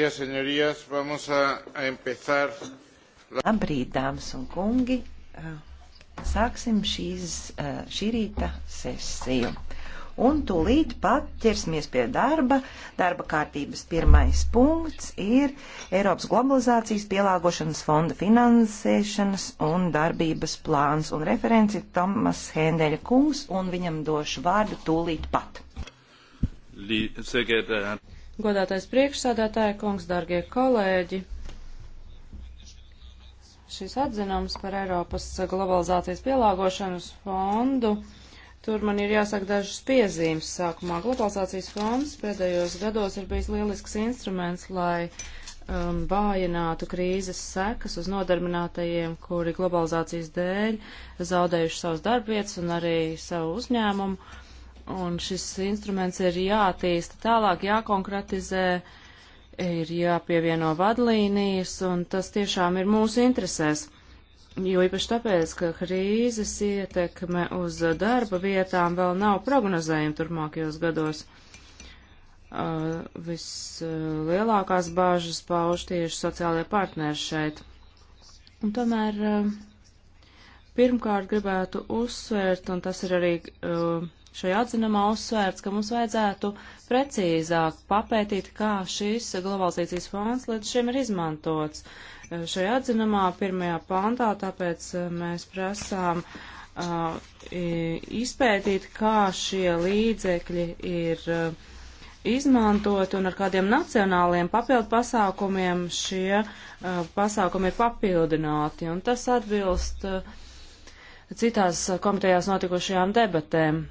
días, señorías. Vamos a, a empezar. Labrīt, dāmas un kungi. Eh, sāksim šīs, eh, šī rīta sesiju. Un tūlīt pat ķersimies pie darba. Darba kārtības pirmais punkts ir Eiropas globalizācijas pielāgošanas fonda finansēšanas un darbības plāns. Un referents ir Tomas Hendeļa kungs, un viņam došu vārdu tūlīt pat. Sehr geehrter Herr Godātais priekšsādātāja kungs, dargie kolēģi, šis atzinums par Eiropas globalizācijas pielāgošanas fondu. Tur man ir jāsaka dažas piezīmes sākumā. Globalizācijas fonds pēdējos gados ir bijis lielisks instruments, lai um, bājinātu krīzes sekas uz nodarbinātajiem, kuri globalizācijas dēļ zaudējuši savus darbvietas un arī savu uzņēmumu un šis instruments ir jātīsta tālāk, jākonkretizē, ir jāpievieno vadlīnijas, un tas tiešām ir mūsu interesēs. Jo īpaši tāpēc, ka krīzes ietekme uz darba vietām vēl nav prognozējama turpmākajos gados. Uh, vislielākās uh, bāžas pauž tieši sociālajie partneri šeit. Un tomēr uh, pirmkārt gribētu uzsvērt, un tas ir arī uh, Šajā atzinumā uzsvērts, ka mums vajadzētu precīzāk papētīt, kā šis globalizācijas fonds līdz šim ir izmantots. Eh, šajā atzinumā pirmajā pantā tāpēc eh, mēs prasām uh, izpētīt, kā šie līdzekļi ir uh, izmantot un ar kādiem nacionāliem papildu pasākumiem šie uh, pasākumi ir papildināti. Un tas atbilst uh, citās komitejās notikušajām debatēm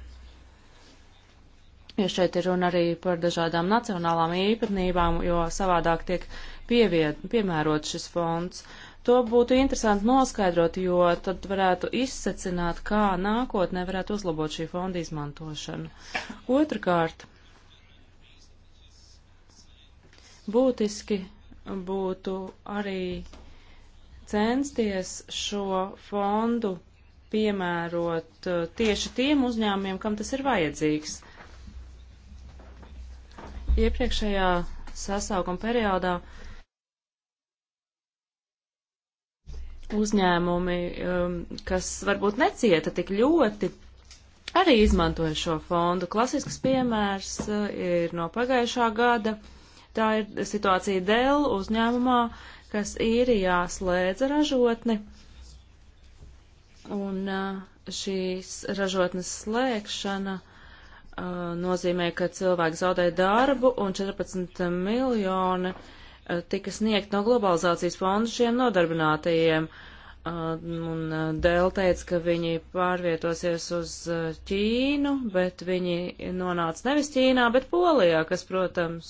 jo šeit ir runa arī par dažādām nacionālām īpatnībām, jo savādāk tiek pieviet, piemērot šis fonds. To būtu interesanti noskaidrot, jo tad varētu izsecināt, kā nākotnē varētu uzlabot šī fonda izmantošanu. Otrakārt, būtiski būtu arī censties šo fondu piemērot uh, tieši tiem uzņēmumiem, kam tas ir vajadzīgs iepriekšējā sasaukuma periodā uzņēmumi, um, kas varbūt necieta tik ļoti, arī izmantoja šo fondu. Klasisks piemērs uh, ir no pagājušā gada. Tā ir situācija Dell uzņēmumā, kas ir jāslēdza ražotni. Un uh, šīs ražotnes slēgšana nozīmē, ka cilvēki zaudēja darbu un 14 miljoni tika sniegt no globalizācijas fonda šiem nodarbinātajiem. Un Dēl teica, ka viņi pārvietosies uz Ķīnu, bet viņi nonāca nevis Ķīnā, bet Polijā, kas, protams,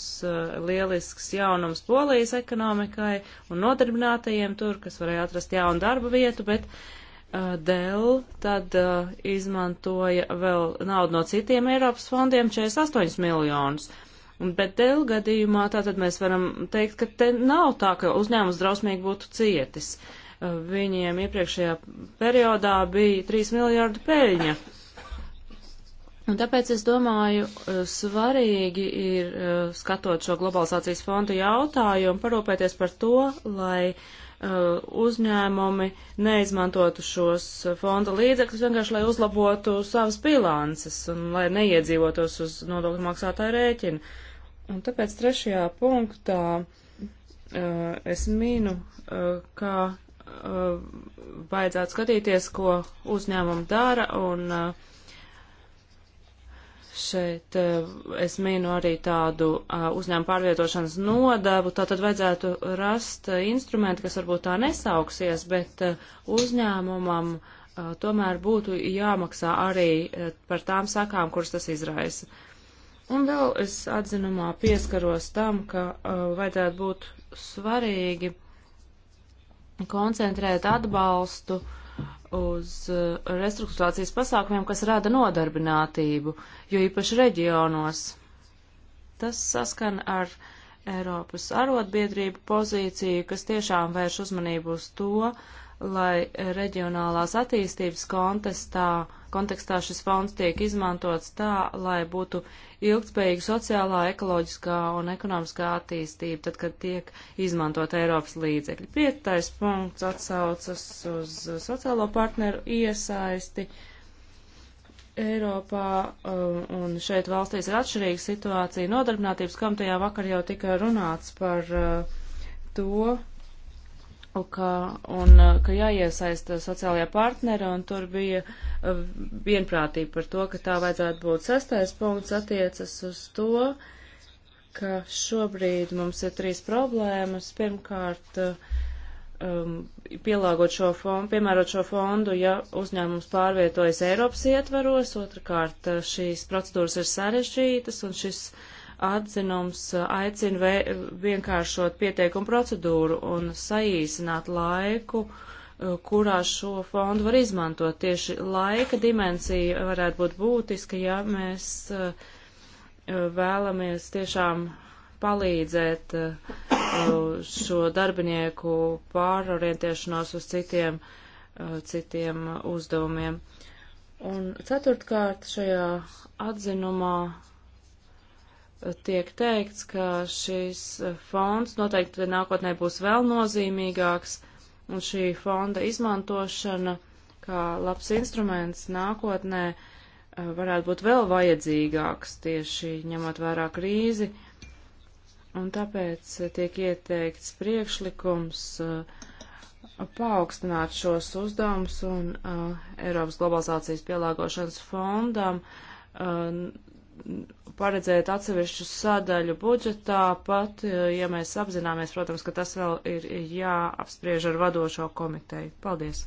lielisks jaunums Polijas ekonomikai un nodarbinātajiem tur, kas varēja atrast jaunu darba vietu, bet uh, Uh, dēļ, tad uh, izmantoja vēl naudu no citiem Eiropas fondiem 48 miljonus. Bet dēļ gadījumā tātad mēs varam teikt, ka te nav tā, ka uzņēmums drausmīgi būtu cietis. Uh, viņiem iepriekšējā periodā bija 3 miljārdu peļņa. Un tāpēc es domāju, uh, svarīgi ir, uh, skatot šo globalizācijas fondu jautājumu, parūpēties par to, lai uh, Uh, uzņēmumi neizmantotu šos uh, fonda līdzekļus vienkārši, lai uzlabotu savas bilances un lai neiedzīvotos uz nodokļu maksātāju rēķinu. Un tāpēc trešajā punktā uh, es mīnu, kā vajadzētu skatīties, ko uzņēmumi dara un uh, Šeit eh, es mīnu arī tādu eh, uzņēmumu pārvietošanas nodevu, tā tad vajadzētu rast eh, instrumenti, kas varbūt tā nesauksies, bet uzņēmumam tomēr būtu jāmaksā arī par tām sakām, kuras tas izraisa. Un vēl es atzinumā pieskaros tam, ka vajadzētu būt svarīgi koncentrēt atbalstu uh, uz eh, restruktūrācijas pasākumiem, kas rada nodarbinātību, jo īpaši reģionos. Tas saskan ar Eiropas arotbiedrību pozīciju, kas tiešām vērš uzmanību uz to, uh, lai reģionālās attīstības kontestā, kontekstā šis fonds tiek izmantots tā, lai būtu ilgspējīga sociālā, ekoloģiskā un ekonomiskā attīstība, tad, kad tiek izmantot Eiropas līdzekļi. Pietais punkts atsaucas uz sociālo partneru iesaisti. Eiropā um, un šeit valstīs ir atšķirīga situācija. Nodarbinātības komitejā vakar jau tika runāts par uh, to, Un ka, un uh, ka jāiesaista sociālajā partneri, un tur bija uh, vienprātība par to, ka tā vajadzētu būt. Sastais punkts attiecas uz to, ka šobrīd mums ir trīs problēmas. Pirmkārt, uh, um, pielāgot šo fondu, piemērot šo fondu, ja uzņēmums pārvietojas Eiropas ietvaros, otrkārt šīs procedūras ir sarežģītas, un šis uh, atzinums uh, aicina vienkāršot pieteikumu procedūru un saīsināt laiku, uh, kurā šo fondu var izmantot. Tieši laika dimensija varētu būt būtiska, ja mēs uh, vēlamies tiešām palīdzēt šo darbinieku pārorientēšanos uz citiem, citiem uzdevumiem. Un ceturtkārt šajā atzinumā tiek teikts, ka šis fonds noteikti nākotnē būs vēl nozīmīgāks, un šī fonda izmantošana kā labs instruments nākotnē eh, varētu būt vēl vajadzīgāks tieši ņemot vērā krīzi, un tāpēc tiek ieteikts priekšlikums eh, paaugstināt šos uzdevumus un uh, Eiropas globalizācijas pielāgošanas fondam uh, paredzēt atsevišķu sadaļu budžetā, pat, eh, ja mēs apzināmies, protams, ka tas vēl ir jāapspriež ar vadošo komiteju. Paldies!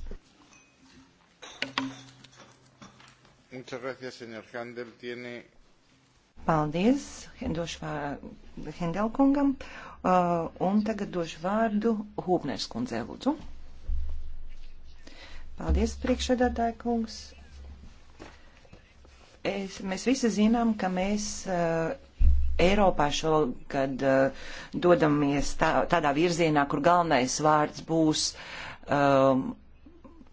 Paldies, došu vārdu Hendelkungam, uh, un tagad došu vārdu Hūpners kundzē, lūdzu. Paldies, priekšsēdētāja kungs es, mēs visi zinām, ka mēs uh, Eiropā šogad uh, dodamies tā, tādā virzienā, kur galvenais vārds būs um,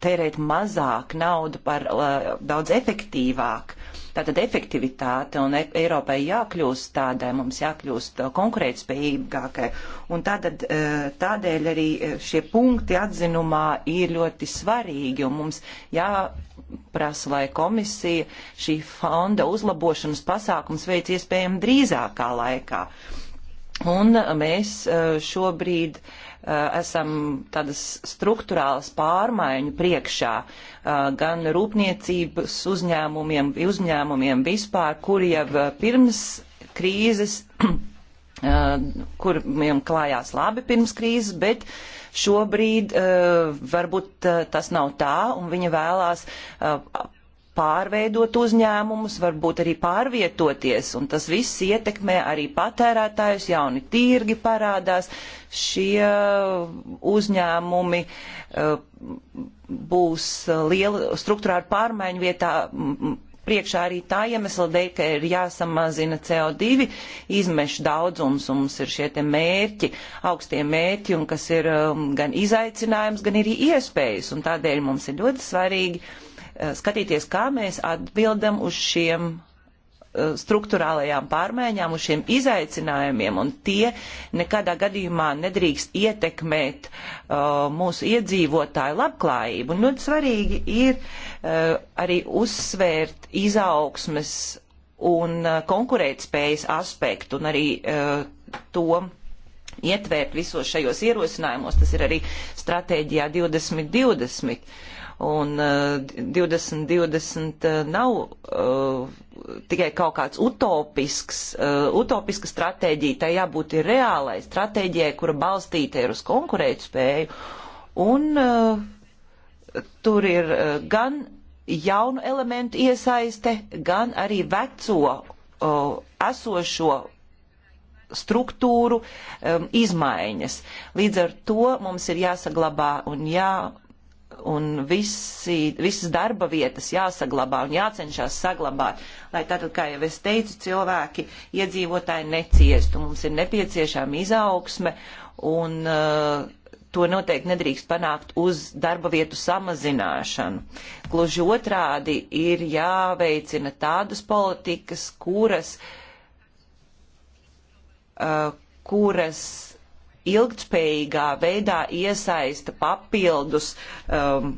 tērēt mazāk naudu par uh, daudz efektīvāk. Tātad efektivitāte un e Eiropai jākļūst tādai, mums jākļūst uh, konkurētspējīgākai. Un tātad, uh, tādēļ arī šie punkti atzinumā ir ļoti svarīgi un mums jā jāprasa, lai komisija šī fonda uzlabošanas pasākums veic iespējami drīzākā laikā. Un uh, mēs uh, šobrīd uh, esam tādas struktūrālas pārmaiņu priekšā gan rūpniecības uzņēmumiem, uzņēmumiem vispār, kuri jau pirms krīzes Eh, kuriem klājās labi pirms krīzes, bet šobrīd eh, varbūt eh, tas nav tā, un viņi vēlās pārveidot uzņēmumus, varbūt arī pārvietoties, un tas viss ietekmē arī patērētājus, jauni tirgi parādās, šie uzņēmumi būs liela struktūrāla pārmaiņu vietā priekšā arī tā iemesla dēļ, ka ir jāsamazina CO2 izmešu daudzums, un mums ir šie te mērķi, augstie mērķi, un kas ir um, gan izaicinājums, gan arī iespējas, un tādēļ mums ir ļoti svarīgi uh, skatīties, kā mēs atbildam uz šiem uh, struktūrālajām pārmaiņām, uz šiem izaicinājumiem, un tie nekādā gadījumā nedrīkst ietekmēt uh, mūsu iedzīvotāju labklājību. Un ļoti svarīgi ir uh, Eh, arī uzsvērt izaugsmes un eh, konkurētspējas aspektu un arī eh, to ietvērt visos šajos ierosinājumos. Tas ir arī stratēģijā 2020. Un uh, 2020 uh, nav uh, tikai kaut kāds utopisks, uh, utopiska stratēģija, tai jābūt ir reālai stratēģijai, kura balstīta ir uz konkurētspēju un uh, Tur ir eh, gan jaunu elementu iesaiste, gan arī veco eh, esošo struktūru um, izmaiņas. Līdz ar to mums ir jāsaglabā un jā. Un visi, visas darba vietas jāsaglabā un jācenšas saglabāt, lai tātad, kā jau es teicu, cilvēki, iedzīvotāji neciestu. Mums ir nepieciešama izaugsme un uh, to noteikti nedrīkst panākt uz darba vietu samazināšanu. Gluži otrādi ir jāveicina tādas politikas, kuras, uh, kuras ilgtspējīgā veidā iesaista papildus um,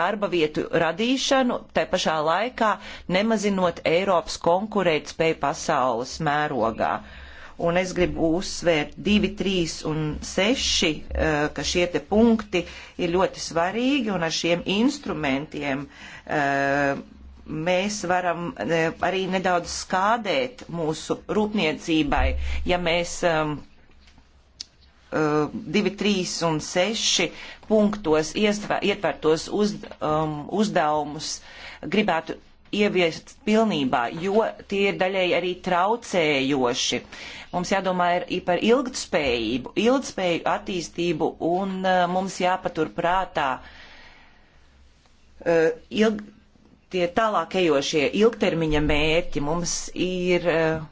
darba vietu radīšanu, tai pašā laikā nemazinot Eiropas konkurētspēju pasaules mērogā. Uh, Un es gribu uzsvērt 2, 3 un 6, eh, ka šie te punkti ir ļoti svarīgi un ar šiem instrumentiem eh, mēs varam eh, arī nedaudz skādēt mūsu rūpniecībai, ja mēs 2, ehm, 3 un 6 punktos ietvertos uz, um, uzdevumus gribētu ieviest pilnībā, jo tie ir daļēji arī traucējoši. Mums jādomā ir par ilgtspējību, ilgtspēju attīstību un uh, mums jāpatur prātā uh, ilg, tie tālākajošie ilgtermiņa mērķi. Mums ir uh,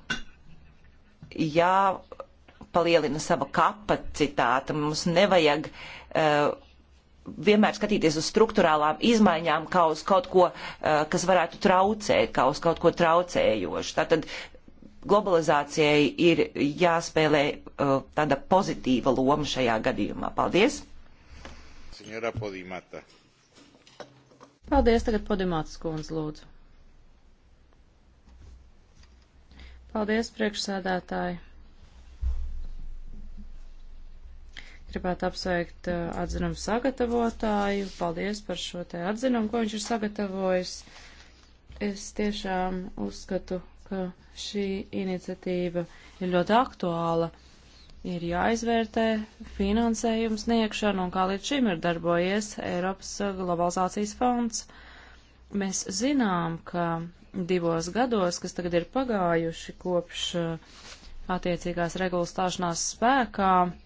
jāpalielina sava kapacitāte, mums nevajag uh, vienmēr skatīties uz struktūrālām izmaiņām kā uz kaut ko, eh, kas varētu traucēt, kā uz kaut ko traucējošu. Tātad globalizācijai ir jāspēlē eh, tāda pozitīva loma šajā gadījumā. Paldies! Senjora Podimata. Paldies, tagad Podimātas kundze lūdzu. Paldies, priekšsēdētāji. Gribētu apsveikt eh, atzinumu sagatavotāju. Paldies par šo te atzinumu, ko viņš ir sagatavojis. Es tiešām uzskatu, ka šī iniciatīva ir ļoti aktuāla. Ir jāizvērtē finansējums sniegšana un kā līdz šim ir darbojies Eiropas eh, globalizācijas fonds. Mēs zinām, ka divos gados, kas tagad ir pagājuši kopš eh, attiecīgās regulas stāšanās spēkā, uh,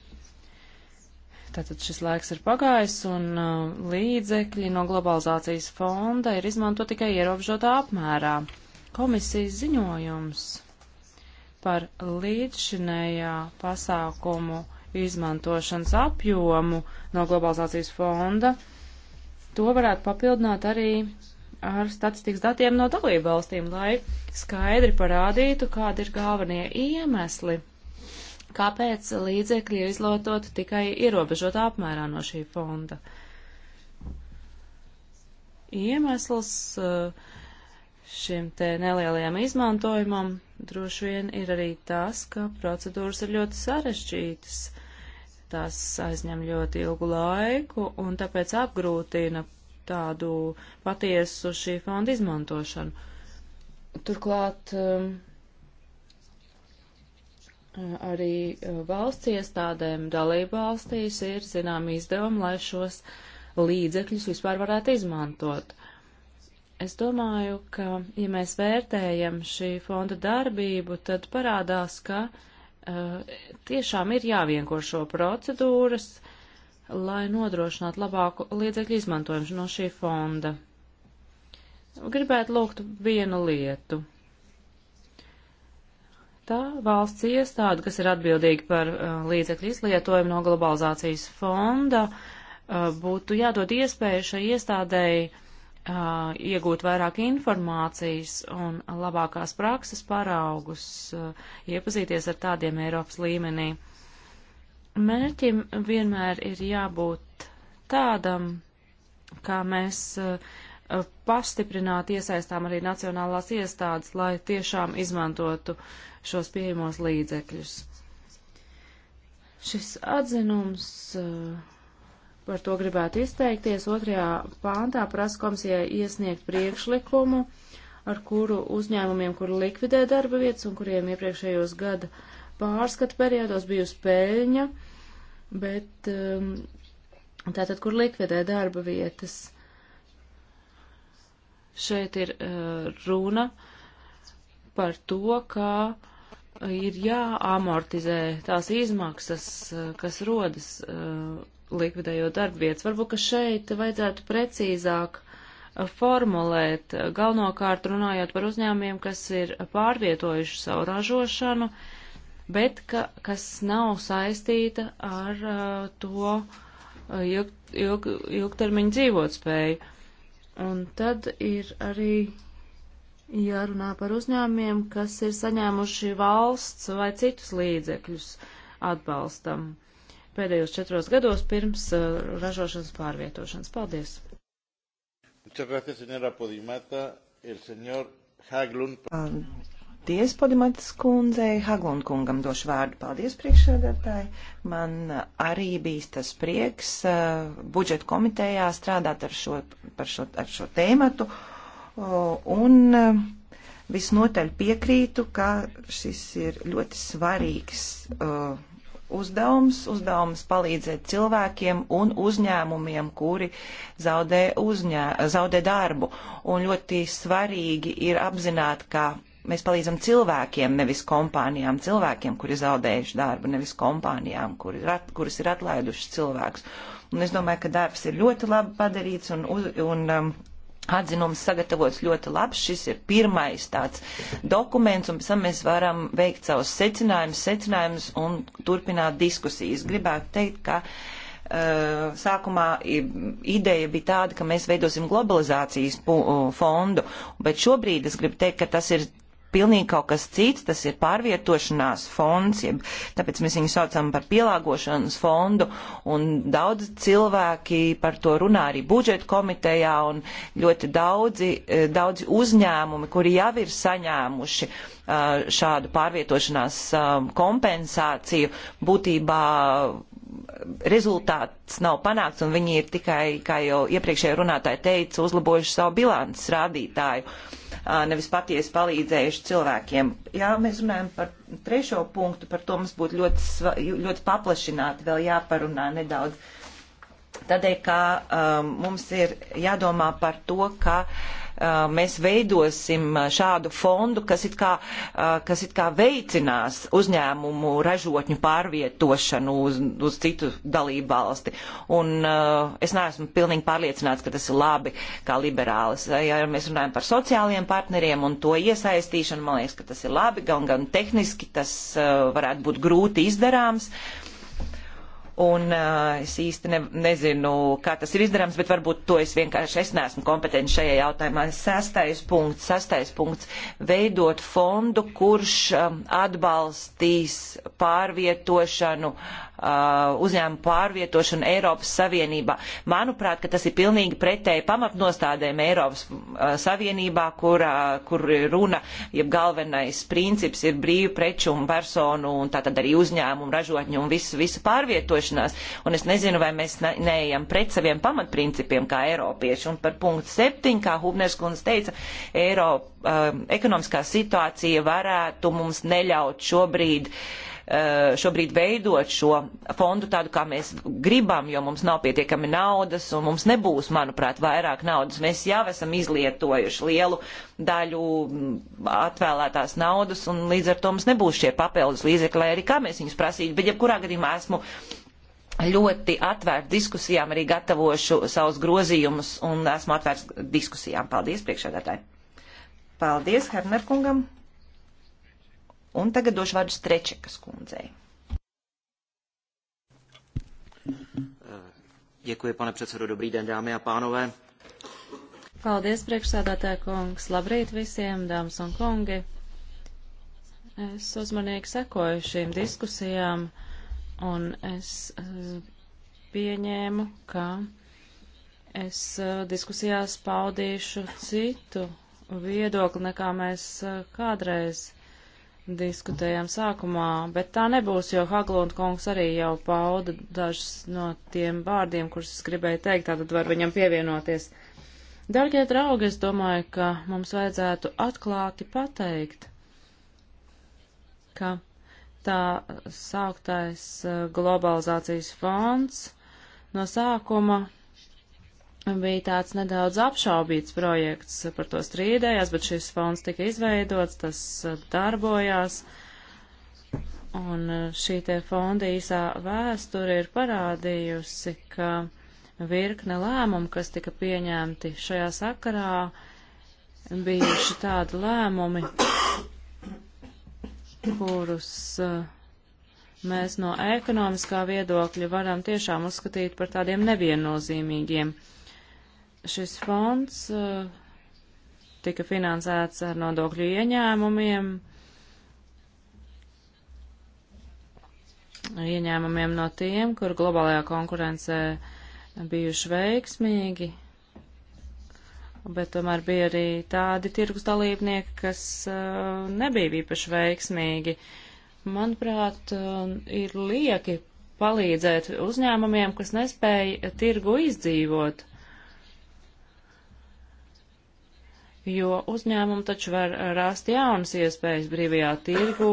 Tātad šis laiks ir pagājis un uh, līdzekļi no globalizācijas fonda ir izmanto tikai ierobežotā apmērā. Komisijas ziņojums par līdzšinējā pasākumu izmantošanas apjomu no globalizācijas fonda, to varētu papildināt arī ar statistikas datiem no dalību valstīm, lai skaidri parādītu, kādi ir galvenie iemesli kāpēc līdzekļi ir izlototi tikai ierobežotā apmērā no šī fonda. Iemesls eh, šim te nelielajam izmantojumam droši vien ir arī tas, ka procedūras ir ļoti sarežģītas. Tās aizņem ļoti ilgu laiku un tāpēc apgrūtina tādu patiesu šī fonda izmantošanu. Turklāt um, arī eh, valsts iestādēm dalībvalstīs ir zinām izdevumi, lai šos līdzekļus vispār varētu izmantot. Es domāju, ka, ja mēs vērtējam šī fonda darbību, tad parādās, ka uh, tiešām ir jāvienkošo procedūras, lai nodrošinātu labāku līdzekļu izmantojumu no šī fonda. Gribētu lūgt vienu lietu tā valsts iestāde, kas ir atbildīga par uh, līdzekļu izlietojumu no globalizācijas fonda, uh, būtu jādod iespēju šai iestādēji uh, iegūt vairāk informācijas un labākās prakses paraugus, uh, iepazīties ar tādiem Eiropas līmenī. Mērķim vienmēr ir jābūt tādam, kā mēs uh, pastiprināt iesaistām arī nacionālās iestādes, lai tiešām izmantotu šos pieejamos līdzekļus. Šis atzinums, eh, par to gribētu izteikties, otrajā pāntā prasa komisijai iesniegt priekšlikumu, ar kuru uzņēmumiem, kuri likvidē darba vietas un kuriem iepriekšējos gada pārskatu periodos bijusi peļņa, bet ehm, tātad, kur likvidē darba vietas šeit ir uh, runa par to, kā ir jāamortizē tās izmaksas, eh, kas rodas eh, likvidējot darbvietas. Varbūt, ka šeit vajadzētu precīzāk eh, formulēt, galvenokārt runājot par uzņēmumiem, kas ir pārvietojuši savu ražošanu, bet ka, kas nav saistīta ar to ilg, ilg, ilgtermiņu dzīvotspēju. Un tad ir arī jārunā par uzņēmumiem, kas ir saņēmuši valsts vai citus līdzekļus atbalstam pēdējos četros gados pirms uh, ražošanas pārvietošanas. Paldies! Paldies, Podimatas kundzei, Haglund kungam došu vārdu. Paldies, priekšsēdētāji. Man arī bijis tas prieks uh, budžeta komitejā strādāt ar šo, par šo, ar šo tēmatu Un eh, visnotaļ piekrītu, ka šis ir ļoti svarīgs uzdevums, uzdevums palīdzēt cilvēkiem un uzņēmumiem, kuri zaudē, uzņē, zaudē darbu. Un ļoti svarīgi ir apzināt, ka mēs palīdzam cilvēkiem, nevis kompānijām, cilvēkiem, kuri zaudējuši darbu, nevis kompānijām, kur ir at, kuras ir atlaidušas cilvēkus. Un es domāju, ka darbs ir ļoti labi padarīts un, uz, un um, Atzinums sagatavots ļoti labs, šis ir pirmais tāds dokuments, un pēc tam mēs varam veikt savus secinājumus, secinājumus un turpināt diskusijas. Gribētu teikt, ka uh, sākumā ideja bija tāda, ka mēs veidosim globalizācijas fondu, bet šobrīd es gribu teikt, ka tas ir pilnīgi kaut kas cits, tas ir pārvietošanās fonds, jeb, tāpēc mēs viņu saucam par pielāgošanas fondu, un daudz cilvēki par to runā arī budžeta komitejā, un ļoti daudzi, e, daudzi uzņēmumi, kuri jau ir saņēmuši e, šādu pārvietošanās e, kompensāciju, būtībā rezultāts nav panākts, un viņi ir tikai, kā jau iepriekšējā runātāja teica, uzlabojuši savu bilances rādītāju. Uh, nevis patiesi palīdzējuši cilvēkiem. Jā, mēs runājam par trešo punktu, par to mums būtu ļoti, ļoti paplašināti vēl jāparunā nedaudz. Tādēļ, ka um, mums ir jādomā par to, ka uh, Uh, mēs veidosim uh, šādu fondu, kas it kā, uh, kas it kā veicinās uzņēmumu ražotņu pārvietošanu uz, uz citu dalību valsti. Un es neesmu pilnīgi pārliecināts, ka tas ir labi kā liberālis. Ja mēs runājam par sociālajiem partneriem un to iesaistīšanu, man liekas, ka tas ir labi, gan, gan tehniski tas varētu būt grūti izdarāms. Uh, Un uh, es īsti ne, nezinu, kā tas ir izdarāms, bet varbūt to es vienkārši es neesmu kompetenti šajā jautājumā. Sastais punkts, sastais punkts - veidot fondu, kurš um, atbalstīs pārvietošanu uh, Uh, uzņēmumu pārvietošanu Eiropas Savienībā. Manuprāt, ka tas ir pilnīgi pretēji pamatnostādēm Eiropas uh, Savienībā, kur, uh, kur runa, ja galvenais princips ir brīvu preču un personu un tātad arī uzņēmumu, ražotņu un visu, visu pārvietošanās. Un es nezinu, vai mēs ne, neejam pret saviem pamatprincipiem kā Eiropieši. Un par punktu septiņu, kā Hubners kundze teica, Eiropa, um, ekonomiskā situācija varētu mums neļaut šobrīd uh, Eh, šobrīd veidot šo fondu tādu, kā mēs gribam, jo mums nav pietiekami naudas un mums nebūs, manuprāt, vairāk naudas. Mēs jau esam izlietojuši lielu daļu mm, atvēlētās naudas un līdz ar to mums nebūs šie papildus līdzekļi, lai arī kā mēs viņus prasītu. Bet jebkurā gadījumā esmu ļoti atvērta diskusijām, arī gatavošu savus grozījumus un esmu atvērts diskusijām. Paldies priekšādātāji! Paldies Hernerkungam! Un tagad došu vārdu Strečekas kundzei. Děkuji, pane předsedo. Dobrý den, dámy a pánové. Paldies, priekšsādātāja kungs. Labrīt visiem, dāmas un kungi. Es uzmanīgi sekoju šīm diskusijām, un es eh, pieņēmu, ka es eh, diskusijās paudīšu citu viedokli, nekā mēs eh, kādreiz diskutējām sākumā, bet tā nebūs, jo Haglund kungs arī jau pauda dažas no tiem vārdiem, kurus es gribēju teikt, tātad var viņam pievienoties. Dargie draugi, es domāju, ka mums vajadzētu atklāti pateikt, ka tā sauktais eh, globalizācijas fonds no sākuma bija tāds nedaudz apšaubīts projekts, par to strīdējās, bet šis fonds tika izveidots, tas uh, darbojās. Un uh, šī te fonda īsā vēsture ir parādījusi, ka virkne lēmumu, kas tika pieņemti šajā sakarā, bijuši tādi lēmumi, kurus uh, mēs no ekonomiskā viedokļa varam tiešām uzskatīt par tādiem neviennozīmīgiem. Uh, Šis fonds eh, tika finansēts ar nodokļu ieņēmumiem, ieņēmumiem no tiem, kur globālajā konkurencē bijuši veiksmīgi, bet tomēr bija arī tādi tirgus dalībnieki, kas uh, nebija īpaši veiksmīgi. Manuprāt, uh, ir lieki palīdzēt uzņēmumiem, kas nespēja tirgu izdzīvot. jo uzņēmumi taču var rast jaunas iespējas brīvajā tirgū,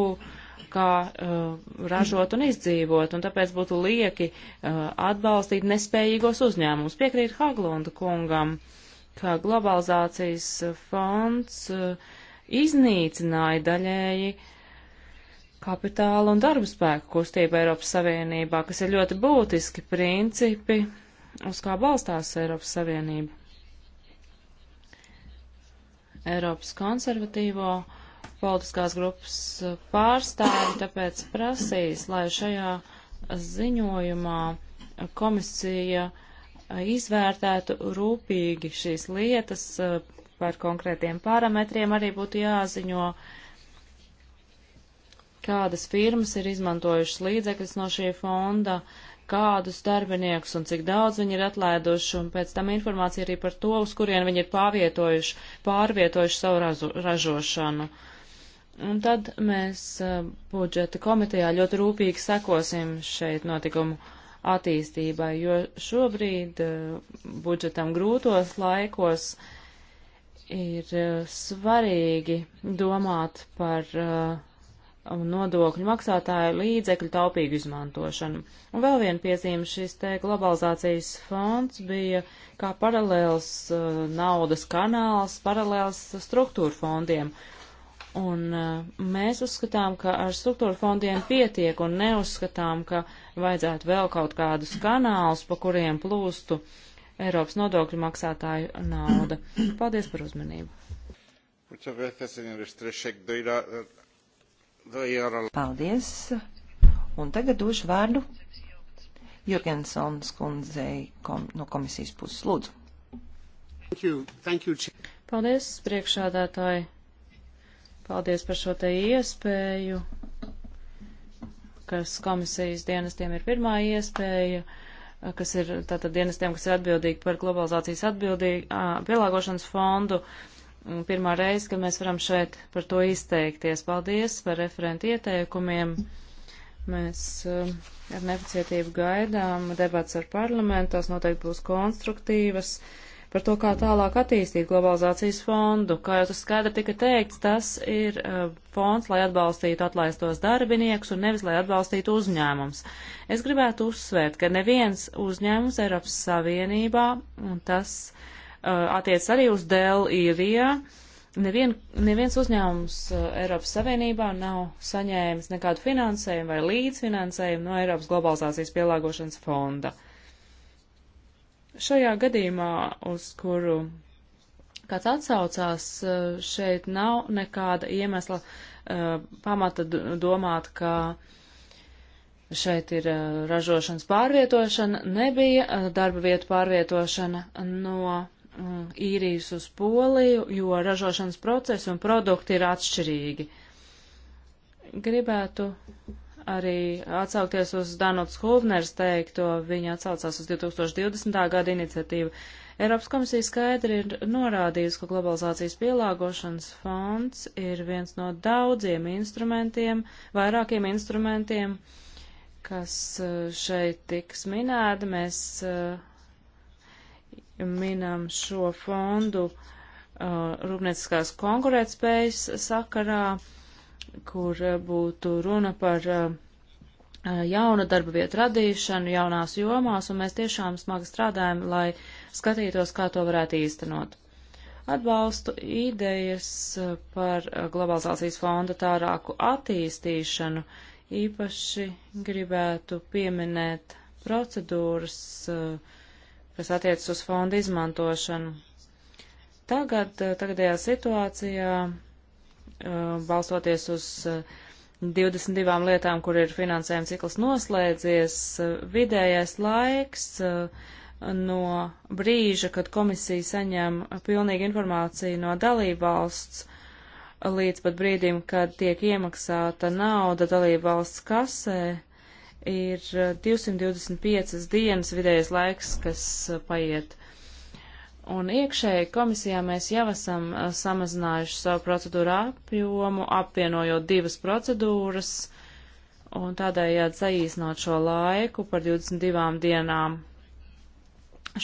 kā uh, ražot un izdzīvot, un tāpēc būtu lieki uh, atbalstīt nespējīgos uzņēmumus. Piekrīt Haglunda kungam, ka globalizācijas fonds uh, iznīcināja daļēji uh, kapitāla un darba spēku kustība Eiropas Savienībā, kas ir ļoti būtiski principi, uz kā balstās Eiropas Savienība. Eiropas konservatīvo politiskās grupas pārstāvi, tāpēc prasīs, lai šajā ziņojumā komisija izvērtētu rūpīgi šīs lietas par konkrētiem parametriem, arī būtu jāziņo, kādas firmas ir izmantojušas līdzekļus no šī fonda, uh, kādus darbiniekus un cik daudz viņi ir atlaiduši, un pēc tam informācija arī par to, uz kurien viņi ir pārvietojuši, pārvietojuši savu razu, ražošanu. Un tad mēs eh, budžeta komitejā ļoti rūpīgi sekosim šeit notikumu attīstībai, jo šobrīd eh, budžetam grūtos laikos ir eh, svarīgi domāt par uh, nodokļu maksātāju līdzekļu taupīgu izmantošanu. Un vēl viena piezīme šis te globalizācijas fonds bija kā paralēls uh, naudas kanāls, paralēls struktūra fondiem. Un uh, mēs uzskatām, ka ar struktūra fondiem pietiek un neuzskatām, ka vajadzētu vēl kaut kādus kanālus, pa kuriem plūstu Eiropas nodokļu maksātāju nauda. Paldies par uzmanību. Mulțumesc, Paldies. Un tagad došu vārdu Jurgensons kundzei kom, no komisijas puses. Lūdzu. Thank you. Thank you. Paldies, priekšādātāji. Paldies par šo te iespēju, kas komisijas dienestiem ir pirmā iespēja, kas ir tātad dienestiem, kas ir atbildīgi par globalizācijas atbildīgi, pielāgošanas fondu. Uh, pirmā reize, ka mēs varam šeit par to izteikties. Paldies par referentu ieteikumiem. Mēs um, ar nepacietību gaidām debats ar parlamentu, tās noteikti būs konstruktīvas par to, kā tālāk attīstīt globalizācijas fondu. Kā jau tas skaidri tika teikts, tas ir uh, fonds, lai atbalstītu atlaistos darbiniekus un nevis, lai atbalstītu uzņēmums. Es gribētu uzsvērt, ka neviens uzņēmums Eiropas Savienībā, un tas Uh, attiec arī uz Dell īrijā. Nevien, neviens uzņēmums uh, Eiropas Savienībā nav saņēmis nekādu finansējumu vai līdzfinansējumu no Eiropas globalizācijas pielāgošanas fonda. Šajā gadījumā, uz kuru kāds atsaucās, uh, šeit nav nekāda iemesla uh, pamata domāt, ka šeit ir ražošanas pārvietošana, nebija darba vietu pārvietošana no Mm, īrijas uz poliju, jo ražošanas procesi un produkti ir atšķirīgi. Gribētu arī atsaukties uz Danuts Huvners teikto, viņa atsaucās uz 2020. gada iniciatīvu. Eiropas komisija skaidri ir norādījusi, ka globalizācijas pielāgošanas fonds ir viens no daudziem instrumentiem, vairākiem instrumentiem, kas eh, šeit tiks minēti. Mēs uh, minam šo fondu uh, rūpnieciskās konkurētspējas sakarā, kur uh, būtu runa par uh, uh, jaunu darba vietu radīšanu jaunās jomās, un mēs tiešām smagi strādājam, lai skatītos, kā to varētu īstenot. Atbalstu idejas uh, par uh, globalizācijas fonda tārāku attīstīšanu, īpaši gribētu pieminēt procedūras uh, kas attiecas uz fondu izmantošanu. Tagad, eh, tagadējā situācijā, eh, balstoties uz 22 eh, lietām, kur ir finansējuma cikls noslēdzies, vidējais laiks no brīža, kad komisija saņem pilnīgu informāciju no dalībvalsts, līdz pat brīdim, kad tiek iemaksāta nauda dalībvalsts kasē, ir 225 eh, dienas vidējais laiks, kas eh, paiet. Un iekšēji komisijā mēs jau esam eh, samazinājuši savu procedūru apjomu, apvienojot divas procedūras un tādējādi saīsinot šo laiku par 22 dienām.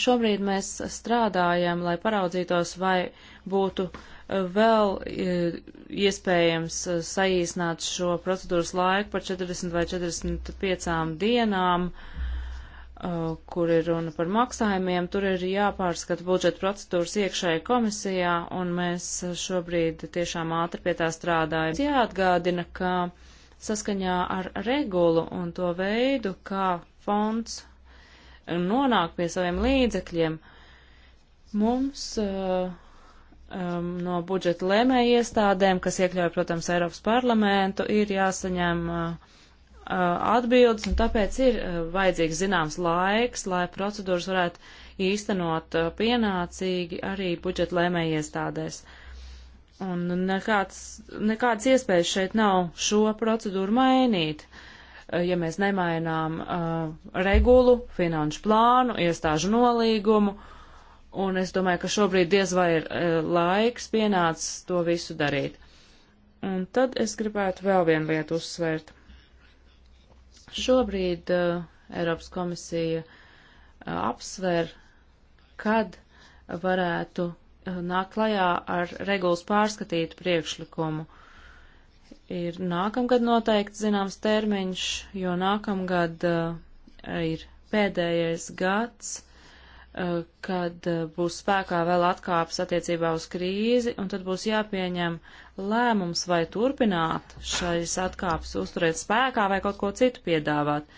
Šobrīd mēs strādājam, lai paraudzītos, vai būtu uh, vēl e, iespējams saīsnāt šo procedūras laiku par 40 vai 45 dienām, e, kur ir runa par maksājumiem. Tur ir jāpārskata budžeta procedūras iekšēji komisijā, un mēs šobrīd tiešām ātri pie tā strādājam. Jāatgādina, ka saskaņā ar regulu un to veidu, kā fonds nonāk pie saviem līdzekļiem, mums uh, um, no budžeta lēmēja iestādēm, kas iekļauj, protams, Eiropas parlamentu, ir jāsaņem uh, uh, atbildes, un tāpēc ir uh, vajadzīgs zināms laiks, lai procedūras varētu īstenot uh, pienācīgi arī budžeta lēmēja iestādēs. Un nekāds, nekāds iespējas šeit nav šo procedūru mainīt. Uh, ja mēs nemainām uh, regulu, finanšu plānu, iestāžu nolīgumu, uh, un es domāju, ka šobrīd diez vai ir e, laiks pienācis to visu darīt. Un tad es gribētu vēl vienu lietu uzsvērt. Šobrīd uh, Eiropas komisija uh, apsver, kad varētu uh, nākt klajā ar regulas pārskatītu priekšlikumu. Ir nākamgad noteikti zināms termiņš, jo nākamgad uh, ir pēdējais gads Eh, kad eh, būs spēkā vēl atkāpes attiecībā uz krīzi, un tad būs jāpieņem lēmums, vai turpināt šais atkāpes uzturēt spēkā vai kaut ko citu piedāvāt.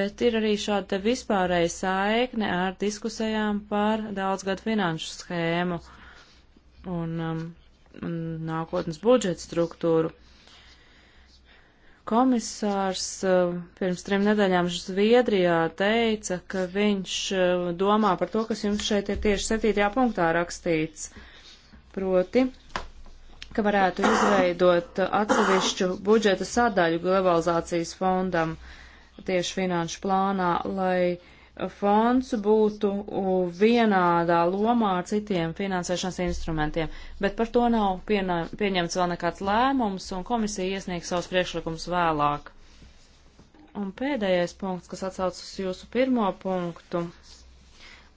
Bet ir arī šāda vispārēja saikne ar diskusējām par daudzgadu finanšu schēmu un um, nākotnes budžeta struktūru. Komisārs eh, pirms trim nedēļām Zviedrijā teica, ka viņš eh, domā par to, kas jums šeit ir tieši septītajā punktā rakstīts. Proti, ka varētu izveidot atsevišķu budžeta sadaļu globalizācijas fondam tieši finanšu plānā, lai uh, fonds būtu vienādā lomā ar citiem finansēšanas instrumentiem, bet par to nav pieņemts vēl nekāds lēmums, un komisija iesniegs savus priekšlikumus vēlāk. Un pēdējais punkts, kas atsaucas uz jūsu pirmo punktu.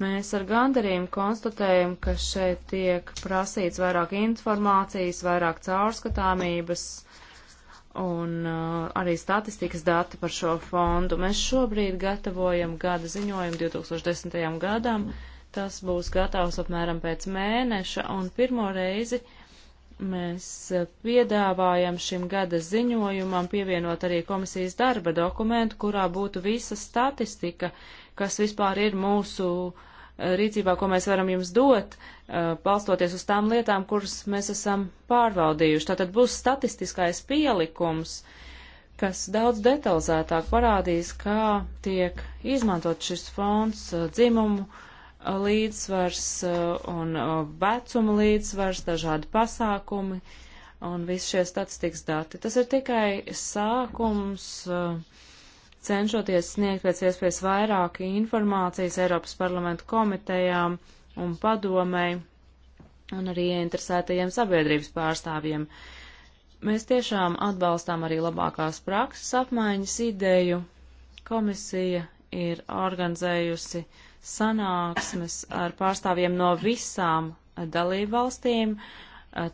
Mēs ar gandarījumu konstatējam, ka šeit tiek prasīts vairāk informācijas, vairāk caurskatāmības un uh, arī statistikas dati par šo fondu. Mēs šobrīd gatavojam gada ziņojumu 2010. gadam. Tas būs gatavs apmēram pēc mēneša, un pirmo reizi mēs uh, piedāvājam šim gada ziņojumam pievienot arī komisijas darba dokumentu, kurā būtu visa statistika, kas vispār ir mūsu uh, rīcībā, ko mēs varam jums dot, balstoties uz tām lietām, kuras mēs esam pārvaldījuši. Tātad būs statistiskais pielikums, kas daudz detalizētāk parādīs, kā tiek izmantot šis fonds dzimumu līdzsvars un vecuma līdzsvars, dažādi pasākumi un visi šie statistikas dati. Tas ir tikai sākums. Uh, cenšoties sniegt pēc iespējas vairāk informācijas Eiropas parlamentu komitejām un padomei un arī ieinteresētajiem sabiedrības pārstāvjiem. Mēs tiešām atbalstām arī labākās prakses apmaiņas ideju. Komisija ir organizējusi sanāksmes ar pārstāvjiem no visām dalībvalstīm.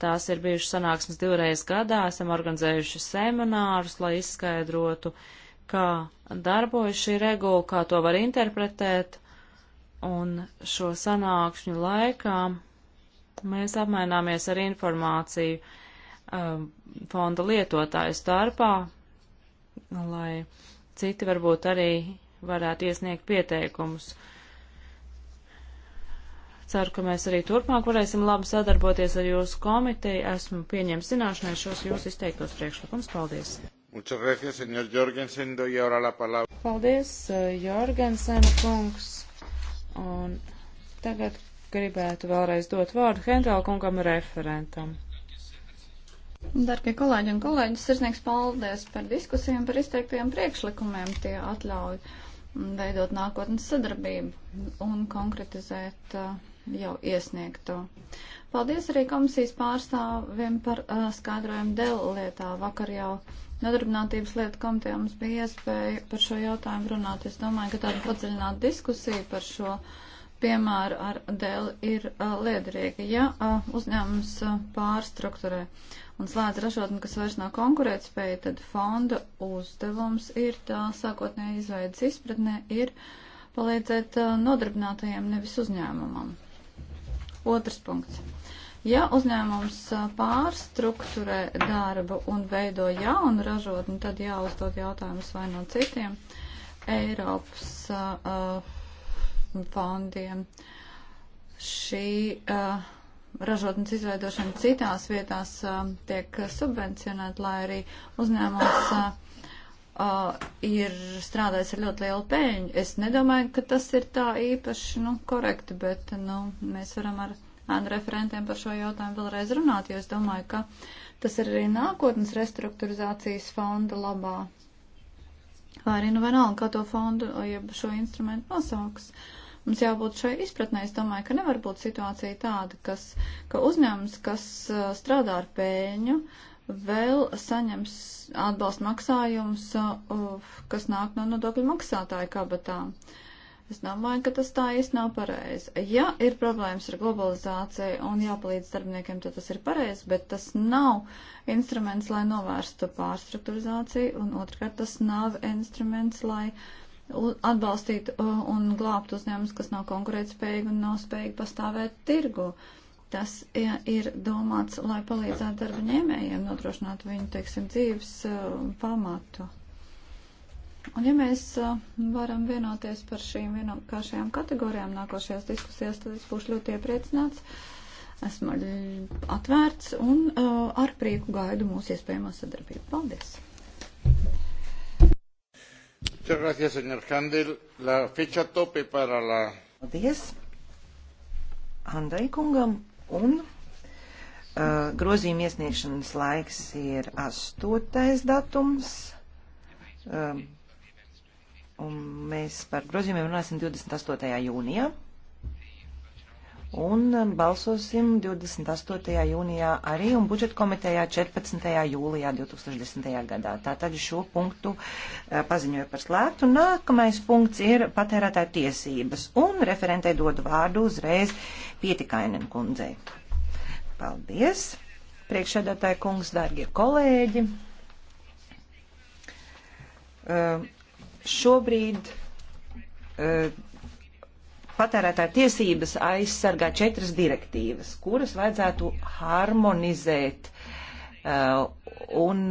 Tās ir bijušas sanāksmes divreiz gadā, esam organizējuši seminārus, lai izskaidrotu, kā darbojas šī regula, kā to var interpretēt, un šo sanākšņu laikā mēs apmaināmies ar informāciju um, fonda lietotāju starpā, lai citi varbūt arī varētu iesniegt pieteikumus. Ceru, ka mēs arī turpmāk varēsim labi sadarboties ar jūsu komiteju. Esmu pieņēmis zināšanai šos jūsu izteiktos priekšlikumus. Paldies! Muchas gracias, señor Jorgensen. Doy ahora la palabra. Paldies, eh, Jorgensen kungs. Un tagad gribētu vēlreiz dot vārdu Hendrāla kungam referentam. Darbie kolēģi un kolēģi, sirsnīgs paldies par diskusijām, par izteiktajiem priekšlikumiem. Tie atļauj veidot nākotnes sadarbību un konkretizēt eh, jau iesniegto. Paldies arī komisijas pārstāvim par eh, skaidrojumu dēl lietā. Vakar jau Nodarbinātības lietu komitejā mums bija iespēja par šo jautājumu runāt. Es domāju, ka tāda padziļināta diskusija par šo piemēru ar dēli ir uh, liederīga. Ja uh, uzņēmums uh, pārstrukturē un slēdz ražotni, kas vairs nav konkurētspēja, tad fonda uzdevums ir tā sākotnēja izveidas izpratnē ir palīdzēt uh, nodarbinātajiem, nevis uzņēmumam. Otrs punkts. Ja uzņēmums pārstrukturē darbu un veido jaunu ražotni, tad jāuzdod jautājumus vai no citiem Eiropas uh, fondiem. Šī uh, ražotnes izveidošana citās vietās uh, tiek subvencionēta, lai arī uzņēmums uh, uh, ir strādājis ar ļoti lielu pēļņu. Es nedomāju, ka tas ir tā īpaši nu, korekti, bet nu, mēs varam ar ēnu referentiem par šo jautājumu vēlreiz runāt, jo es domāju, ka tas ir arī nākotnes restruktūrizācijas fonda labā. Vai arī nu vienalga, kā to fondu, jeb šo instrumentu nosauks. Mums jābūt šai izpratnē. Es domāju, ka nevar būt situācija tāda, kas, ka uzņēmums, kas uh, strādā ar pēļņu, vēl saņems atbalstu maksājumus, uh, kas nāk no nodokļu maksātāju kabatām. Uh, Es domāju, ka tas tā īsti nav pareizi. Ja ir problēmas ar globalizāciju un jāpalīdz darbiniekiem, tad tas ir pareizi, bet tas nav instruments, lai novērstu pārstruktūrizāciju, un otrkārt tas nav instruments, lai atbalstītu un glābtu uzņēmumus, kas nav konkurētspējīgi un nav spējīgi pastāvēt tirgu. Tas ir domāts, lai palīdzētu darba ņēmējiem nodrošināt viņu, teiksim, dzīves pamatu. Un ja mēs varam vienoties par šīm vienkāršajām kategorijām nākošajās diskusijās, tad es būšu ļoti iepriecināts. Esmu atvērts un ar prieku gaidu mūsu iespējamo sadarbību. Paldies! Muchas gracias, señor Handel. La fecha tope para la. Paldies Andai kungam un uh, grozījuma iesniegšanas laiks ir 8. datums. Um, uh, Un mēs par grozījumiem runāsim 28. jūnijā. Un balsosim 28. jūnijā arī un budžeta komitejā 14. jūlijā 2010. gadā. Tātad šo punktu eh, paziņoju par slēgtu. Nākamais punkts ir patērētāja tiesības. Un referentei dodu vārdu uzreiz Pietikainen kundzei. Paldies! Priekšsēdētāja kungs, dārgie kolēģi! Eh, Šobrīd uh, patērētāja tiesības aizsargā četras direktīvas, kuras vajadzētu harmonizēt uh, un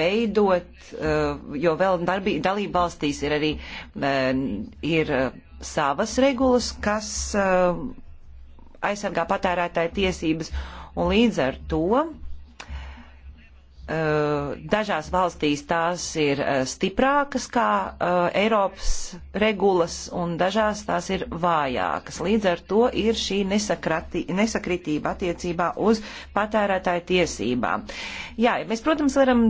veidot, uh, jo vēl darbī, dalība valstīs ir arī ir savas regulas, kas aizsargā patērētāja tiesības, un līdz ar to Eh, dažās valstīs tās ir eh, stiprākas kā eh, Eiropas regulas un dažās tās ir vājākas. Līdz ar to ir šī nesakritība attiecībā uz patērētāju tiesībām. Jā, mēs, protams, varam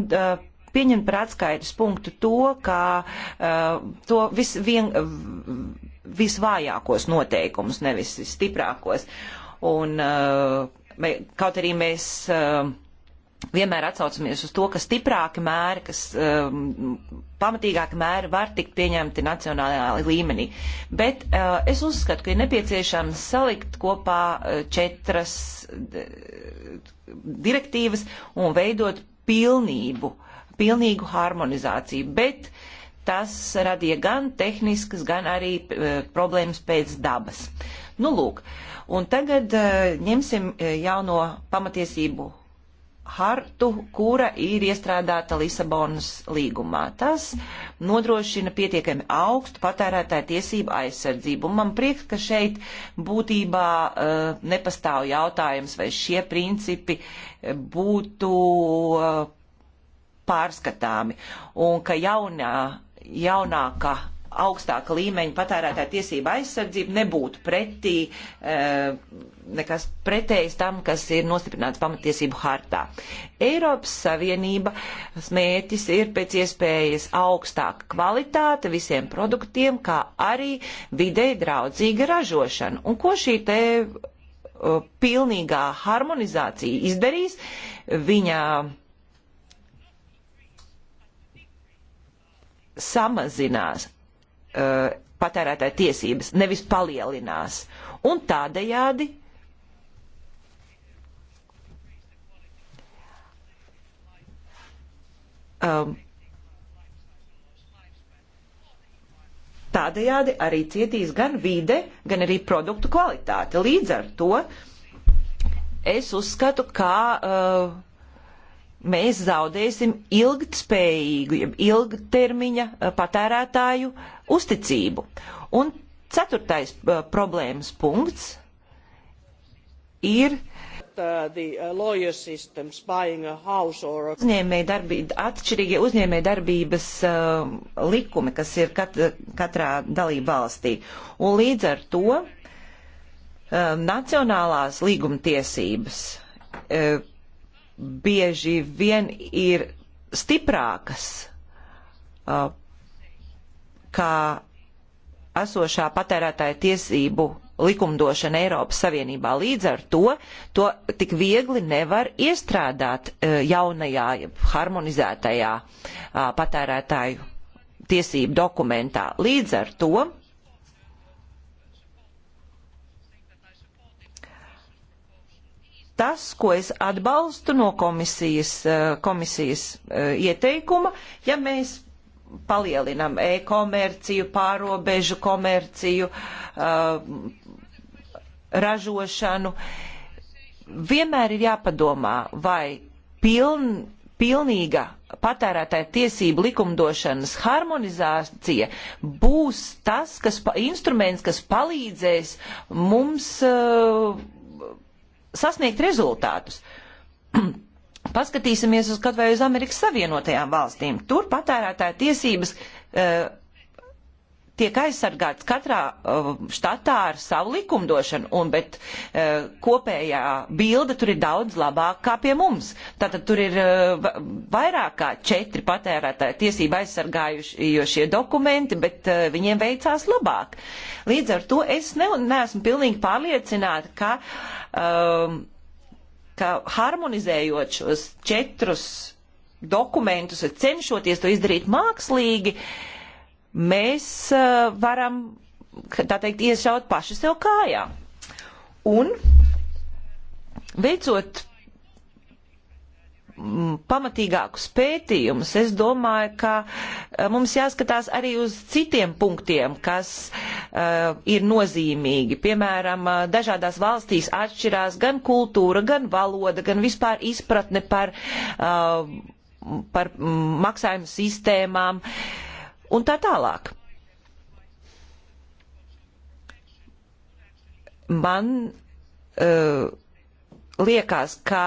pieņemt par atskaites punktu to, ka uh, to vis, vien, visvājākos noteikumus, nevis stiprākos. Un, uh, kaut arī mēs uh, vienmēr atsaucamies uz to, ka stiprāki mēri, kas um, pamatīgāki mēri var tikt pieņemti nacionālā līmenī. Bet uh, es uzskatu, ka ir nepieciešams salikt kopā uh, četras direktīvas un veidot pilnību, pilnīgu harmonizāciju. Bet tas radīja gan tehniskas, gan arī uh, problēmas pēc dabas. Nu, lūk, un tagad uh, ņemsim uh, jauno pamatiesību hartu, kura ir iestrādāta Lisabonas līgumā. Tas nodrošina pietiekami augstu patērētāju tiesību aizsardzību. Un man prieks, ka šeit būtībā uh, nepastāv jautājums, vai šie principi eh, būtu uh, pārskatāmi un ka jaunā, jaunākā augstāka līmeņa patērētāja tiesība aizsardzība nebūtu pretī, eh, nekas pretējs tam, kas ir nostiprināts pamatiesību hartā. Eiropas Savienība smēķis ir pēc iespējas augstāka kvalitāte visiem produktiem, kā arī videi draudzīga ražošana. Un ko šī te eh, pilnīgā harmonizācija izdarīs, viņa samazinās uh, patērētāja tiesības, nevis palielinās. Un tādējādi um, Tādējādi arī cietīs gan vide, gan arī produktu kvalitāte. Līdz ar to es uzskatu, ka uh, mēs zaudēsim ilgtspējīgu, ilgtermiņa uh, patērētāju uh, uzticību. Un ceturtais uh, problēmas punkts ir eh, uzņēmēji darbība, atšķirīgie uzņēmēji darbības uh, likumi, kas ir kat, katrā dalība valstī. Un līdz ar to uh, nacionālās līguma tiesības uh, bieži vien ir stiprākas uh, ka esošā patērētāja tiesību likumdošana Eiropas Savienībā. Līdz ar to to tik viegli nevar iestrādāt e, jaunajā, harmonizētajā patērētāju tiesību dokumentā. Līdz ar to tas, ko es atbalstu no komisijas, e, komisijas e, ieteikuma, ja mēs palielinam e-komerciju, pārobežu komerciju, uh, ražošanu. Vienmēr ir jāpadomā, vai piln, pilnīga patērētāja tiesību likumdošanas harmonizācija būs tas, kas pa, instruments, kas palīdzēs mums uh, sasniegt rezultātus. Paskatīsimies uz kaut vai uz Amerikas Savienotajām valstīm. Tur patērētāja tiesības uh, tiek aizsargāts katrā uh, štatā ar savu likumdošanu, un, bet uh, kopējā bilde tur ir daudz labāk kā pie mums. Tātad tur ir uh, vairāk kā četri patērētāja tiesība aizsargājušie dokumenti, bet uh, viņiem veicās labāk. Līdz ar to es ne, neesmu pilnīgi pārliecināta, ka. Uh, ka harmonizējot šos četrus dokumentus, cenšoties to izdarīt mākslīgi, mēs uh, varam, tā teikt, iešaut paši sev kājā. Un veicot Mm, pamatīgākus pētījumus, es domāju, ka eh, mums jāskatās arī uz citiem punktiem, kas uh, ir nozīmīgi. Piemēram, eh, dažādās valstīs atšķirās gan kultūra, gan valoda, gan vispār izpratne par, uh, par mm, maksājumu sistēmām un tā tālāk. Man uh, liekas, ka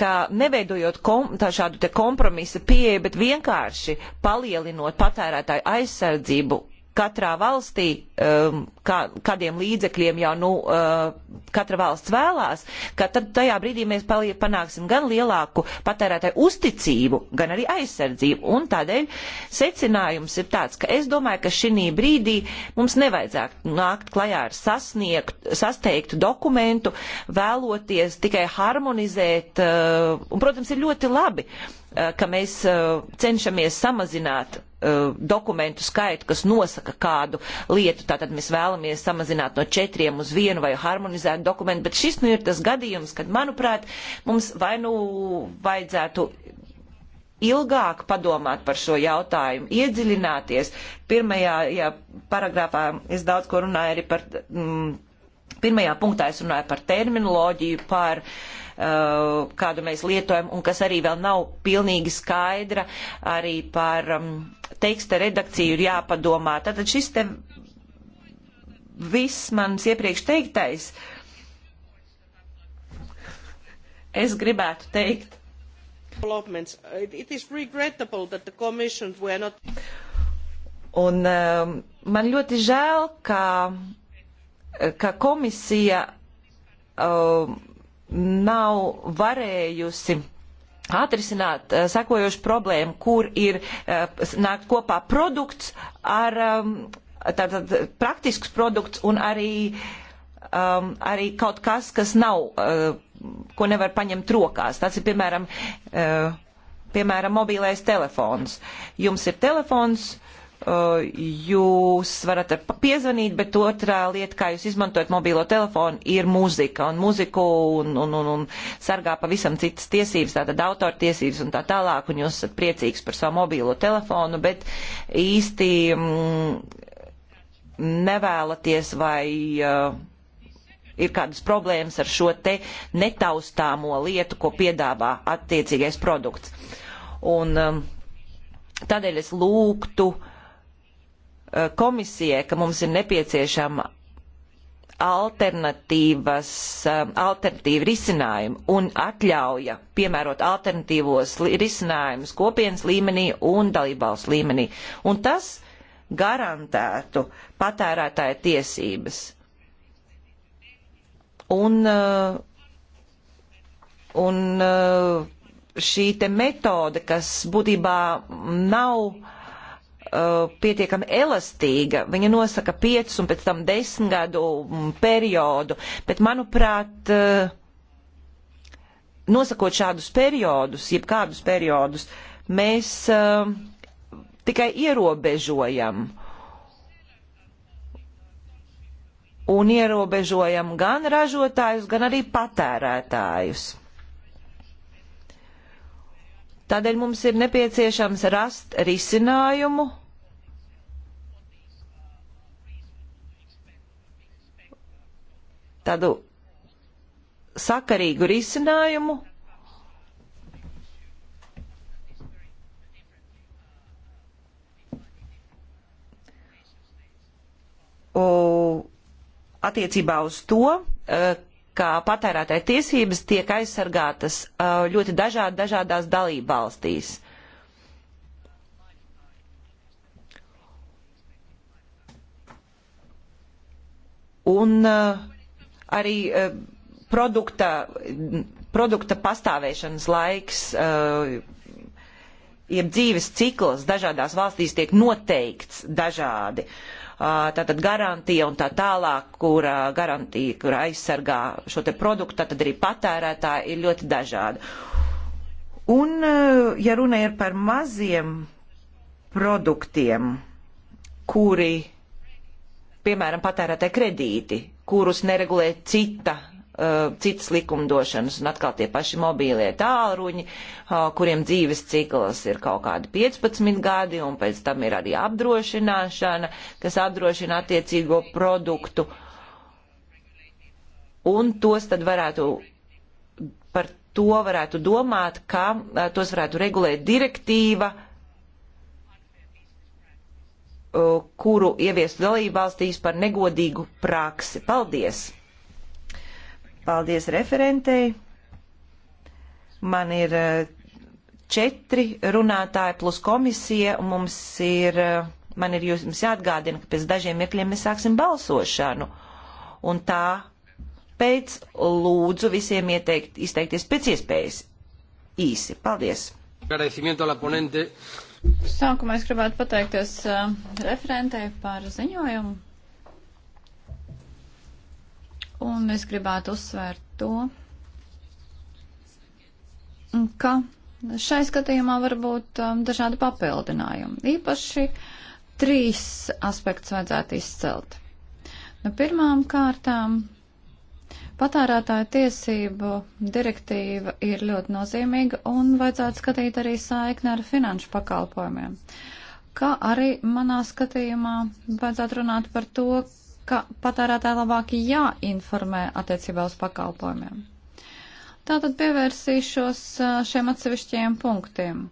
ka neveidojot kom, šādu kompromisa pieeju, bet vienkārši palielinot patērētāju aizsardzību katrā valstī, um, kā, kādiem līdzekļiem jau nu, uh, katra valsts vēlās, ka tad tajā brīdī mēs panāksim gan lielāku patērētāju uzticību, gan arī aizsardzību. Un tādēļ secinājums ir tāds, ka es domāju, ka šī brīdī mums nevajadzētu nākt klajā ar sasniegt, sasteigtu dokumentu, vēloties tikai harmonizēt. Uh, un, protams, ir ļoti labi. Uh, Eh, ka mēs eh, cenšamies samazināt eh, dokumentu skaitu, kas nosaka kādu lietu. Tātad mēs vēlamies samazināt no četriem uz vienu vai harmonizēt dokumentu, bet šis nu ir tas gadījums, kad, manuprāt, mums vai nu vajadzētu ilgāk padomāt par šo jautājumu, iedziļināties. Pirmajā jā, paragrāfā es daudz ko runāju arī par. Mm, Pirmajā punktā es runāju par terminoloģiju, par uh, Uh, kādu mēs lietojam un kas arī vēl nav pilnīgi skaidra arī par um, teksta redakciju ir jāpadomā. Tātad šis te viss mans iepriekš teiktais, es gribētu teikt. It is regrettable that the commissions were not. Un um, man ļoti žēl, ka, ka komisija um, nav varējusi atrisināt uh, sekojošu problēmu, kur ir uh, eh, nāk kopā produkts ar um, tātad praktisks produkts un arī, um, arī kaut kas, kas nav, uh, ko nevar paņemt rokās. Tas ir piemēram, uh, piemēram mobilais telefons. Jums ir telefons, uh, Uh, jūs varat piezvanīt, bet otrā lieta, kā jūs izmantojat mobilo telefonu, ir mūzika. Un mūziku un, un, un, un sargā pavisam citas tiesības, tātad autortiesības un tā tālāk, un jūs esat priecīgs par savu mobilo telefonu, bet īsti mm, nevēlaties vai. Uh, Ir kādas problēmas ar šo te netaustāmo lietu, ko piedāvā attiecīgais produkts. Un um, tādēļ es lūgtu uh, Eh, komisijai, ka mums ir nepieciešama alternatīvas, eh, alternatīva risinājuma un atļauja piemērot alternatīvos risinājumus kopienas līmenī un dalībvalsts līmenī. Un tas garantētu patērētāja tiesības. Un, eh, un šī te metode, kas būtībā nav Uh, pietiekami elastīga. Viņa nosaka piecus un pēc tam desmit gadu mm, periodu, bet manuprāt, uh, nosakot šādus periodus, jeb kādus periodus, mēs uh, tikai ierobežojam. Un ierobežojam gan ražotājus, gan arī patērētājus Tādēļ mums ir nepieciešams rast risinājumu. Tādu sakarīgu risinājumu, attiecībā uz to, eh, ka patērētāja tiesības tiek aizsargātas uh, ļoti dažādi dažādās dalību valstīs. Un uh, arī uh, produkta, produkta pastāvēšanas laiks, jeb dzīves cikls dažādās valstīs tiek noteikts dažādi. Uh, tātad garantija un tā tālāk, kura garantija, kura aizsargā šo te produktu, tātad arī patērētāji ir ļoti dažāda. Un, ja runa ir par maziem produktiem, kuri, piemēram, patērētāji kredīti, kurus neregulē cita Uh, citas likumdošanas, un atkal tie paši mobīlie tālruņi, uh, kuriem dzīves cikls ir kaut kādi 15 gadi, un pēc tam ir arī apdrošināšana, kas apdrošina attiecīgo produktu, un tos tad varētu, par to varētu domāt, ka uh, tos varētu regulēt direktīva, kuru ieviestu dalībvalstīs par negodīgu praksi. Paldies! Paldies referentei. Man ir eh, četri runātāji plus komisija, un mums ir, eh, man ir jūs, mums jāatgādina, ka pēc dažiem mirkļiem mēs sāksim balsošanu. Un tā pēc lūdzu visiem ieteikt, izteikties pēc iespējas īsi. Paldies! Sākumā es gribētu pateikties uh, referentei par ziņojumu un es gribētu uzsvērt to, ka šai skatījumā var būt um, dažādi papildinājumi. Īpaši trīs aspektus vajadzētu izcelt. Nu, pirmām kārtām patērētāja tiesību direktīva ir ļoti nozīmīga un vajadzētu skatīt arī saikni ar finanšu pakalpojumiem. Kā arī manā skatījumā vajadzētu runāt par to, ka patērētāji labāk jāinformē attiecībā uz pakalpojumiem. Tātad pievērsīšos šiem atsevišķiem punktiem.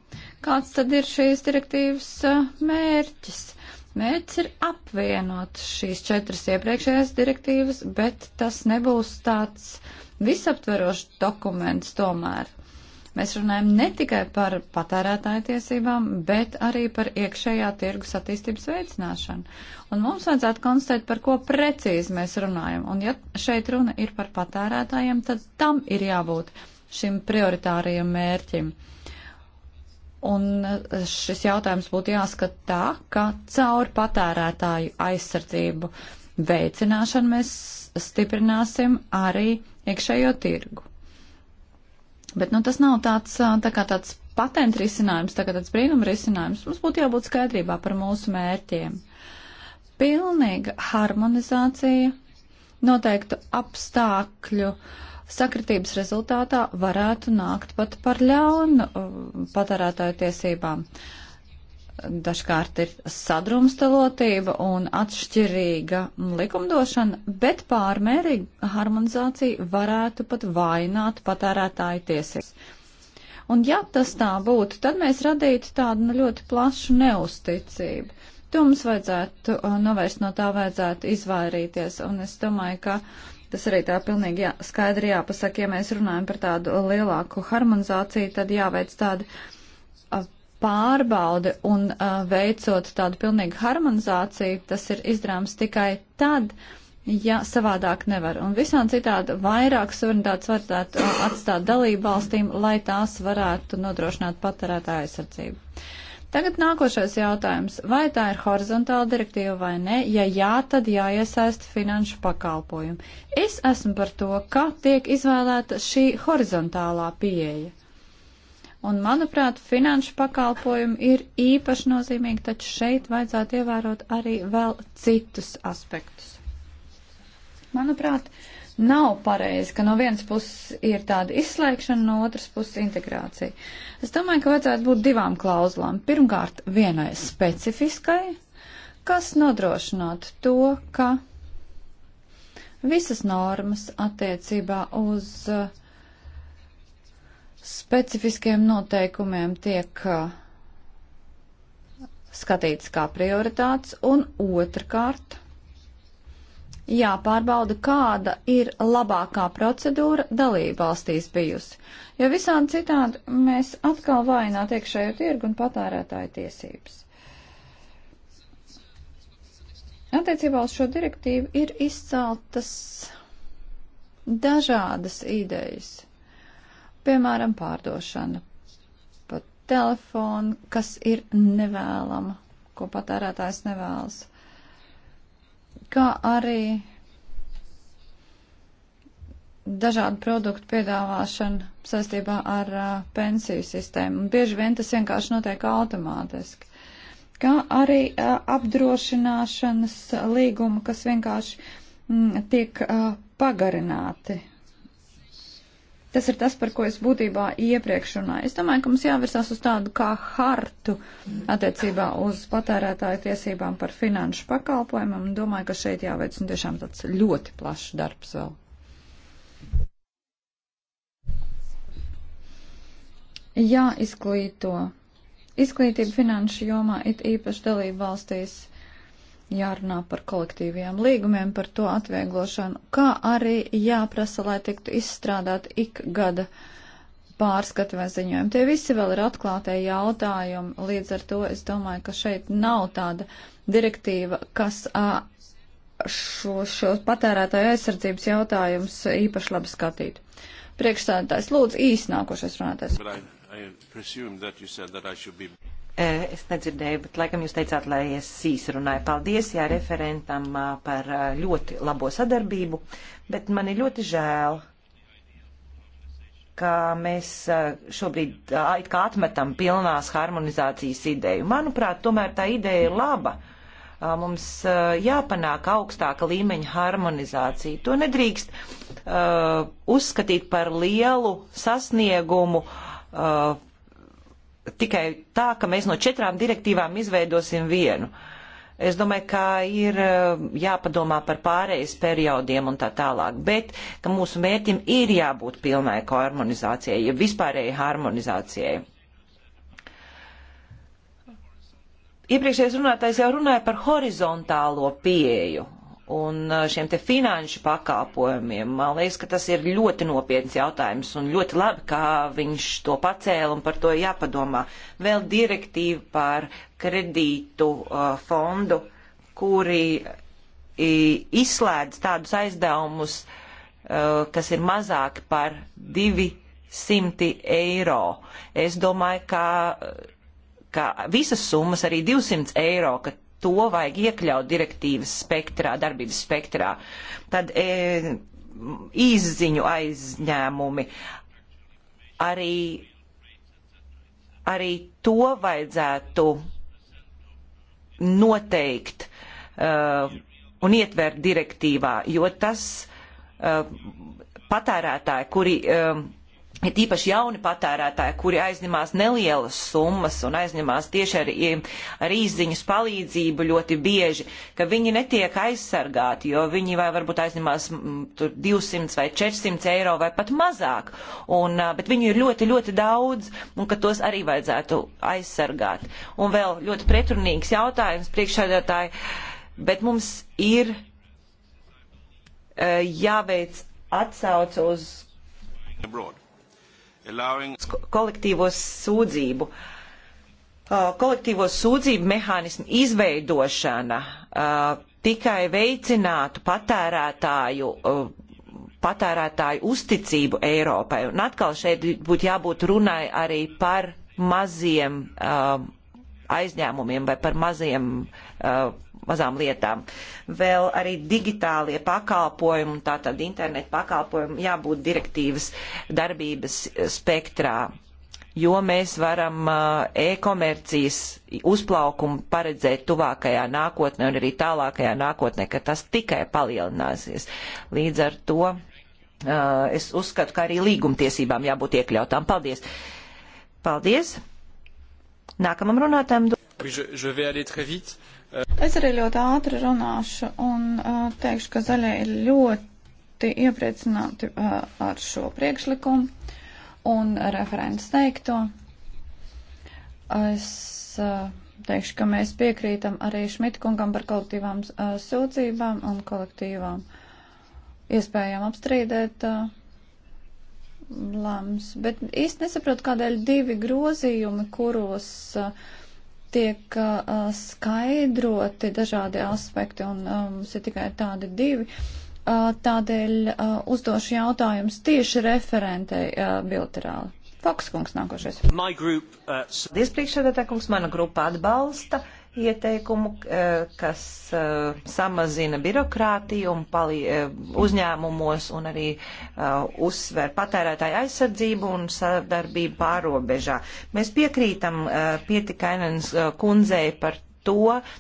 Kāds tad ir šīs direktīvas mērķis? Mērķis ir apvienot šīs četras iepriekšējās direktīvas, bet tas nebūs tāds visaptverošs dokuments tomēr. Mēs runājam ne tikai par patērētāju tiesībām, bet arī par iekšējā tirgus attīstības veicināšanu. Un mums vajadzētu konstatēt, par ko precīzi mēs runājam. Un ja šeit runa ir par patērētājiem, tad tam ir jābūt šim prioritārajam mērķim. Un eh, šis jautājums būtu jāskata tā, ka caur patērētāju aizsardzību veicināšanu mēs stiprināsim arī iekšējo tirgu. Bet nu, tas nav tāds, tā kā tāds patent risinājums, tā kā tāds brīnum risinājums. Mums būtu jābūt skaidrībā par mūsu mērķiem. Pilnīga harmonizācija noteiktu apstākļu sakritības rezultātā varētu nākt pat par ļaunu patērētāju tiesībām. Uh, dažkārt ir sadrumstalotība un atšķirīga likumdošana, bet pārmērīga harmonizācija varētu pat vainot patērētāju tiesības. Un ja tas tā būtu, tad mēs radītu tādu nu, ļoti plašu neusticību. To mums vajadzētu uh, novērst, no tā vajadzētu izvairīties. Un es domāju, ka tas arī tā pilnīgi jā, skaidri jāpasaka, ja mēs runājam par tādu lielāku harmonizāciju, tad jāveic tādu uh, pārbaude un uh, veicot tādu pilnīgu harmonizāciju, tas ir izdrāms tikai tad, ja savādāk nevar. Un visām citādi vairāk suverenitātes varētu uh, atstāt dalību valstīm, lai tās varētu nodrošināt patērētāju aizsardzību. Tagad nākošais jautājums. Vai tā ir horizontāla direktīva vai nē? Ja jā, tad jāiesaist finanšu pakalpojumu. Es esmu par to, ka tiek izvēlēta šī horizontālā pieeja. Un, manuprāt, finanšu pakalpojumi ir īpaši nozīmīgi, taču šeit vajadzētu ievērot arī vēl citus aspektus. Manuprāt, nav pareizi, ka no vienas puses ir tāda izslēgšana, no otras puses integrācija. Es domāju, ka vajadzētu būt divām klauzulām. Pirmkārt, vienai specifiskai, kas nodrošinātu to, ka visas normas attiecībā uz uh, specifiskiem noteikumiem tiek skatīts kā prioritāts, un otrkārt jāpārbauda, kāda ir labākā procedūra dalība valstīs bijusi. Jo visādi citādi mēs atkal vājināt iekšējo tirgu un patērētāju tiesības. Attiecībā uz šo direktīvu ir izceltas dažādas idejas. Piemēram, pārdošana pa telefonu, kas ir nevēlama, ko patērētājs nevēlas. Kā arī dažādu produktu piedāvāšana saistībā ar uh, pensiju sistēmu. Un bieži vien tas vienkārši notiek automātiski. Kā arī uh, apdrošināšanas līguma, kas vienkārši mm, tiek uh, pagarināti. Tas ir tas, par ko es būtībā iepriekš runāju. Es domāju, ka mums jāvirsās uz tādu kā hartu attiecībā uz patērētāju tiesībām par finanšu pakalpojumam. Domāju, ka šeit jāveic un tiešām tāds ļoti plašs darbs vēl. Jāizklīto. Izklītība finanšu jomā it īpaši dalību valstīs jārunā par kolektīviem līgumiem, par to atvieglošanu, kā arī jāprasa, lai tiktu izstrādāt ik gada pārskatu vai ziņojumu. Tie visi vēl ir atklātie jautājumi, līdz ar to es domāju, ka šeit nav tāda direktīva, kas šo, šo patērētāju aizsardzības jautājumus īpaši labi skatītu. Priekšstādātājs lūdzu īsnākošais runātājs. Es nedzirdēju, bet laikam jūs teicāt, lai es īsi runāju. Paldies, jā, referentam par ļoti labo sadarbību, bet man ir ļoti žēl, ka mēs šobrīd it kā atmetam pilnās harmonizācijas ideju. Manuprāt, tomēr tā ideja ir laba. Mums jāpanāk augstāka līmeņa harmonizācija. To nedrīkst uh, uzskatīt par lielu sasniegumu. Uh, tikai tā, ka mēs no četrām direktīvām izveidosim vienu. Es domāju, ka ir e, jāpadomā par pārējais periodiem un tā tālāk, bet ka mūsu mērķim ir jābūt pilnai harmonizācijai, ja vispārējai harmonizācijai. Iepriekšējais runātājs jau runāja par horizontālo pieeju un šiem te finanšu pakāpojumiem. Man liekas, ka tas ir ļoti nopietns jautājums un ļoti labi, kā viņš to pacēla un par to jāpadomā. Vēl direktīva par kredītu uh, fondu, kuri izslēdz tādus aizdevumus, uh, kas ir mazāki par 200 eiro. Es domāju, ka ka visas summas, arī 200 eiro, ka to vajag iekļaut direktīvas spektrā, darbības spektrā. Tad e, izziņu aizņēmumi arī, arī to vajadzētu noteikt uh, un ietvert direktīvā, jo tas uh, patērētāji, kuri uh, Ir īpaši jauni patērētāji, kuri aizņemās nelielas summas un aizņemās tieši ar, ar īziņas palīdzību ļoti bieži, ka viņi netiek aizsargāti, jo viņi vai varbūt aizņemās tur 200 vai 400 eiro vai pat mazāk, un, bet viņu ir ļoti, ļoti daudz un ka tos arī vajadzētu aizsargāt. Un vēl ļoti pretrunīgs jautājums priekšādātāji, bet mums ir e, jāveic atsauce uz. Abroad allowing... kolektīvos sūdzību. Uh, kolektīvo sūdzību mehānismu izveidošana uh, tikai veicinātu patērētāju, uh, patērētāju uzticību Eiropai. Un atkal šeit būtu jābūt runai arī par maziem aizņēmumiem vai par maziem uh, mazām lietām. Vēl arī digitālie pakalpojumi, tātad internetu pakalpojumi jābūt direktīvas darbības spektrā, jo mēs varam uh, e-komercijas uzplaukumu paredzēt tuvākajā nākotnē un arī tālākajā nākotnē, ka tas tikai palielināsies. Līdz ar to uh, es uzskatu, ka arī līgumtiesībām jābūt iekļautām. Paldies! Paldies! Nākamam runātājam. Oui, je, je vais aller très vite. Euh, Es arī ļoti ātri runāšu un uh, teikšu, ka zaļie ir ļoti iepriecināti uh, ar šo priekšlikumu un referents teikto. Es uh, teikšu, ka mēs piekrītam arī Šmitkungam par kolektīvām uh, sūdzībām un kolektīvām iespējām apstrīdēt. Uh, Lams, bet īsti nesaprotu, kādēļ divi grozījumi, kuros uh, tiek uh, skaidroti dažādi aspekti, un uh, mums ir tikai tādi divi. Uh, tādēļ uh, uzdošu jautājumus tieši referentei uh, bilaterāli. Foks kungs nākošais. Uh, Paldies, uh, priekšsēdētāj kungs, mana grupa atbalsta ieteikumu, eh, kas eh, samazina birokrātiju un palī, eh, uzņēmumos un arī uzsver patērētāju aizsardzību un sadarbību pārobežā. Mēs piekrītam Pietikainens kundzei par to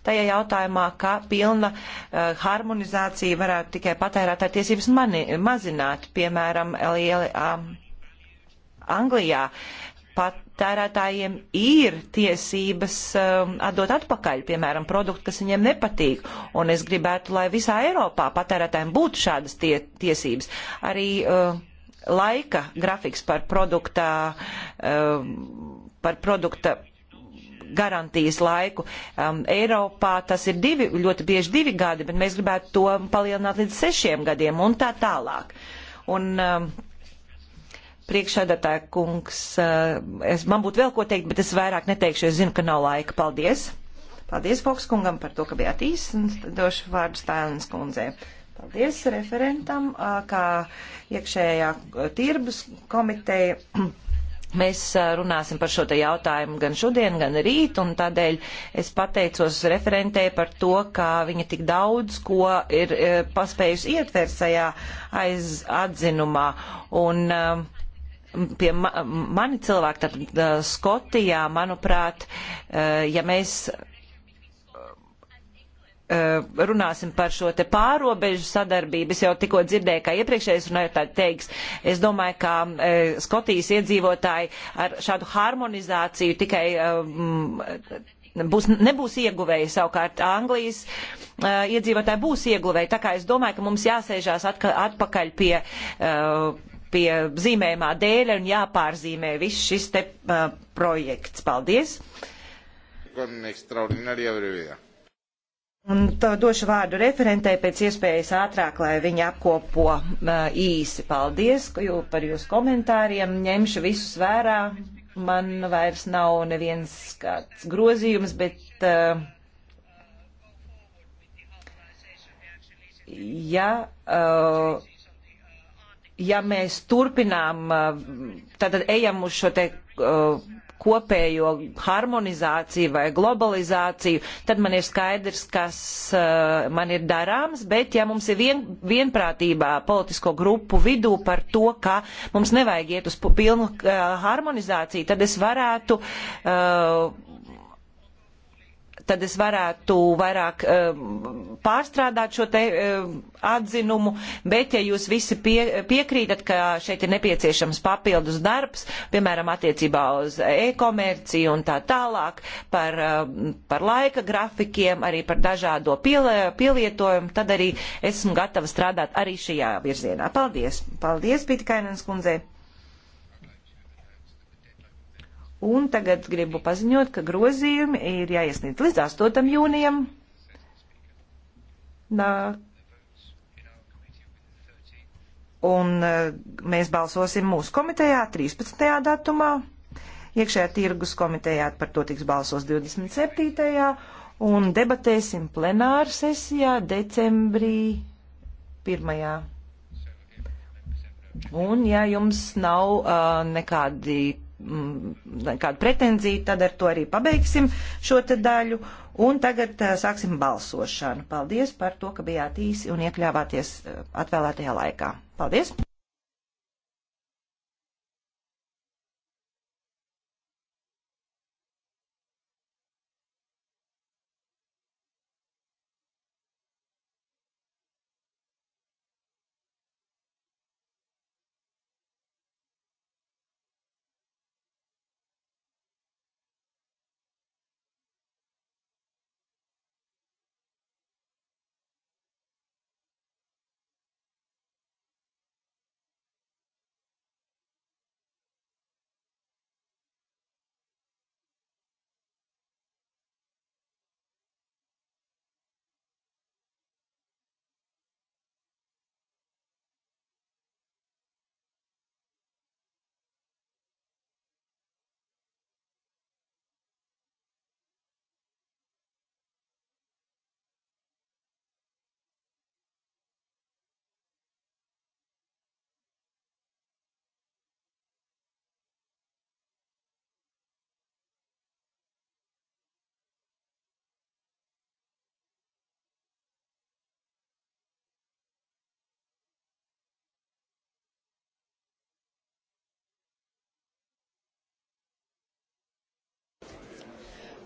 tajā jautājumā, ka pilna uh, harmonizācija varētu tikai patērētāju tiesības mani, mazināt, piemēram, lieli. Um, Anglijā patērētājiem ir tiesības um, atdot atpakaļ, piemēram, produktu, kas viņiem nepatīk. Un es gribētu, lai visā Eiropā patērētājiem būtu šādas tie, tiesības. Arī uh, laika grafiks par produkta, uh, par produkta garantijas laiku. Um, Eiropā tas ir divi, ļoti bieži divi gadi, bet mēs gribētu to palielināt līdz sešiem gadiem un tā tālāk. Un, um, priekšsēdētāja kungs, eh, es, man būtu vēl ko teikt, bet es vairāk neteikšu, es zinu, ka nav laika. Paldies! Paldies Foks kungam par to, ka bijāt īsts, došu vārdu Stēlins kundzei. Paldies referentam, kā iekšējā tirbas komiteja. Mēs runāsim par šo te jautājumu gan šodien, gan rīt, un tādēļ es pateicos referentē par to, ka viņa tik daudz ko ir e, paspējusi ietvert šajā aiz atzinumā. Un, uh, pie ma mani cilvēki, tad uh, Skotijā, manuprāt, uh, ja mēs runāsim par šo te pārobežu sadarbību. Es jau tikko dzirdēju, kā iepriekšējais runātājs teiks, es domāju, ka e, Skotijas iedzīvotāji ar šādu harmonizāciju tikai um, būs, nebūs ieguvēji, savukārt Anglijas uh, iedzīvotāji būs ieguvēji. Tā kā es domāju, ka mums jāsēžās atka, atpakaļ pie uh, pie zīmējumā dēļa un jāpārzīmē viss šis te uh, projekts. Paldies! Un to došu vārdu referentei pēc iespējas ātrāk, lai viņa apkopo uh, īsi. Paldies jū, par jūsu komentāriem, ņemšu visus vērā. Man vairs nav neviens kāds grozījums, bet uh, ja uh, ja mēs turpinām, tātad uh, ejam uz šo te uh, kopējo harmonizāciju vai globalizāciju, tad man ir skaidrs, kas uh, man ir darāms, bet ja mums ir vien, vienprātībā politisko grupu vidū par to, ka mums nevajag iet uz pilnu harmonizāciju, tad es varētu uh, tad es varētu vairāk eh, pārstrādāt šo te eh, atzinumu, bet ja jūs visi pie, piekrītat, ka šeit ir nepieciešams papildus darbs, piemēram, attiecībā uz e-komerciju un tā tālāk, par, eh, par laika grafikiem, arī par dažādo pielietojumu, tad arī esmu gatava strādāt arī šajā virzienā. Paldies! Paldies, Pitkainens kundzei! Un tagad gribu paziņot, ka grozījumi ir jāiesniedz līdz 8. jūnijam. Nā. Un eh, mēs balsosim mūsu komitejā 13. datumā. Iekšējā tirgus komitejā par to tiks balsos 27. un debatēsim plenāru sesijā decembrī 1. Un ja jums nav uh, nekādi Mm, kādu pretenziju, tad ar to arī pabeigsim šo te daļu. Un tagad uh, sāksim balsošanu. Paldies par to, ka bijāt īsi un iekļāvāties uh, atvēlētajā laikā. Paldies!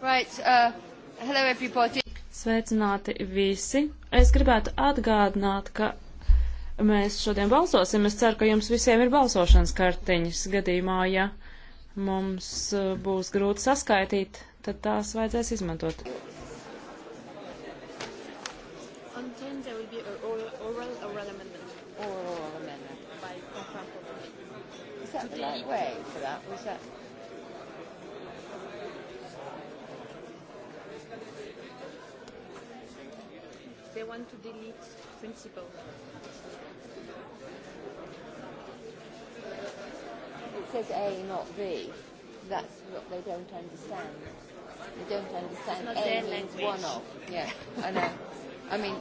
Right, uh, hello everybody. Sveicināti visi. Es gribētu atgādināt, ka mēs šodien balsosim. Es ceru, ka jums visiem ir balsošanas kartiņas gadījumā, ja mums uh, būs grūti saskaitīt, tad tās vajadzēs izmantot. Is that the right way for that? Was that they want to delete principle. It says A, not B. That's what they don't understand. They don't understand. It's not A their means language. one of. Yeah, I know. I mean,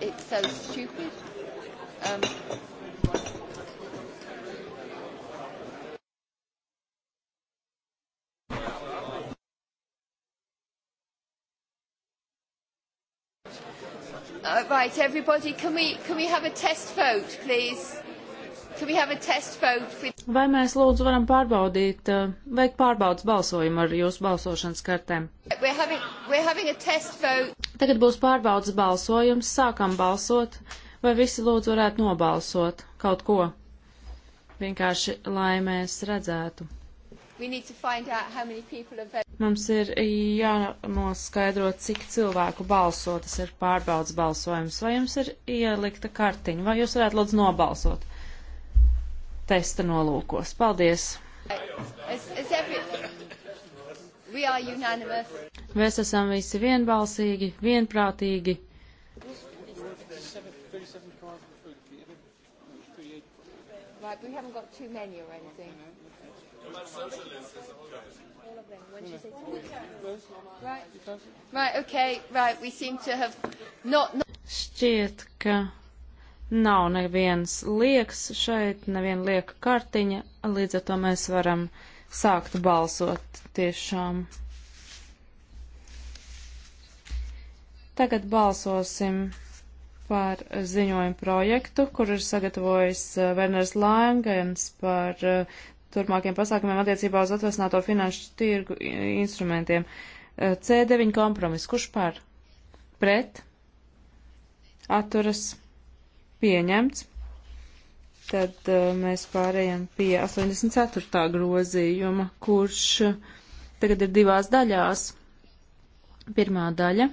it, it's so stupid. Um, Uh, right, everybody, can we, can we have a test vote, please? Can we have a test vote? With... Vai mēs lūdzu varam pārbaudīt, uh, veikt pārbaudas balsojumu ar jūsu balsošanas kartēm? We're having, we're having a test vote. Tagad būs pārbaudas balsojums, sākam balsot, vai visi lūdzu varētu nobalsot kaut ko, vienkārši lai mēs redzētu. Mums ir jānoskaidro, cik cilvēku balso, tas ir pārbaudas balsojums. Vai jums ir ielikta kartiņa, vai jūs varētu lūdzu nobalsot testa nolūkos? Paldies! As, as every... Mēs esam visi vienbalsīgi, vienprātīgi. Right, we haven't got too many or anything. All of them. When she said right, right, okay, right. We seem to have not. not... Šķiet, ka nav neviens liekas šeit, neviena lieka kartiņa, līdz ar to mēs varam sākt balsot tiešām. Tagad balsosim par ziņojumu projektu, kur ir sagatavojis eh, Werners Langens par eh, turpmākiem pasākumiem attiecībā uz atvesināto finanšu tirgu instrumentiem. E, C9 kompromiss. Kurš par? Pret? Atturas? Pieņemts. Tad uh, mēs pārējām pie 84. grozījuma, kurš tagad ir divās daļās. Pirmā daļa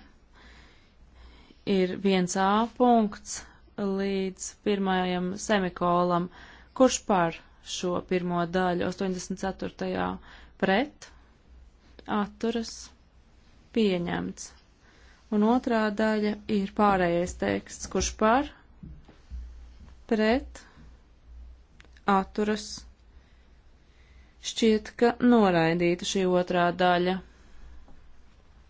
ir 1A punkts līdz pirmajam semikolam. Kurš par? šo pirmo daļu 84. pret atturas pieņemts. Un otrā daļa ir pārējais teksts, kurš par pret atturas šķiet, ka noraidīta šī otrā daļa.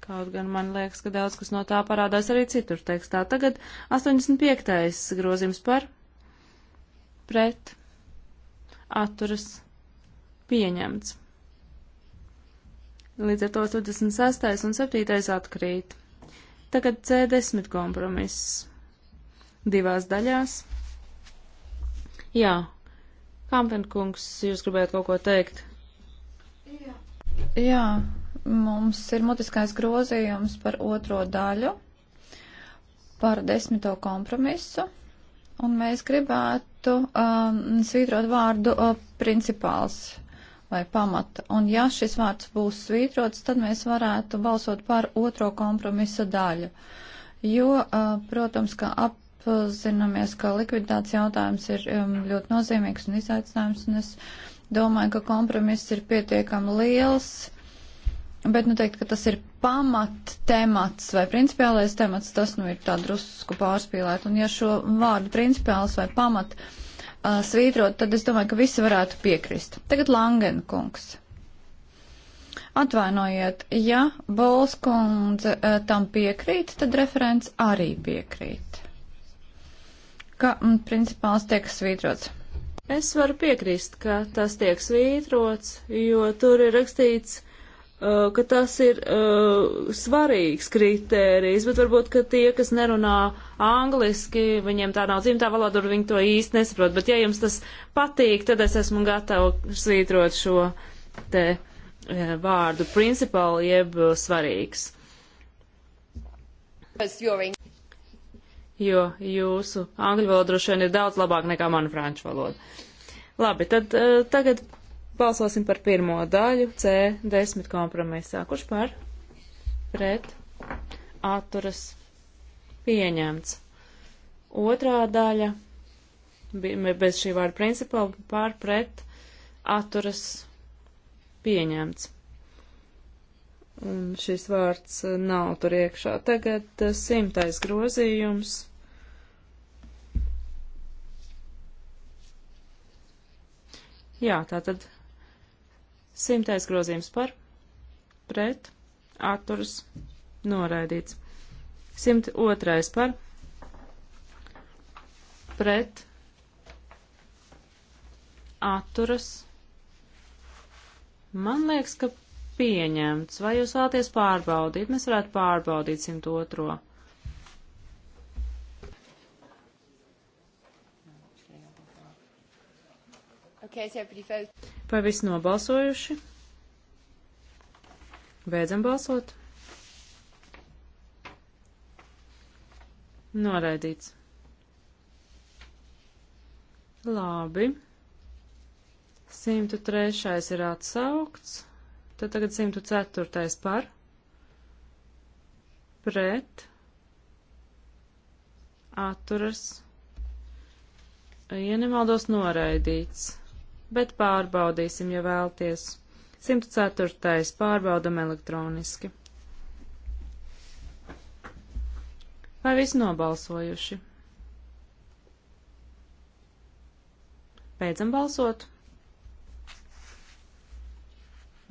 Kaut gan man liekas, ka daudz kas no tā parādās arī citur tekstā. Tagad 85. grozījums par pret atturas pieņemts. Līdz ar to 26. un 7. atkrīt. Tagad C10 kompromiss. Divās daļās. Jā, Kampenkungs, jūs gribētu kaut ko teikt? Jā. Jā, mums ir mutiskais grozījums par otro daļu, par desmito kompromisu, un mēs gribētu gribētu um, svītrot vārdu uh, principāls vai pamata. Un ja šis vārds būs svītrots, tad mēs varētu balsot par otro kompromisa daļu. Jo, uh, protams, ka apzināmies, ka likviditātes jautājums ir um, ļoti nozīmīgs un izaicinājums, un es domāju, ka kompromiss ir pietiekami liels Bet, nu, teikt, ka tas ir pamat temats vai principiālais temats, tas, nu, ir tā drusku pārspīlēt. Un, ja šo vārdu principiāls vai pamat uh, svītrot, tad es domāju, ka visi varētu piekrist. Tagad Langen kungs. Atvainojiet, ja Bols kundze uh, tam piekrīt, tad referents arī piekrīt. Ka mm, principāls tiek svītrots. Es varu piekrist, ka tas tiek svītrots, jo tur ir rakstīts Eh, ka tas ir uh, svarīgs kritērijs, bet varbūt, ka tie, kas nerunā angliski, viņiem tā nav dzimtā valoda, un viņi to īsti nesaprot. Bet, ja jums tas patīk, tad es esmu gatava svītrot šo te uh, vārdu principal, jeb uh, svarīgs. Jo jūsu angļu valoda droši vien ir daudz labāk nekā mana franču valoda. Labi, tad uh, tagad Balsosim par pirmo daļu C10 kompromisā. Kurš par? Pret. Atturas. Pieņemts. Otrā daļa bez šī vārda principā par pret atturas pieņemts. Un šis vārds eh, nav tur iekšā. Tagad eh, simtais grozījums. Jā, tā tad Simtais grozījums par, pret, atturas, noraidīts. 102 par, pret, atturas. Man liekas, ka pieņemts. Vai jūs vēlaties pārbaudīt? Mēs varētu pārbaudīt 102. Vai visi nobalsojuši? Beidzam balsot. Noraidīts. Labi. 103. ir atsaukts. Tad tagad 104. par. Pret. Atturas. Ja nemaldos, noraidīts bet pārbaudīsim, ja vēlties. 104. pārbaudam elektroniski. Vai visi nobalsojuši? Beidzam balsot.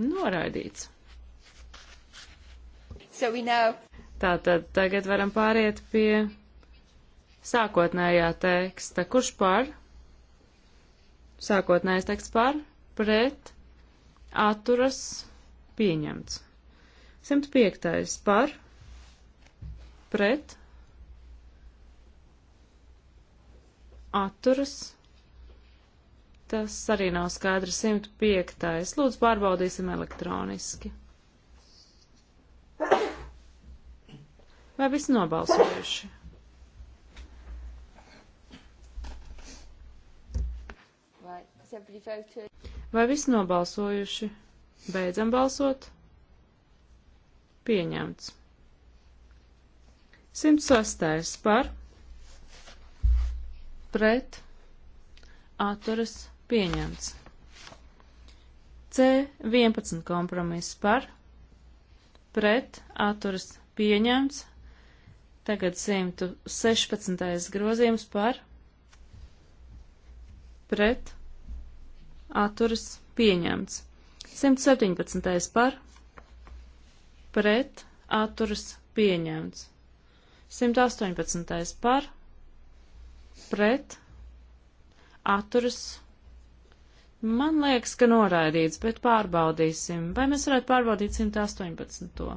Noraidīts. So Tātad tagad varam pāriet pie sākotnējā teksta. Kurš par? Sākotnējais teksts par, pret, atturas, pieņemts. 105. par, pret, atturas, tas arī nav skaidrs. 105. Lūdzu, pārbaudīsim elektroniski. Vai visi nobalsojuši? Vai visi nobalsojuši? Beidzam balsot. Pieņemts. 106. par pret atturas pieņemts. C11 kompromiss par pret atturas pieņemts. Tagad 116. grozījums par pret atturas pieņemts. 117. par pret atturas pieņemts. 118. par pret atturas. Man liekas, ka noraidīts, bet pārbaudīsim. Vai mēs varētu pārbaudīt 118.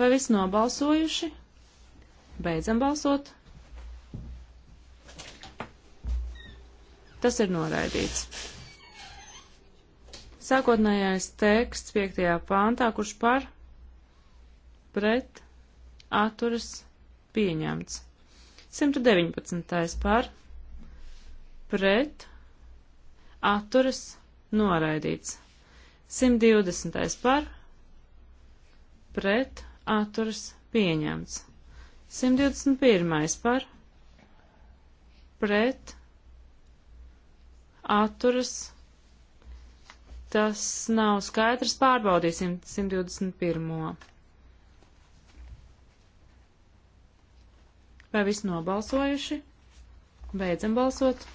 Vai viss nobalsojuši? Beidzam balsot. Tas ir noraidīts. Sākotnējais teksts 5. pāntā, kurš par pret atturas pieņemts. 119. par pret atturas noraidīts. 120. par pret atturas pieņemts. 121. par pret atturas. Tas nav skaidrs. Pārbaudīsim 121. Vai viss nobalsojuši? Beidzam balsot.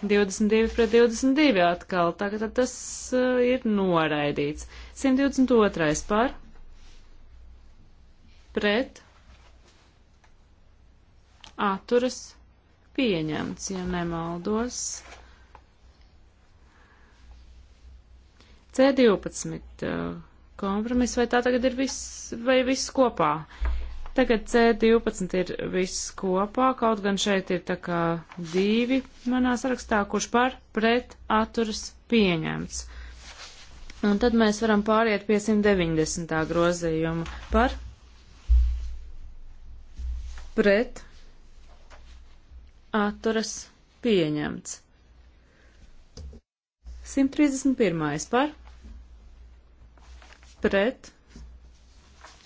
22 pret 22 atkal. Tagad tas uh, ir noraidīts. 122 par. Pret. Atturas pieņemts, ja nemaldos. C12 uh, kompromiss, vai tā tagad ir viss, vai viss kopā? Tagad C12 ir viss kopā, kaut gan šeit ir tā kā divi manā sarakstā, kurš par pret atturas pieņemts. Un tad mēs varam pāriet pie 190. grozījuma par pret atturas pieņemts. 131. par pret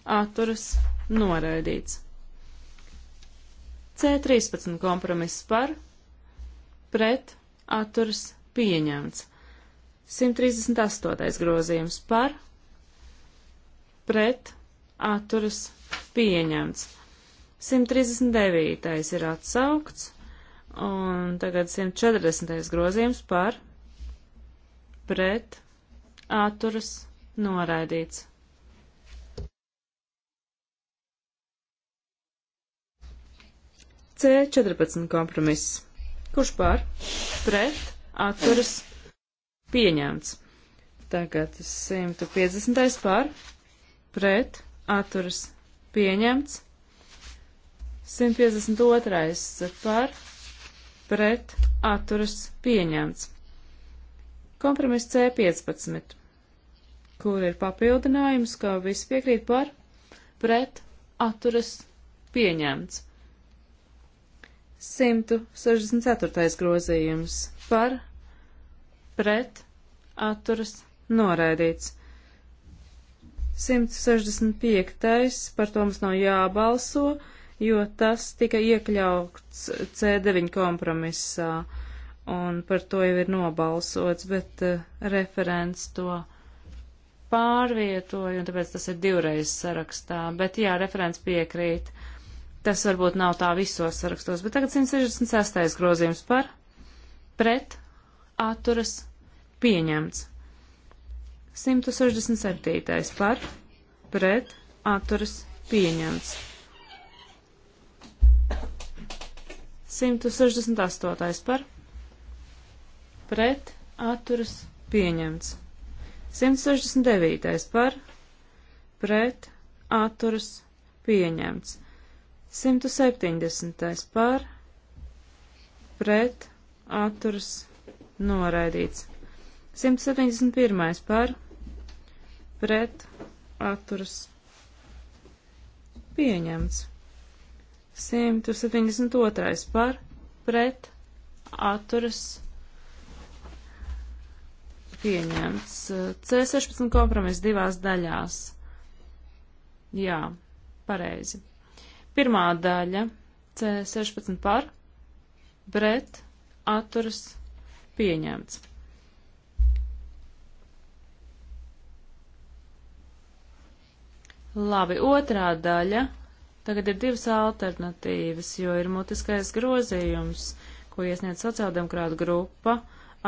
atturas noraidīts. C13 kompromiss par pret atturas pieņemts. 138. grozījums par pret atturas pieņemts. 139. ir atsaukts. Un tagad 140. grozījums par pret atturas noraidīts. C14 kompromiss. Kurš par pret atturas pieņemts? Tagad 150. par pret atturas pieņemts. 152. par pret atturas pieņemts. Kompromiss C15, kur ir papildinājums, ka visi piekrīt par pret atturas pieņemts. 164. grozījums par pret atturas noraidīts. 165. par to mums nav jābalso jo tas tika iekļauts C9 kompromisā, un par to jau ir nobalsots, bet uh, referents to pārvietoja, un tāpēc tas ir divreiz sarakstā, bet jā, referents piekrīt. Tas varbūt nav tā visos sarakstos, bet tagad 166. grozījums par pret atturas pieņemts. 167. par pret atturas pieņemts. 168. par pret atturas pieņemts. 169. par pret atturas pieņemts. 170. par pret atturas noraidīts. 171. par pret atturas pieņemts. 172. par pret atturas pieņemts. C16 kompromiss divās daļās. Jā, pareizi. Pirmā daļa C16 par pret atturas pieņemts. Labi, otrā daļa Tagad ir divas alternatīvas, jo ir mutiskais grozījums, ko iesniedz sociāldemokrāta grupa,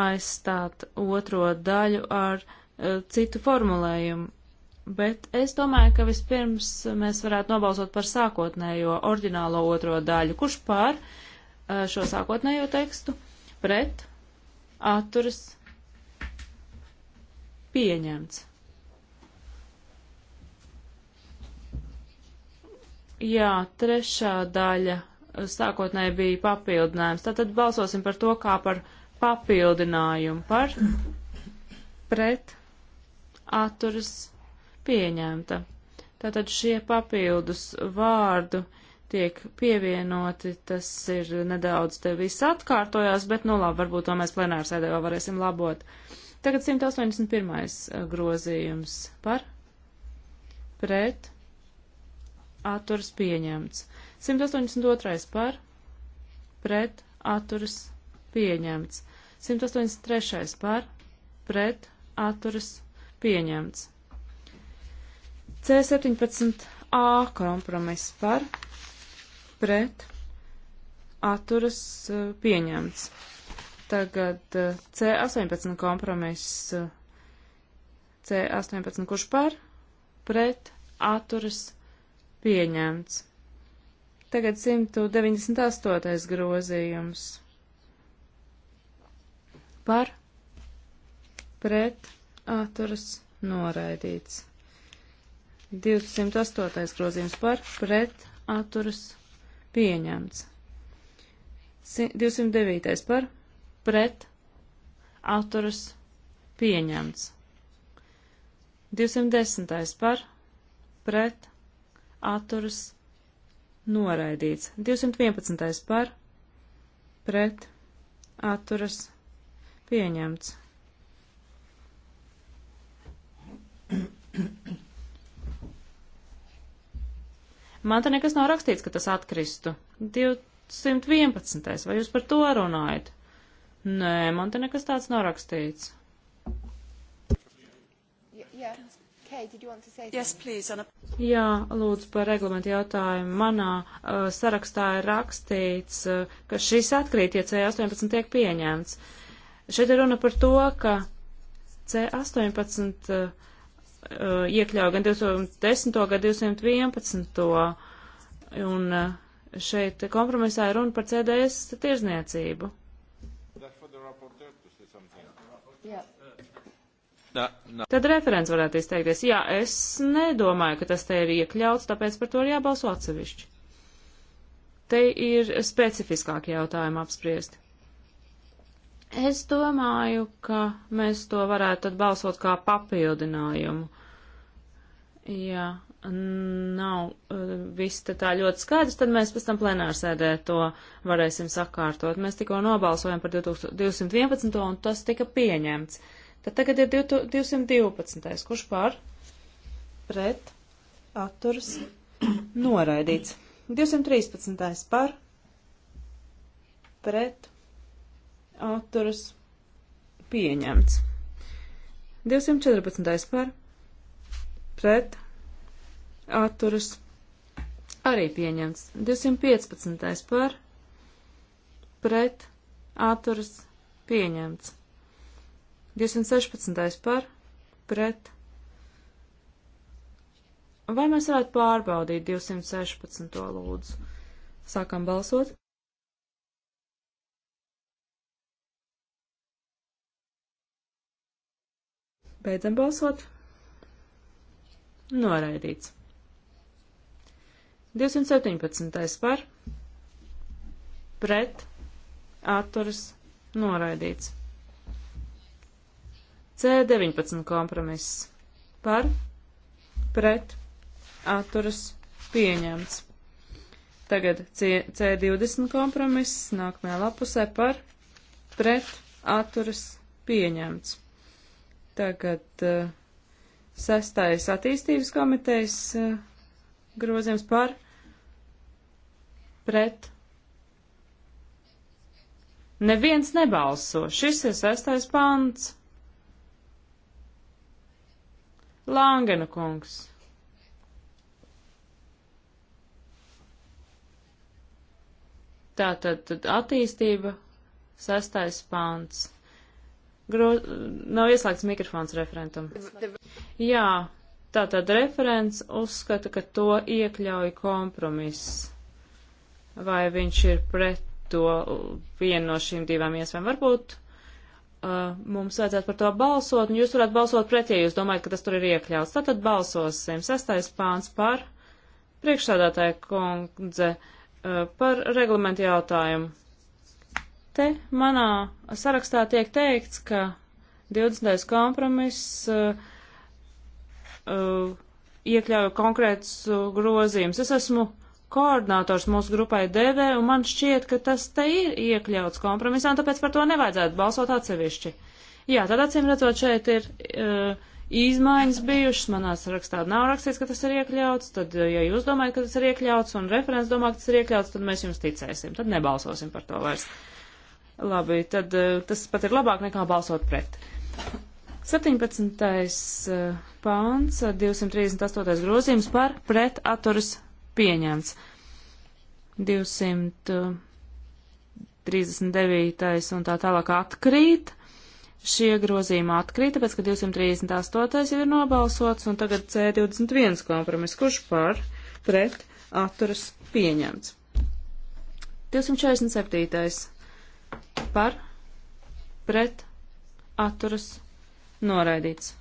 aizstāt otro daļu ar uh, citu formulējumu. Bet es domāju, ka vispirms mēs varētu nobalsot par sākotnējo oriģinālo otro daļu. Kurš pār uh, e, šo sākotnējo tekstu? Pret? Atturas? Pieņemts. Jā, trešā daļa eh, sākotnēji bija papildinājums. Tātad balsosim par to kā par papildinājumu, par pret atturas pieņemta. Tātad šie papildus vārdu tiek pievienoti, tas ir nedaudz te viss atkārtojās, bet nu labi, varbūt to mēs plenāru sēdē vēl varēsim labot. Tagad 181. Eh, grozījums par pret atturas pieņemts. 182. par, pret, atturas pieņemts. 183. par, pret, atturas pieņemts. C17A kompromiss par, pret, atturas eh, pieņemts. Tagad eh, C18 kompromiss eh, C18, kurš par, pret, atturas pieņemts pieņemts. Tagad 198. grozījums. Par, pret, atturas, noraidīts. 208. grozījums par, pret, atturas, pieņemts. 209. par, pret, atturas, pieņemts. 210. par, pret, atturas noraidīts. 211. par pret atturas pieņemts. Man te nekas nav rakstīts, ka tas atkristu. 211. Vai jūs par to runājat? Nē, man te nekas tāds nav rakstīts. Kay, did you want to say yes, please, on a... Jā, lūdzu par reglamentu jautājumu. Manā uh, sarakstā ir rakstīts, uh, ka šis atkrīt, ja C18 tiek pieņemts. Šeit ir runa par to, ka C18 uh, uh, iekļauj gan 210. gan 211. un uh, šeit kompromisā ir runa par CDS tirzniecību. Yeah. Nā, nā. Tad referents varētu izteikties. Jā, es nedomāju, ka tas te ir iekļauts, tāpēc par to ir jābalso atsevišķi. Te ir specifiskāki jautājumi apspriesti. Es domāju, ka mēs to varētu tad balsot kā papildinājumu. Jā, nav eh, viss te tā ļoti skaidrs, tad mēs pēc tam plenārsēdē to varēsim sakārtot. Mēs tikko nobalsojam par 211. un tas tika pieņemts. Tad tagad ir 212. Kurš par? Pret. Atturs. Noraidīts. 213. par. Pret. Atturs. Pieņemts. 214. par. Pret. Atturs. Arī pieņemts. 215. par. Pret. Atturs. Pieņemts. 216. par pret. Vai mēs varētu pārbaudīt 216. lūdzu? Sākam balsot. Beidzam balsot. Noraidīts. 217. par pret atturas noraidīts. C19 kompromiss par pret atturas pieņemts. Tagad C20 kompromiss nākamajā lapusē par pret atturas pieņemts. Tagad uh, sestais attīstības komitejas uh, grozījums par pret. Neviens nebalso. Šis ir sestais pants. Langena kungs. Tātad tad attīstība, sastais pāns. Gro... Nav ieslēgts mikrofons referentam. Jā, tātad referents uzskata, ka to iekļauj kompromiss. Vai viņš ir pret to vienu no šīm divām iespējām? Varbūt uh, mums vajadzētu par to balsot, un jūs varat balsot pret, ja jūs domājat, ka tas tur ir iekļauts. Tātad balsosim. Sastais pāns par priekšsādātāja kundze uh, par reglamentu jautājumu. Te manā sarakstā tiek teikts, ka 20. kompromiss uh, uh, iekļauja konkrētus uh, grozījumus. Es esmu uh, koordinators mūsu grupai DV, un man šķiet, ka tas te ir iekļauts kompromisā, un tāpēc par to nevajadzētu balsot atsevišķi. Jā, tad acīm redzot, šeit ir uh, izmaiņas bijušas, manā sarakstā nav rakstīts, ka tas ir iekļauts, tad, uh, ja jūs domājat, ka tas ir iekļauts, un referents domā, ka tas ir iekļauts, tad mēs jums ticēsim, tad nebalsosim par to vairs. Labi, tad uh, tas pat ir labāk nekā balsot pret. 17. Uh, pāns, 238. grozījums par pretaturas pieņemts. 239. un tā tālāk atkrīt. Šie grozījumi atkrīt, tāpēc, ka 238. jau ir nobalsots, un tagad C21 kompromis, kurš par pret atturas pieņemts. 247. par pret atturas noraidīts.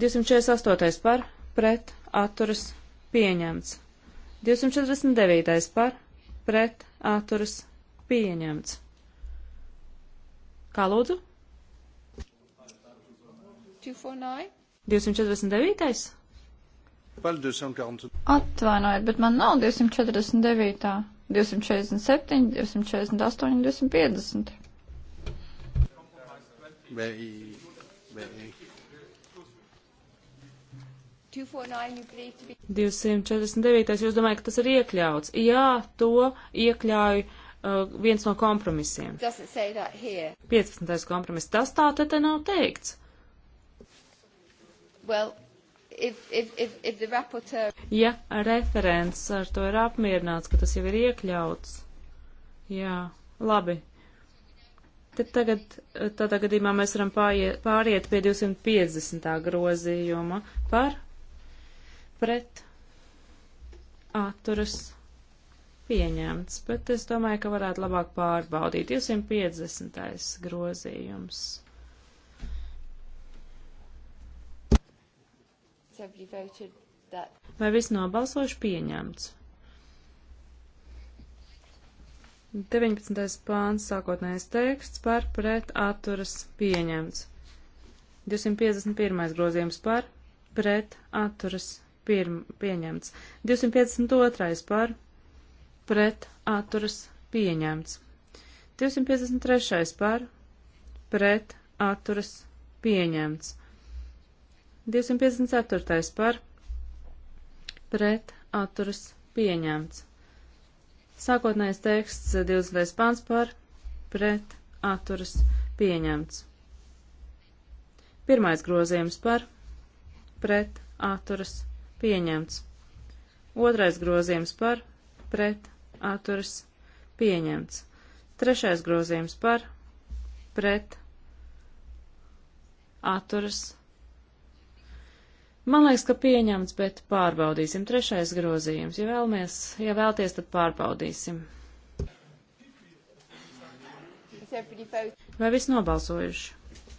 248. par pret atturas pieņemts. 249. par pret atturas pieņemts. Kā lūdzu? 249. 249. Atvainojiet, bet man nav 249. 247, 248, 250. Vai, vai. 249. Jūs domājat, ka tas ir iekļauts? Jā, to iekļauj uh, viens no kompromisiem. 15. kompromiss. Tas tā te, te nav teikts. Well, if, if, if, if the rapporteur... Ja referents ar to ir apmierināts, ka tas jau ir iekļauts. Jā, labi. Tad tagad, tādā gadījumā mēs varam pāriet pie 250. grozījuma par pret atturas pieņemts, bet es domāju, ka varētu labāk pārbaudīt. 250. grozījums. Vai viss nobalsoši pieņemts? 19. pāns sākotnējais teksts par pret atturas pieņemts. 251. grozījums par pret atturas pirm, pieņemts. 252. par pret atturas pieņemts. 253. par pret atturas pieņemts. 254. par pret atturas pieņemts. Sākotnējais teksts 20. pāns par pret atturas pieņemts. Pirmais grozījums par pret atturas pieņemts pieņemts. Otrais grozījums par, pret, atturas, pieņemts. Trešais grozījums par, pret, atturas. Man liekas, ka pieņemts, bet pārbaudīsim. Trešais grozījums. Ja vēlamies, ja vēlties, tad pārbaudīsim. Vai viss nobalsojuši?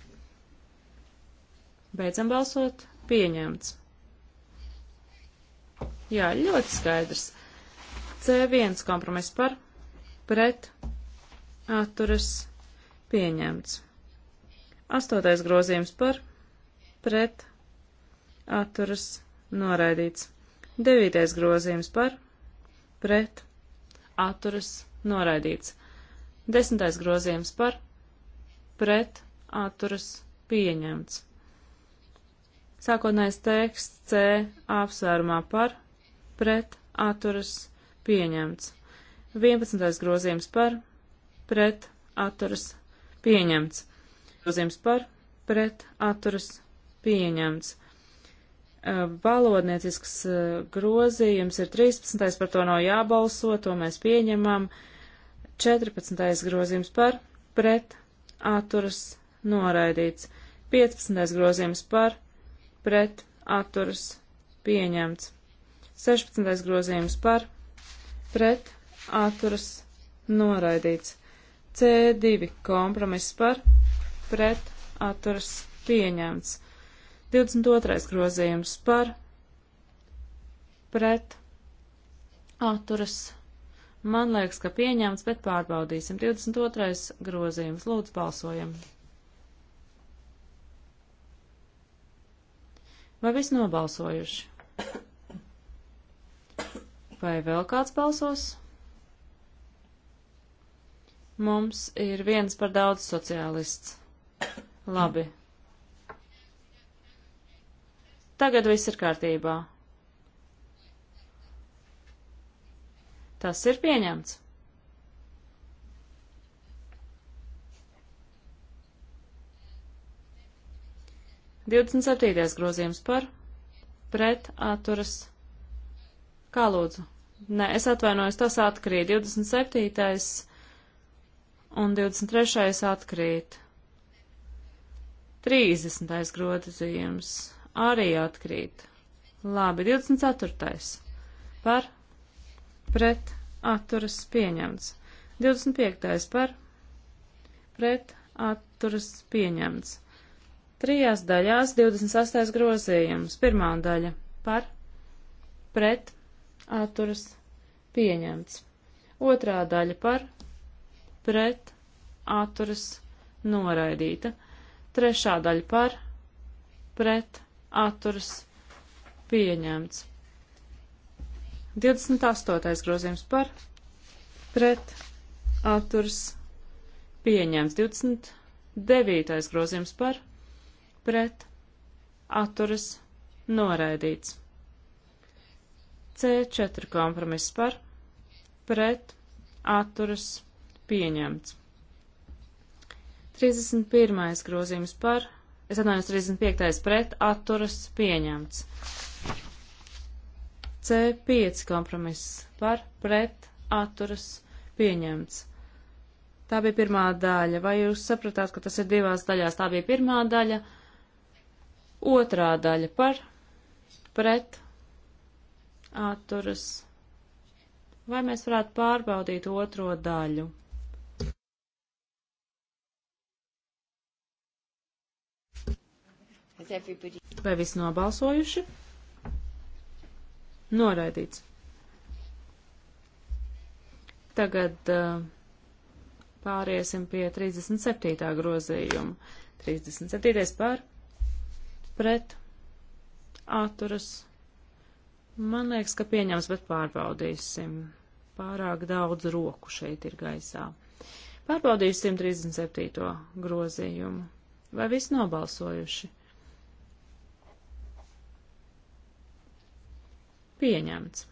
Beidzam balsot. Pieņemts. Jā, ļoti skaidrs. C1 kompromiss par, pret, atturas, pieņemts. Astotais grozījums par, pret, atturas, noraidīts. Devītais grozījums par, pret, atturas, noraidīts. Desmitais grozījums par, pret, atturas, pieņemts. Sākotnējais teksts C apsvērumā par, pret atturas pieņemts. 11. grozījums par pret atturas pieņemts. Grozījums par pret atturas pieņemts. Valodniecisks grozījums ir 13. par to nav jābalso, to mēs pieņemam. 14. grozījums par pret atturas noraidīts. 15. grozījums par pret atturas pieņemts. 16. grozījums par pret atturas noraidīts. C2 kompromiss par pret atturas pieņemts. 22. grozījums par pret atturas. Man liekas, ka pieņemts, bet pārbaudīsim. 22. grozījums. Lūdzu, balsojam. Vai viss nobalsojuši? Vai vēl kāds balsos? Mums ir viens par daudz sociālists. Labi. Tagad viss ir kārtībā. Tas ir pieņemts. Divdesmit septītais grozījums par pret atturas. Kā lūdzu? Nē, es atvainojos, tas atkrīt. 27. un 23. atkrīt. 30. grozījums arī atkrīt. Labi, 24. par pret atturas pieņemts. 25. par pret atturas pieņemts. Trijās daļās 28. grozījums. Pirmā daļa par pret atturas pieņemts. Otrā daļa par pret atturas noraidīta. Trešā daļa par pret atturas pieņemts. 28. grozījums par pret atturas pieņemts. 29. grozījums par pret atturas noraidīts. C4 kompromiss par, pret, atturas, pieņemts. 31. grozījums par, es atvainojos 35. pret, atturas, pieņemts. C5 kompromiss par, pret, atturas, pieņemts. Tā bija pirmā daļa. Vai jūs sapratāt, ka tas ir divās daļās? Tā bija pirmā daļa. Otrā daļa par, pret, atturas. Vai mēs varētu pārbaudīt otro daļu? Vai viss nobalsojuši? Noraidīts. Tagad uh, pāriesim pie 37. grozījuma. 37. par pret atturas Man liekas, ka pieņems, bet pārbaudīsim. Pārāk daudz roku šeit ir gaisā. Pārbaudīsim 37. grozījumu. Vai viss nobalsojuši? Pieņemts.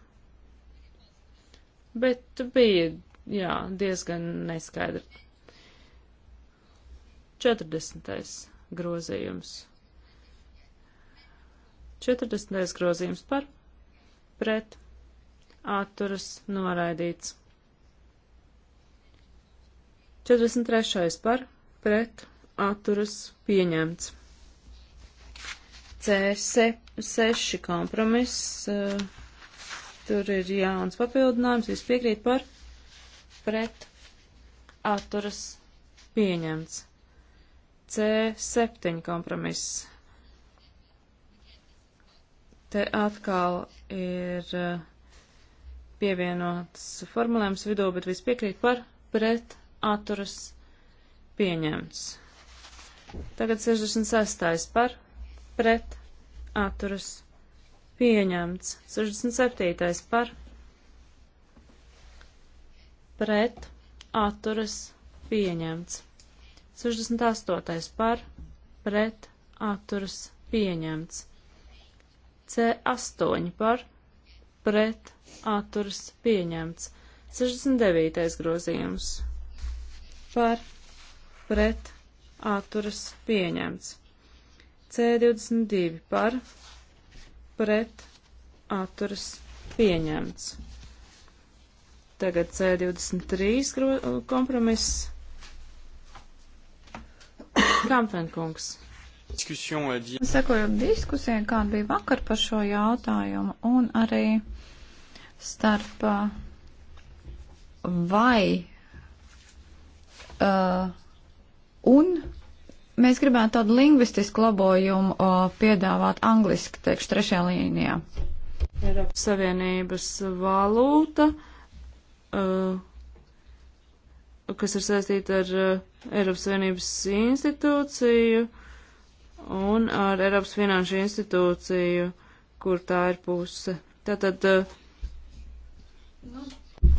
Bet bija, jā, diezgan neskaidri. 40. grozījums. 40. grozījums par pret atturas noraidīts. 43. par pret atturas pieņemts. C6 kompromiss. Eh, tur ir jauns papildinājums. Viss piekrīt par pret atturas pieņemts. C7 kompromiss Te atkal ir eh, pievienots formulējums vidū, bet viss piekrīt par pret atturas pieņemts. Tagad 66. par pret atturas pieņemts. 67. par pret atturas pieņemts. 68. par pret atturas pieņemts. C8 par pret atturas pieņemts. 69. grozījums par pret atturas pieņemts. C22 par pret atturas pieņemts. Tagad C23 kompromiss. Kampenkungs. Euh, Sekojot diskusijai, kāda bija vakar par šo jautājumu, un arī starp uh, vai uh, un mēs gribētu tādu lingvistisku labojumu uh, piedāvāt angliski, teikšu, trešajā līnijā. Eiropas Savienības valūta. Uh, kas ir saistīta ar uh, Eiropas Savienības institūciju, uh, un ar Eiropas finanšu institūciju, kur tā ir puse. Tātad. Nu,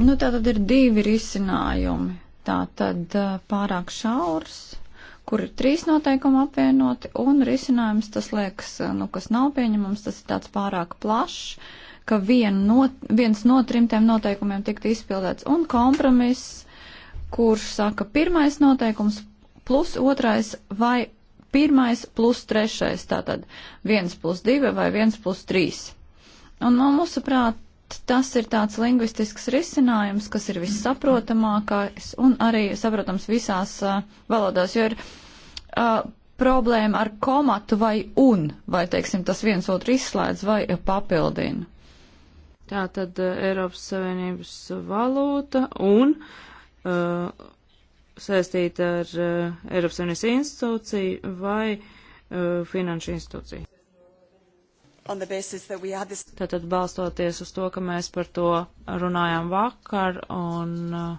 nu tātad ir divi risinājumi. Tātad eh, pārāk šaurs, kur ir trīs noteikumi apvienoti, un risinājums tas liekas, eh, nu, kas nav pieņemams, tas ir tāds pārāk plašs, ka vien no, viens no trimtiem noteikumiem tiktu izpildēts, un kompromiss, kurš saka pirmais noteikums plus otrais vai pirmais plus trešais, tātad viens plus divi vai viens plus trīs. Un no nu, mūsu prāt, tas ir tāds lingvistisks risinājums, kas ir vissaprotamākais un arī saprotams visās uh, valodās, jo ir uh, problēma ar komatu vai un, vai, teiksim, tas viens otru izslēdz vai papildina. Tā tad uh, Eiropas Savienības valūta un uh, saistīta ar uh, Eiropas Savienības institūciju vai uh, finanšu institūciju. This... Tātad balstoties uz to, ka mēs par to runājām vakar un uh,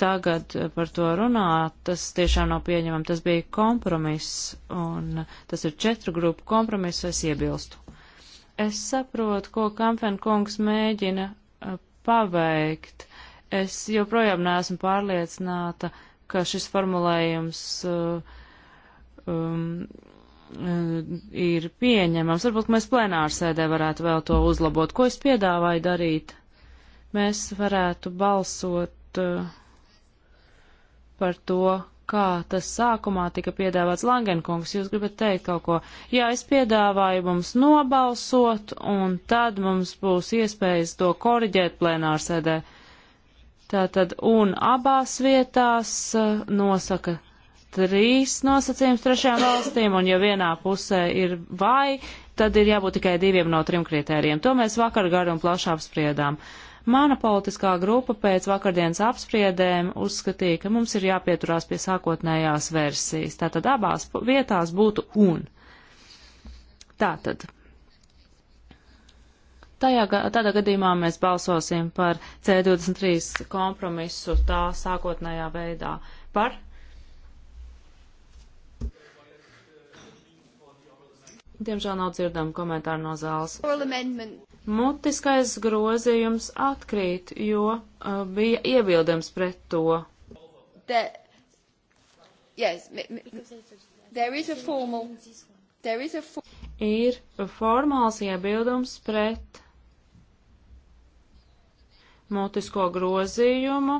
tagad par to runāt, tas tiešām nav pieņemam. Tas bija kompromiss un uh, tas ir četru grupu kompromiss, es iebilstu. Es saprotu, ko Kamfen kungs mēģina uh, paveikt Es joprojām neesmu pārliecināta, ka šis formulējums uh, um, uh, ir pieņemams. Varbūt mēs plenārsēdē varētu vēl to uzlabot. Ko es piedāvāju darīt? Mēs varētu balsot uh, par to, kā tas sākumā tika piedāvāts Langenkungs. Jūs gribat teikt kaut ko? Jā, es piedāvāju mums nobalsot, un tad mums būs iespējas to koriģēt plenārsēdē. Uh, Tātad un abās vietās eh, nosaka trīs nosacījums trešajām valstīm, un ja vienā pusē ir vai, tad ir jābūt tikai diviem no trim kritērijiem. To mēs vakar garu un plaši apspriedām. Mana politiskā grupa pēc vakardienas apspriedēm uzskatīja, ka mums ir jāpieturās pie sākotnējās versijas. Tātad abās vietās būtu un. Tātad Tajā, tādā gadījumā mēs balsosim par C23 kompromisu tā sākotnējā veidā. Par? Diemžēl nav dzirdama komentāra no zāles. Mutiskais grozījums atkrīt, jo uh, bija iebildams pret to. The, yes, there is a formal, there is a for... Ir formāls iebildums pret mutisko grozījumu,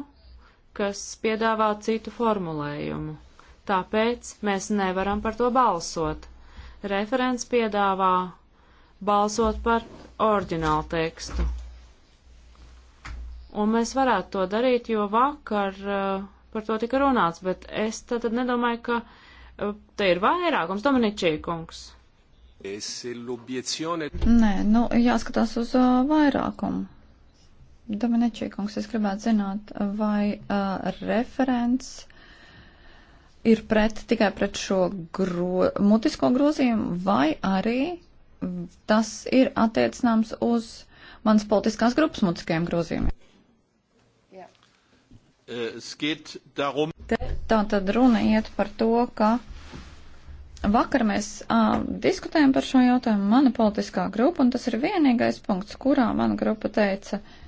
kas piedāvā citu formulējumu. Tāpēc mēs nevaram par to balsot. Referents piedāvā balsot par oriģinālu tekstu. Un mēs varētu to darīt, jo vakar uh, par to tika runāts, bet es tad nedomāju, ka uh, te ir vairākums Dominičīkungs. Nē, nu jāskatās uz uh, vairākumu. Dominičīkungs, es gribētu zināt, vai uh, referents ir pret tikai pret šo gro, mutisko grozījumu, vai arī tas ir attiecināms uz manas politiskās grupas mutiskajiem grozījumiem? Yeah. Uh, Tā tad runa iet par to, ka Vakar mēs uh, diskutējām par šo jautājumu. Mana politiskā grupa, un tas ir vienīgais punkts, kurā mana grupa teica, uh,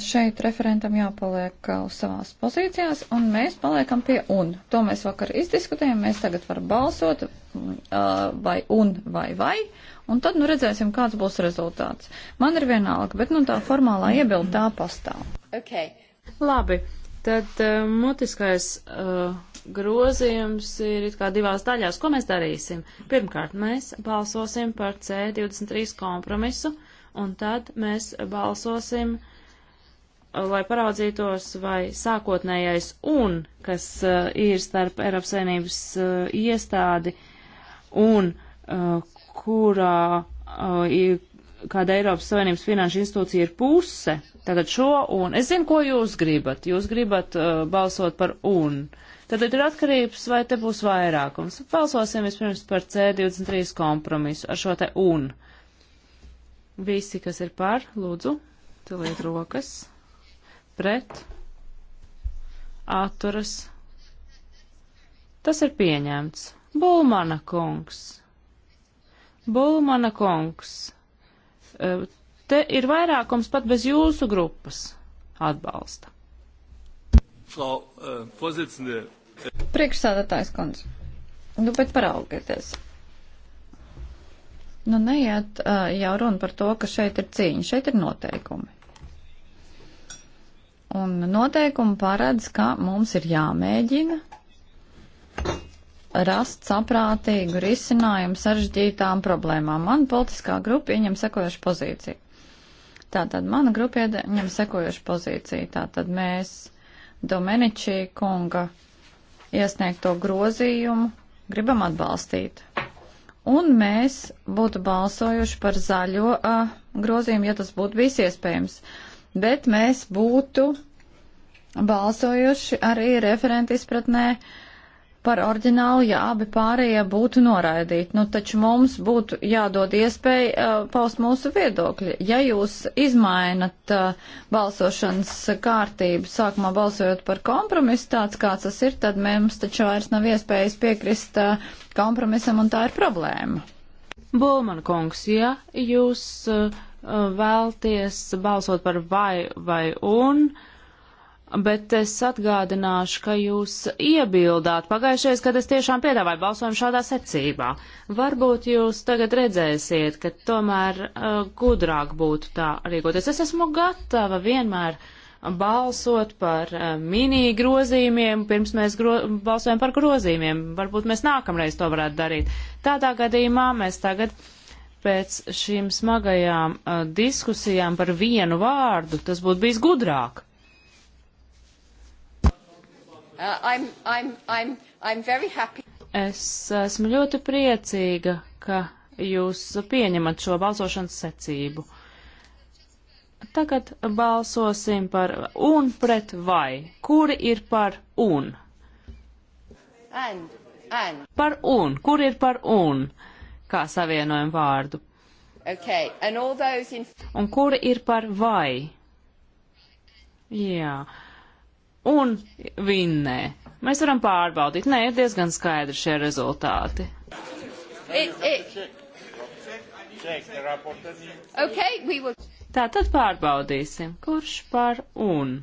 Šeit referentam jāpaliek uz uh, savās pozīcijās, un mēs paliekam pie un. To mēs vakar izdiskutējām, mēs tagad varam balsot mm, uh, vai un vai vai, un tad nu redzēsim, kāds būs rezultāts. Man ir vienalga, bet nu tā formālā iebilda tā pastāv. Okay. Labi, tad uh, mutiskais uh, grozījums ir it kā divās daļās. Ko mēs darīsim? Pirmkārt, mēs balsosim par C23 kompromisu, un tad mēs balsosim par lai paraudzītos, vai sākotnējais un, kas uh, ir starp Eiropas Savienības uh, iestādi un uh, kurā, uh, kāda Eiropas Savienības finanšu institūcija ir puse, tātad šo un. Es zinu, ko jūs gribat. Jūs gribat uh, balsot par un. Tātad ir atkarības, vai te būs vairākums. Balsosim vispirms par C23 kompromisu ar šo te un. Visi, kas ir par, lūdzu, tiliet rokas pret, atturas. Tas ir pieņemts. Bulmana kungs. Bulmana kungs. E, te ir vairākums pat bez jūsu grupas atbalsta. Frau, uh, e, e, Priekšsādātājs kundze. Nu, bet paraugieties. Nu, neiet uh, jau runa par to, ka šeit ir cīņa, šeit ir noteikumi. Un noteikumi paredz, ka mums ir jāmēģina rast saprātīgu risinājumu sarežģītām problēmām. Man politiskā grupa ieņem sekojušu pozīciju. Tātad mana grupa ieņem sekojušu pozīciju. Tātad mēs Domeničī kunga iesniegto grozījumu gribam atbalstīt. Un mēs būtu balsojuši par zaļo uh, grozījumu, ja tas būtu bijis iespējams. Uh, bet mēs būtu balsojuši arī referenta izpratnē par oriģinālu, ja abi pārējie būtu noraidīti. Nu, taču mums būtu jādod iespēja uh, paust mūsu viedokļi. Ja jūs izmainat uh, balsošanas kārtību, sākumā balsojot par kompromisu tāds, kāds tas ir, tad mums taču vairs nav iespējas piekrist uh, kompromisam, un tā ir problēma. Bulman kungs, ja jūs. Uh Uh, vēlties balsot par vai vai un, bet es atgādināšu, ka jūs iebildāt pagājušajais, kad es tiešām piedāvāju balsojumu šādā secībā. Varbūt jūs tagad redzēsiet, ka tomēr uh, gudrāk būtu tā rīkoties. Es esmu gatava vienmēr balsot par uh, mini grozījumiem, pirms mēs gro balsojam par grozījumiem. Varbūt mēs nākamreiz to varētu darīt. Tādā gadījumā mēs tagad. Uh, pēc šīm smagajām uh, diskusijām par vienu vārdu. Tas būtu bijis gudrāk. Uh, I'm, I'm, I'm, I'm very happy. Es esmu ļoti priecīga, ka jūs pieņemat šo balsošanas secību. Tagad balsosim par un pret vai. Kuri ir par un? And, and. Par un. Kur ir par un? Uh, kā savienojumu vārdu. Okay. In... Un kuri ir par vai? Jā. Un vinnē. Mēs varam pārbaudīt. Nē, ir diezgan skaidri šie rezultāti. It, it... Okay, will... Tā tad pārbaudīsim, kurš par un.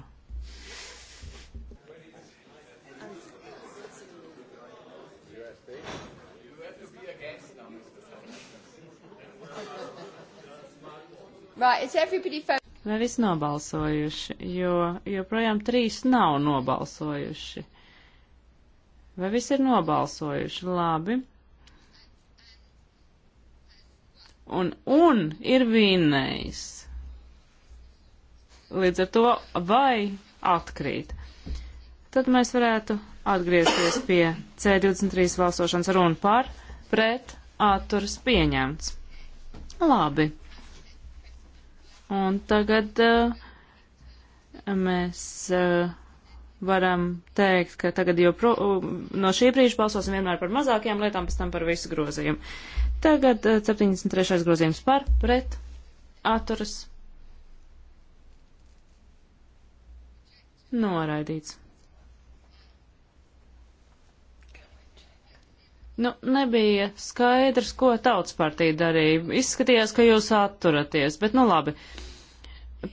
Right, everybody... Vai visi nobalsojuši, jo joprojām trīs nav nobalsojuši. Vai visi ir nobalsojuši? Labi. Un, un ir vinnējis. Līdz ar to vai atkrīt. Tad mēs varētu atgriezties pie C23 valsošanas runu par, pret, atturas pieņemts. Labi. Un tagad uh, mēs uh, varam teikt, ka tagad jopro, eh, no šī brīža balsosim vienmēr par mazākajām lietām, pēc tam par visu grozījumu. Tagad uh, 73. grozījums par, pret, atturas. Noraidīts. Nu, nebija skaidrs, ko tautas partija darīja. Izskatījās, ka jūs atturaties, bet nu labi.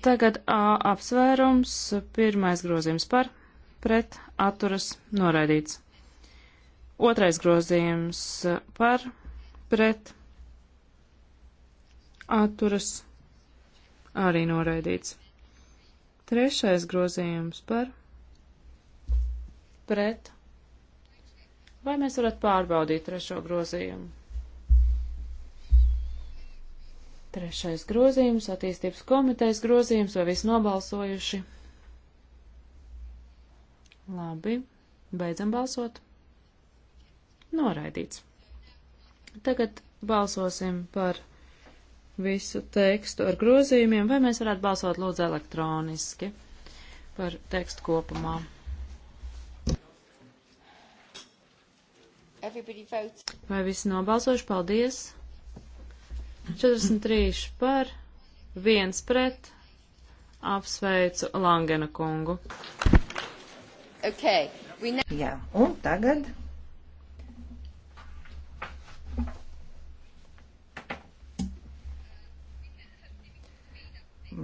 Tagad A apsvērums, pirmais grozījums par, pret, atturas, noraidīts. Otrais grozījums par, pret, atturas, arī noraidīts. Trešais grozījums par, pret, Vai mēs varat pārbaudīt trešo grozījumu? Trešais grozījums, attīstības komitejas grozījums, vai viss nobalsojuši? Labi, beidzam balsot. Noraidīts. Tagad balsosim par visu tekstu ar grozījumiem, vai mēs varētu balsot lūdzu elektroniski par tekstu kopumā. Vai visi nobalsojuši? Paldies! 43 par, 1 pret. Apsveicu Langena kungu. Okay. Jā, un tagad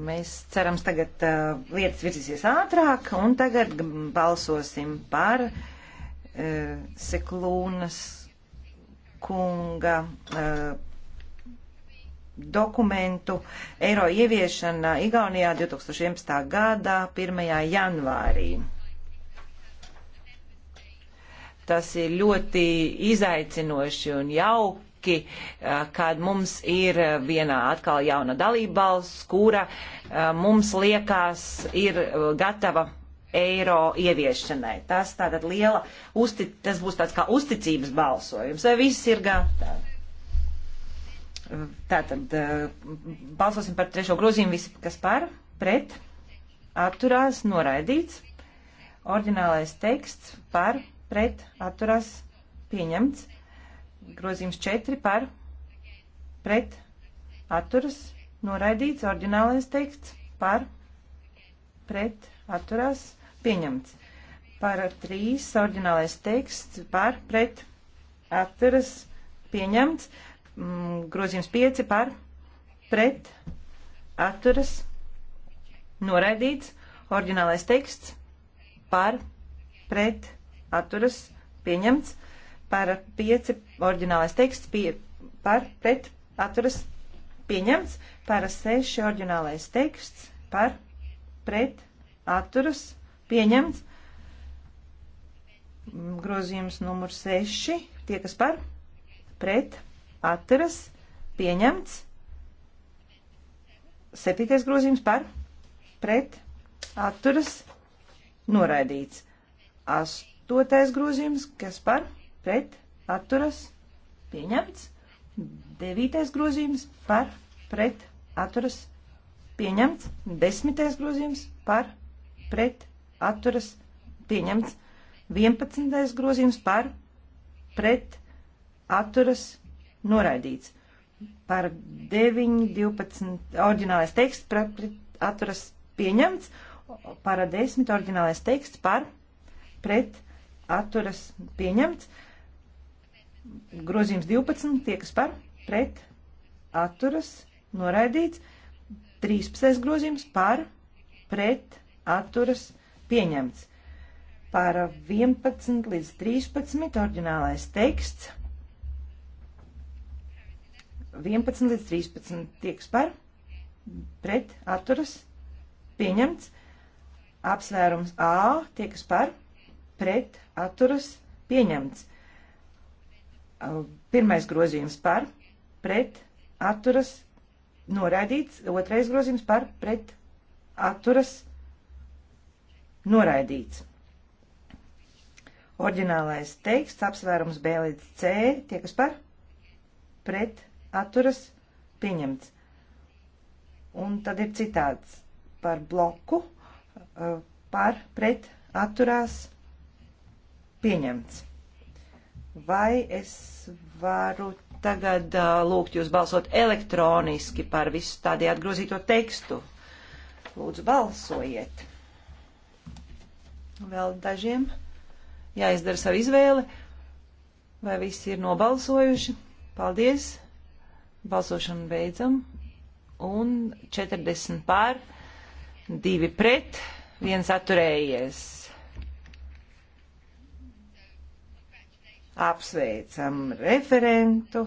Mēs cerams, tagad uh, lietas virzīsies ātrāk, un tagad balsosim par uh, E, Seklūnas kunga e, dokumentu eiro ieviešana Igaunijā 2011. gadā 1. janvārī. Tas ir ļoti izaicinoši un jauki jauki, e, kad mums ir vienā atkal jauna dalībvalsts, kura mums liekas ir gatava eiro ieviešanai. Tas tātad liela, uzti, tas būs tāds kā uzticības balsojums, vai viss ir gatavi. Tātad eh, balsosim par trešo grozījumu, visi, kas par, pret, atturās, noraidīts. Orģinālais teksts par, pret, atturās, pieņemts. Grozījums 4 par, pret, atturas, noraidīts. Orģinālais teksts par, pret, atturās, pieņemts Pieņemts. Paragraf 3. Orģinālais teksts par pret atturas pieņemts. Mm, grozījums 5 par pret atturas noraidīts. Orģinālais teksts par pret atturas pieņemts. Par 5 orģinālais teksts pie, par pret atturas pieņemts. Par 6 orģinālais teksts par pret atturas pieņemts Pieņemts. Grozījums numur 6. Tie, kas par, pret, atturas, pieņemts. Septītais grozījums par, pret, atturas, noraidīts. Astotais grozījums, kas par, pret, atturas, pieņemts. Devītais grozījums par, pret, atturas, pieņemts. Desmitais grozījums par, pret, atturas atturas pieņemts. 11. grozījums par pret atturas noraidīts. Par 9, 12 oriģinālais teksts par pret atturas pieņemts. Par 10 oriģinālais teksts par pret atturas pieņemts. Grozījums 12 tiekas par pret atturas noraidīts. 13. grozījums par pret atturas pieņemts pieņemts. Par 11 līdz 13 orģinālais teksts. 11 līdz 13 tieks par, pret, atturas, pieņemts. Apsvērums A tieks par, pret, atturas, pieņemts. Pirmais grozījums par, pret, atturas, noraidīts. Otrais grozījums par, pret, atturas, pieņemts Noraidīts. Orģinālais teksts apsvērums B līdz C. Tie, kas par? Pret atturas pieņemts. Un tad ir citāds par bloku, par pret atturās pieņemts. Vai es varu tagad lūgt jūs balsot elektroniski par visu tādējādi grozīto tekstu? Lūdzu, balsojiet! Vēl dažiem jāizdara savu izvēli. Vai visi ir nobalsojuši? Paldies! Balsošanu beidzam. Un 40 pār, 2 pret, 1 atturējies. Apsveicam referentu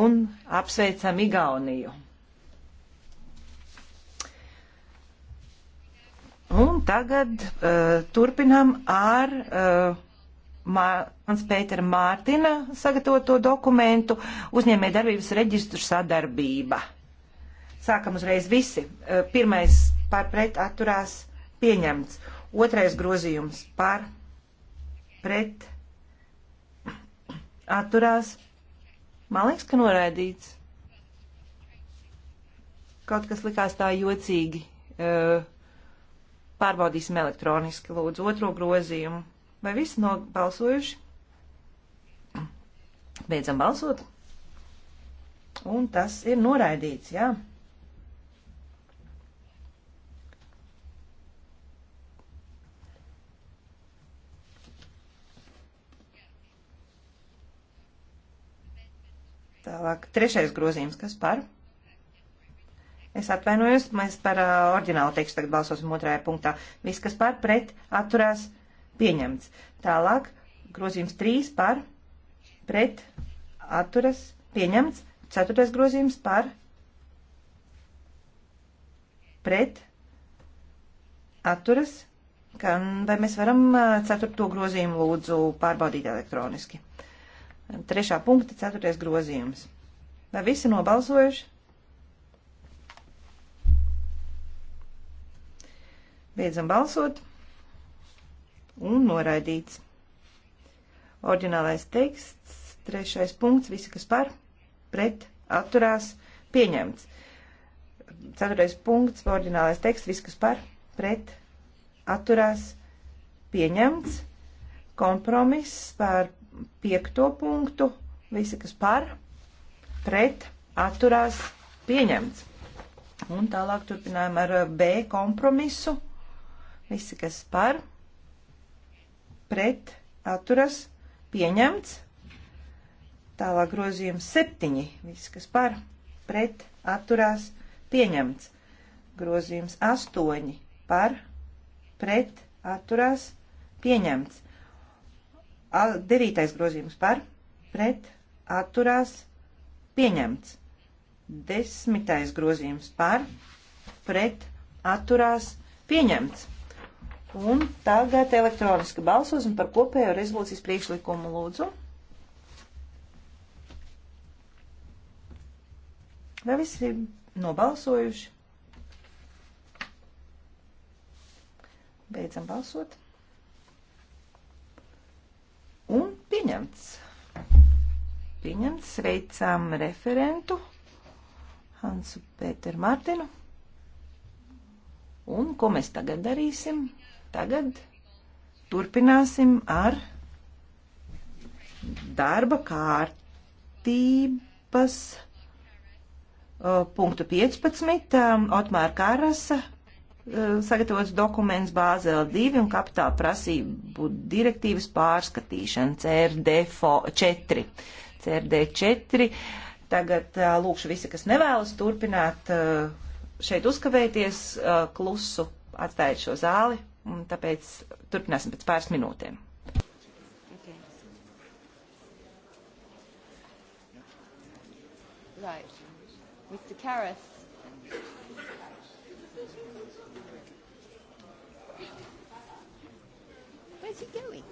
un apsveicam Igauniju. Un tagad uh, turpinam ar uh, mans Pētera Mārtina sagatavoto dokumentu uzņēmē darbības reģistru sadarbība. Sākam uzreiz visi. Uh, pirmais par pret atturās pieņemts. Otrais grozījums par pret atturās. Man liekas, ka noraidīts. Kaut kas likās tā jocīgi. Uh, Pārbaudīsim elektroniski, lūdzu, otro grozījumu. Vai visi nobalsojuši? Beidzam balsot. Un tas ir noraidīts, jā. Tālāk, trešais grozījums, kas par? Es atvainojos, mēs par uh, orģinālu tekstu tagad balsosim otrajā punktā. Viss, kas par pret atturās pieņemts. Tālāk grozījums 3 par pret atturas pieņemts. Ceturtais grozījums par pret atturas. Ka, vai mēs varam ceturto grozījumu lūdzu pārbaudīt elektroniski? Trešā punkta, ceturtais grozījums. Vai visi nobalsojuši? Beidzam balsot. Un noraidīts. Orģinālais teksts, trešais punkts, visi, kas par, pret, atturās, pieņemts. Ceturtais punkts, orģinālais teksts, visi, kas par, pret, atturās, pieņemts. Kompromiss par piekto punktu, visi, kas par, pret, atturās, pieņemts. Un tālāk turpinājām ar eh, B kompromisu Visi, kas par, pret, atturas, pieņemts. Tālāk grozījums septiņi. Visi, kas par, pret, atturās, pieņemts. Grozījums astoņi. Par, pret, atturās, pieņemts. A, devītais grozījums par, pret, atturās, pieņemts. Desmitais grozījums par, pret, atturās, pieņemts. Un tagad elektroniski balsosim par kopējo rezolūcijas priekšlikumu lūdzu. Vai visi ir nobalsojuši? Beidzam balsot. Un pieņemts. Pieņemts. Sveicam referentu Hansu Pēteru Martinu. Un ko mēs tagad darīsim? Tagad turpināsim ar darba kārtības punktu 15. Otmāra Kārasa e, sagatavots dokuments Bāzela 2 un kapitāla prasību direktīvas pārskatīšana CRD 4. CRD 4. Tagad e, lūkšu visi, kas nevēlas turpināt e, šeit uzkavēties, klusu atstājiet šo zāli un tāpēc turpināsim pēc pāris minūtēm. Okay. Right. Mr. Karras. Where's he going?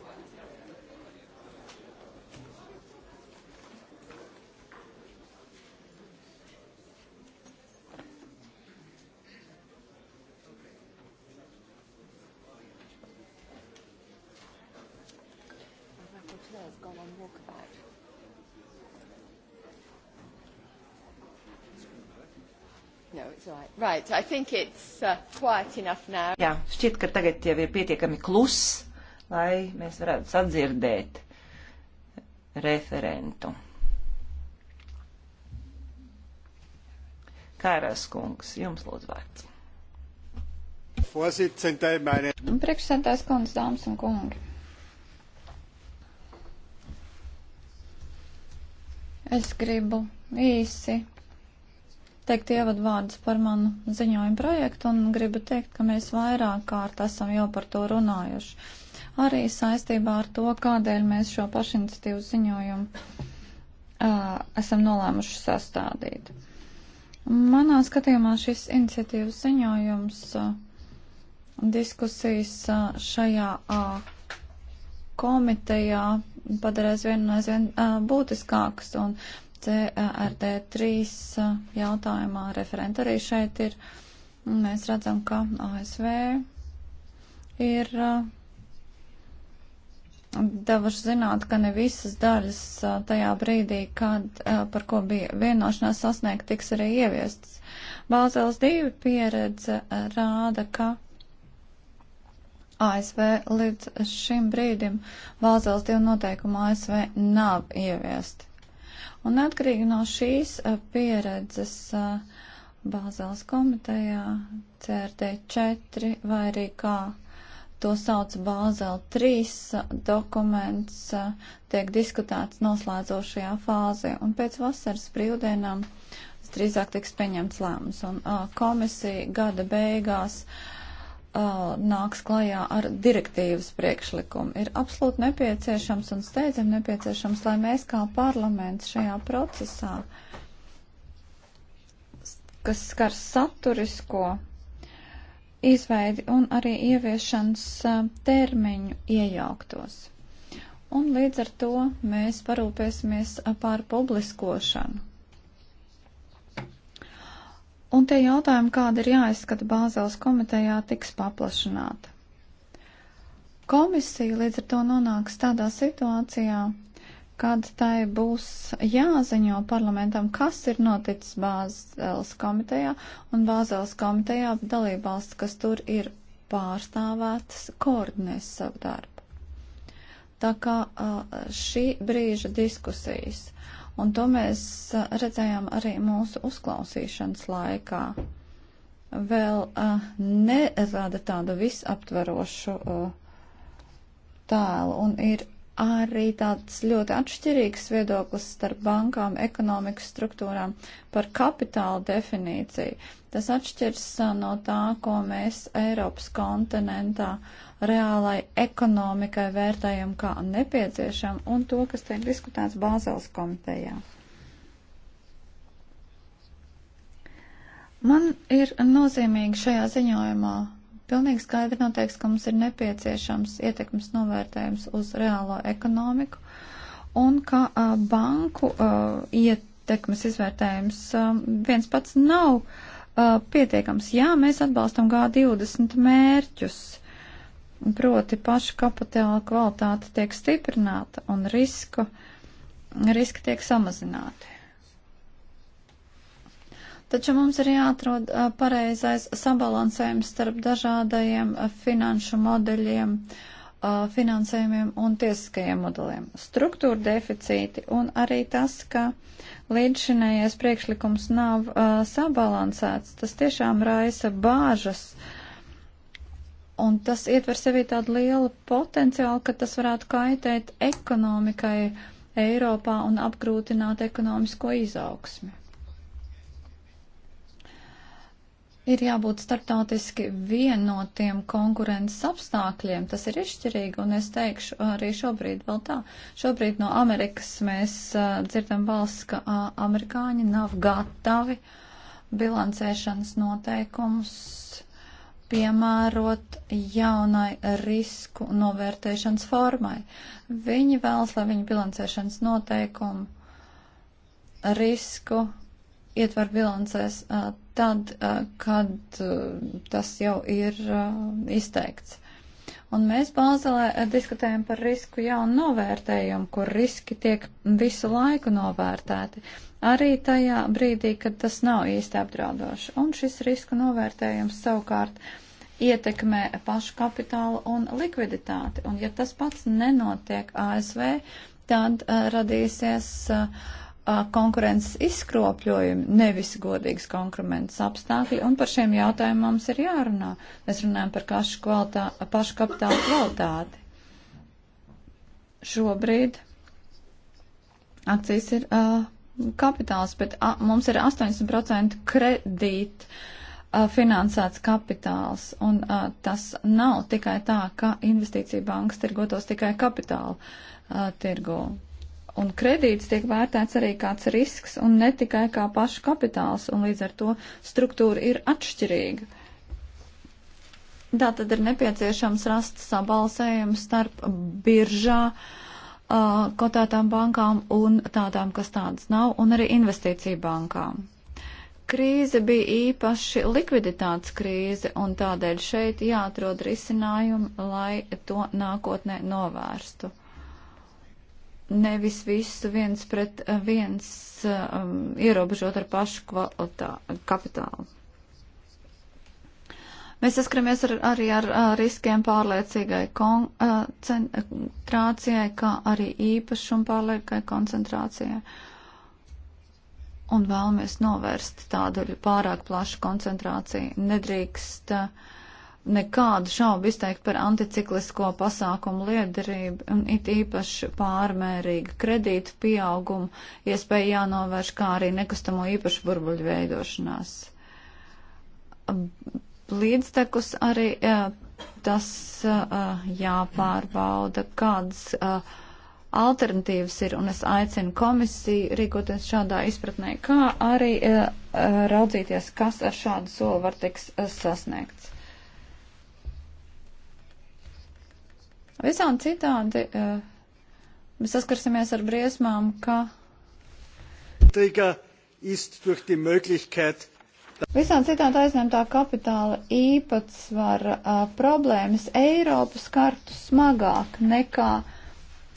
Right, I think it's uh, quiet enough now. Jā, šķiet, ka tagad jau ir pietiekami kluss, lai mēs varētu sadzirdēt referentu. Kāras kungs, jums lūdzu vārds. Priekšsēdētājs kundze, dāmas un kungi. Es gribu īsi teikt ievadvārdus par manu ziņojumu projektu un gribu teikt, ka mēs vairāk kārt esam jau par to runājuši. Arī saistībā ar to, kādēļ mēs šo pašiniciatīvu ziņojumu uh, esam nolēmuši sastādīt. Manā skatījumā šis iniciatīvas ziņojums uh, diskusijas uh, šajā uh, komitejā padarēs vienu no aizvien uh, būtiskākas un CRD3 jautājumā referenta arī šeit ir. Mēs redzam, ka ASV ir devuši zināt, ka ne visas daļas tajā brīdī, kad par ko bija vienošanās sasniegt, tiks arī ieviestas. Bāzēls 2 pieredze rāda, ka ASV līdz šim brīdim Bāzēls 2 noteikumu ASV nav ieviesti. Un atkarīgi no šīs eh, pieredzes eh, Bāzēlas komitejā CRD 4 vai arī kā to sauc Bāzēla 3 eh, dokuments tiek diskutēts noslēdzošajā fāzē un pēc vasaras brīvdienām drīzāk tiks pieņemts lēmums un komisija gada beigās uh, uh, nāks klajā ar direktīvas priekšlikumu. Ir absolūti nepieciešams un steidzami nepieciešams, lai mēs kā parlaments šajā procesā, kas skar saturisko izveidi un arī ieviešanas uh, termiņu iejauktos. Un līdz ar to mēs parūpēsimies pār publiskošanu, Un tie jautājumi, kāda ir jāizskata Bāzēlas komitejā, tiks paplašināta. Komisija līdz ar to nonāks tādā situācijā, kad tai būs jāziņo parlamentam, kas ir noticis Bāzēlas komitejā, un Bāzēlas komitejā dalībvalsts, kas tur ir pārstāvētas, koordinēs savu darbu. Tā kā šī brīža diskusijas Un to mēs redzējām arī mūsu uzklausīšanas laikā. Vēl uh, nerada tādu visaptverošu uh, tēlu un ir arī tāds ļoti atšķirīgs viedoklis starp bankām, ekonomikas struktūrām par kapitāla definīciju. Tas atšķirs uh, no tā, ko mēs Eiropas kontinentā reālai ekonomikai vērtējam kā nepieciešam un to, kas tiek diskutēts Bāzeles komitejā. Man ir nozīmīgi šajā ziņojumā pilnīgi skaidri noteikts, ka mums ir nepieciešams ietekmes novērtējums uz reālo ekonomiku un ka uh, banku uh, ietekmes izvērtējums uh, viens pats nav uh, pietiekams. Jā, mēs atbalstam G20 mērķus, proti pašu kapitāla kvalitāte tiek stiprināta un risku, riski tiek samazināti. Taču mums ir jāatrod pareizais sabalansējums starp dažādajiem finanšu modeļiem, finansējumiem un tiesiskajiem modeļiem. Struktūra deficīti un arī tas, ka līdzšinējais priekšlikums nav sabalansēts, tas tiešām raisa bāžas uh, Un tas ietver sevī tādu lielu potenciālu, ka tas varētu kaitēt ekonomikai Eiropā un apgrūtināt ekonomisko izaugsmi. Ir jābūt startautiski vienotiem no konkurences apstākļiem. Tas ir izšķirīgi, un es teikšu arī šobrīd vēl tā. Šobrīd no Amerikas mēs uh, dzirdam valsts, ka uh, amerikāņi nav gatavi bilancēšanas noteikumus piemērot jaunai risku novērtēšanas formai. Viņi vēlas, lai viņu bilancēšanas noteikumu risku ietver bilancēs tad, kad tas jau ir izteikts. Un mēs Bāzelē eh, diskutējam par risku jaunu novērtējumu, kur riski tiek visu laiku novērtēti. Arī tajā brīdī, kad tas nav īsti apdraudoši. Un šis risku novērtējums savukārt ietekmē pašu kapitālu un likviditāti. Un ja tas pats nenotiek ASV, tad uh, radīsies. Uh, Uh, konkurences izskropļojumi, nevis godīgas konkurences apstākļi, un par šiem jautājumiem mums ir jārunā. Mēs runājam par kašu, kvalitā, pašu kapitāla kvalitāti. Šobrīd akcijas ir uh, kapitāls, bet a, mums ir 80% kredīt uh, finansēts kapitāls, un uh, tas nav tikai tā, ka investīcija bankas tirgotos tikai kapitāla uh, tirgu Un kredīts tiek vērtēts arī kāds risks un ne tikai kā pašu kapitāls, un līdz ar to struktūra ir atšķirīga. Tā tad ir nepieciešams rast sabalsējumu starp biržā uh, kotētām bankām un tādām, kas tādas nav, un arī investīciju bankām. Krīze bija īpaši likviditātes krīze, un tādēļ šeit jāatrod risinājumi, lai to nākotnē novērstu nevis visu viens pret eh, viens eh, um, ierobežot ar pašu kvalitā, kapitālu. Mēs saskaramies ar, arī ar, ar eh, riskiem pārliecīgai koncentrācijai, kā arī īpašumu pārliecīgai koncentrācijai. Un vēlamies novērst tādu pārāk plašu koncentrāciju. Nedrīkst uh, nekādu šaubu izteikt par anticiklisko pasākumu liederību un it īpaši pārmērīgu kredītu pieaugumu, iespēja jānovērš kā arī nekustamo īpašu burbuļu veidošanās. Līdztekus arī e, tas e, e, jāpārbauda, kādas alternatīvas ir, un es aicinu komisiju rīkoties šādā izpratnē, kā arī raudzīties, kas ar šādu soli var tiks sasniegts. Visādi citādi eh, mēs saskarsimies ar briesmām, ka. Visādi citādi aizņemtā kapitāla īpatsvara eh, problēmas Eiropu skartu smagāk nekā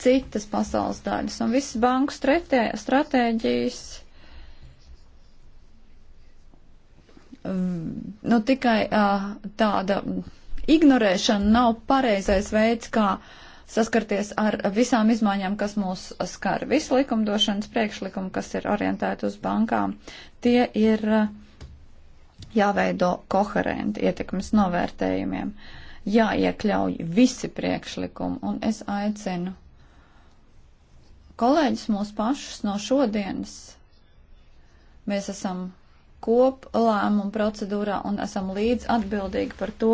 citas pasaules daļas. Un visas banku stratēģijas mm, nu, tikai uh, tāda Ignorēšana nav pareizais veids, kā saskarties ar visām izmaiņām, kas mūs skar. Visu likumdošanas priekšlikumu, kas ir orientēti uz bankām, tie ir uh, jāveido koherenti ietekmes novērtējumiem, jāiekļauj visi priekšlikumi, un es aicinu kolēģis mūs pašus no šodienas. Mēs esam koplēmumu procedūrā un esam līdz atbildīgi par to,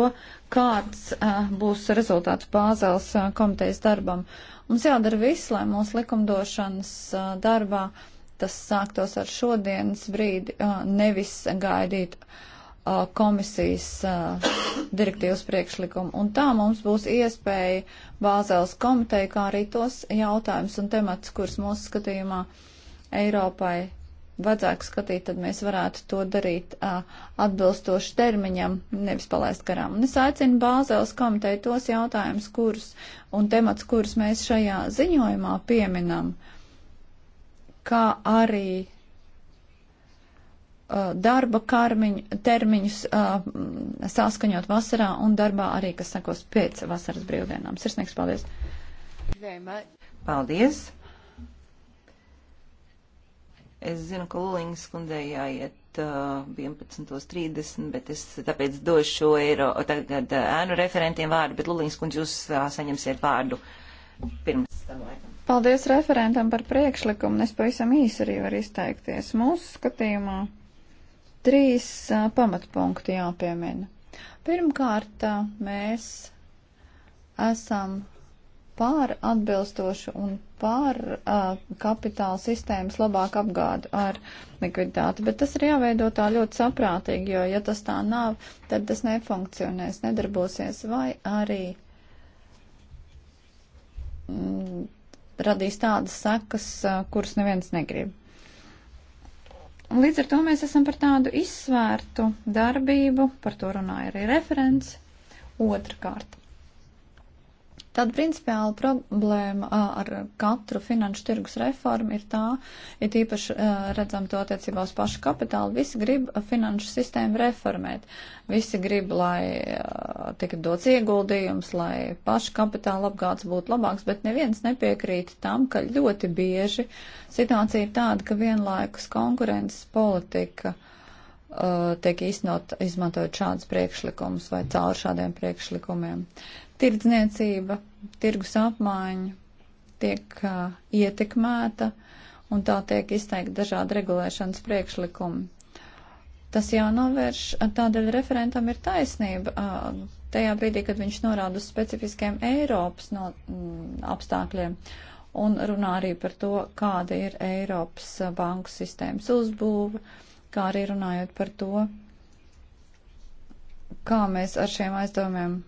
kāds uh, būs rezultāts Bāzēlas uh, eh, komitejas darbam. Mums jādara viss, lai mūsu likumdošanas uh, darbā tas sāktos ar šodienas brīdi, uh, nevis gaidīt uh, komisijas uh, direktīvas priekšlikumu. Un tā mums būs iespēja Bāzēlas komiteja, kā arī tos jautājumus un temats, kurus mūsu skatījumā Eiropai vajadzētu skatīt, tad mēs varētu to darīt uh, atbilstoši termiņam, nevis palaist garām. Un es aicinu Bāzēlas komiteju tos jautājumus, kurus un temats, kurus mēs šajā ziņojumā pieminam, kā arī uh, darba karmiņu, termiņus uh, saskaņot vasarā un darbā arī, kas sekos pēc vasaras brīvdienām. Sirsnīgs paldies! Paldies! Es zinu, ka Lulīngas kundzei jāiet uh, 11.30, bet es tāpēc došu šo eiro tagad uh, ēnu uh, referentiem vārdu, bet Lulīngas kundze jūs uh, saņemsiet vārdu pirms tam laikam. Paldies referentam par priekšlikumu. Es pavisam īsi arī varu izteikties. Mūsu skatījumā trīs uh, pamatpunkti jāpiemina. Pirmkārt, uh, mēs esam pār atbilstošu un pār uh, kapitāla sistēmas labāk apgādu ar likviditāti. Bet tas ir jāveido tā ļoti saprātīgi, jo ja tas tā nav, tad tas nefunkcionēs, nedarbosies vai arī mm, radīs tādas sekas, uh, kuras neviens negrib. Līdz ar to mēs esam par tādu izsvērtu darbību, par to runāja arī referents. Otrakārt Tāda principiāla problēma ar katru finanšu tirgus reformu ir tā, ir īpaši redzam to attiecībā uz pašu kapitālu, visi grib finanšu sistēmu reformēt. Visi grib, lai tika dots ieguldījums, lai pašu kapitāla apgāds būtu labāks, bet neviens nepiekrīt tam, ka ļoti bieži situācija ir tāda, ka vienlaikus konkurences politika tiek īstenot, izmantojot šādus priekšlikumus vai caur šādiem priekšlikumiem. Uh, tirdzniecība, tirgus apmaiņa tiek uh, ietekmēta un tā tiek izteikti dažādi regulēšanas priekšlikumi. Tas jānovērš, tādēļ referentam ir taisnība. Uh, tajā brīdī, kad viņš norāda uz specifiskiem Eiropas no, m, mm, apstākļiem un runā arī par to, kāda ir Eiropas banku sistēmas uzbūve, kā arī runājot par to, kā mēs ar šiem aizdomiem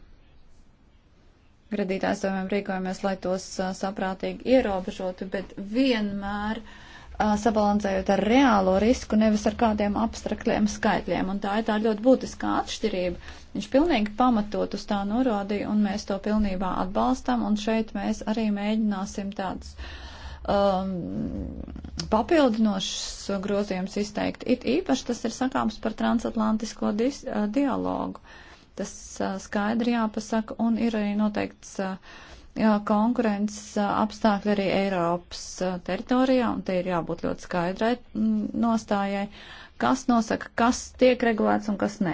gradīt aizdomiem rīkojamies, lai tos a, saprātīgi ierobežotu, bet vienmēr a, sabalansējot ar reālo risku, nevis ar kādiem abstraktiem skaitļiem. Un tā ir tā ļoti būtiskā atšķirība. Viņš pilnīgi pamatot uz tā norādīja, un mēs to pilnībā atbalstam, un šeit mēs arī mēģināsim tādus um, papildinošus grozījumus izteikt. It īpaši tas ir sakāms par transatlantisko dis, uh, dialogu. Uh, Tas skaidri jāpasaka un ir arī noteikts konkurences apstākļi arī Eiropas teritorijā, un te ir jābūt ļoti skaidrai nostājai, kas nosaka, kas tiek regulēts un kas nē.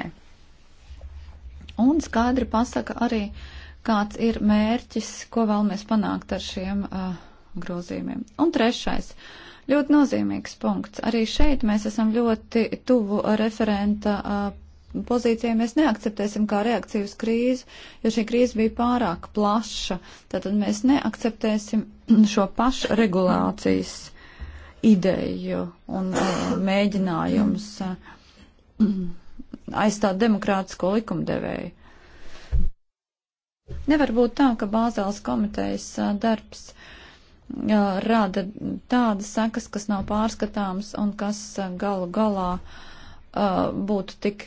Un skaidri pasaka arī, kāds ir mērķis, ko vēlamies panākt ar šiem uh, grozījumiem. Un trešais, ļoti nozīmīgs punkts. Arī šeit mēs esam ļoti tuvu referenta uh, pozīciju mēs neakceptēsim kā reakciju uz krīzi, jo šī krīze bija pārāk plaša. Tātad mēs neakceptēsim šo pašregulācijas ideju un eh, mēģinājums eh, aizstāt demokrātisko likumdevēju. Nevar būt tā, ka Bāzēlas komitejas eh, darbs rada tādas sekas, kas nav pārskatāmas un kas galu galā uh, būtu tik,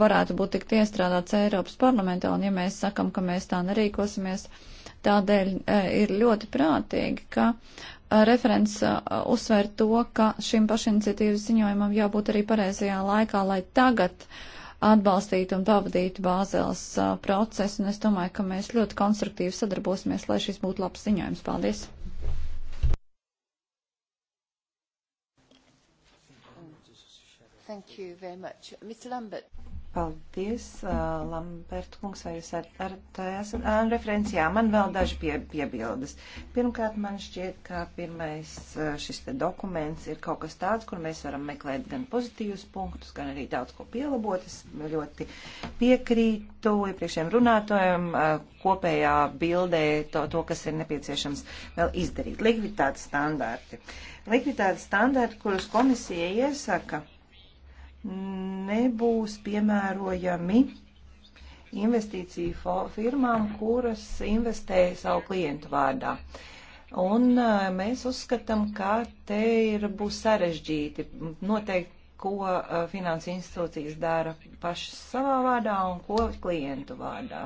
varētu būt tik iestrādāts Eiropas parlamentā, un ja mēs sakam, ka mēs tā nerīkosimies, tādēļ ir ļoti prātīgi, ka referents uzsver to, ka šim pašiniciatīvas ziņojumam jābūt arī pareizajā laikā, lai tagad atbalstītu un pavadītu Bāzeles procesu, un es domāju, ka mēs ļoti konstruktīvi sadarbosimies, lai šis būtu labs ziņojums. Paldies! Thank you very much. Mr. Lambert. Paldies, uh, Lambert kungs, vai jūs ar, ar tā esat? Uh, referencijā man vēl daži pie, piebildes. Pirmkārt, man šķiet, ka pirmais uh, šis te dokuments ir kaut kas tāds, kur mēs varam meklēt gan pozitīvus punktus, gan arī daudz ko pielabot. Es ļoti piekrītu iepriekšējiem runātojiem uh, kopējā bildē to, to, kas ir nepieciešams vēl izdarīt. Likviditātes standarti. Likviditātes standarti, kurus komisija iesaka nebūs piemērojami investīciju firmām, kuras investē savu klientu vārdā. Un mēs uzskatām, ka te ir būs sarežģīti noteikt, ko finanses institūcijas dara pašas savā vārdā un ko klientu vārdā.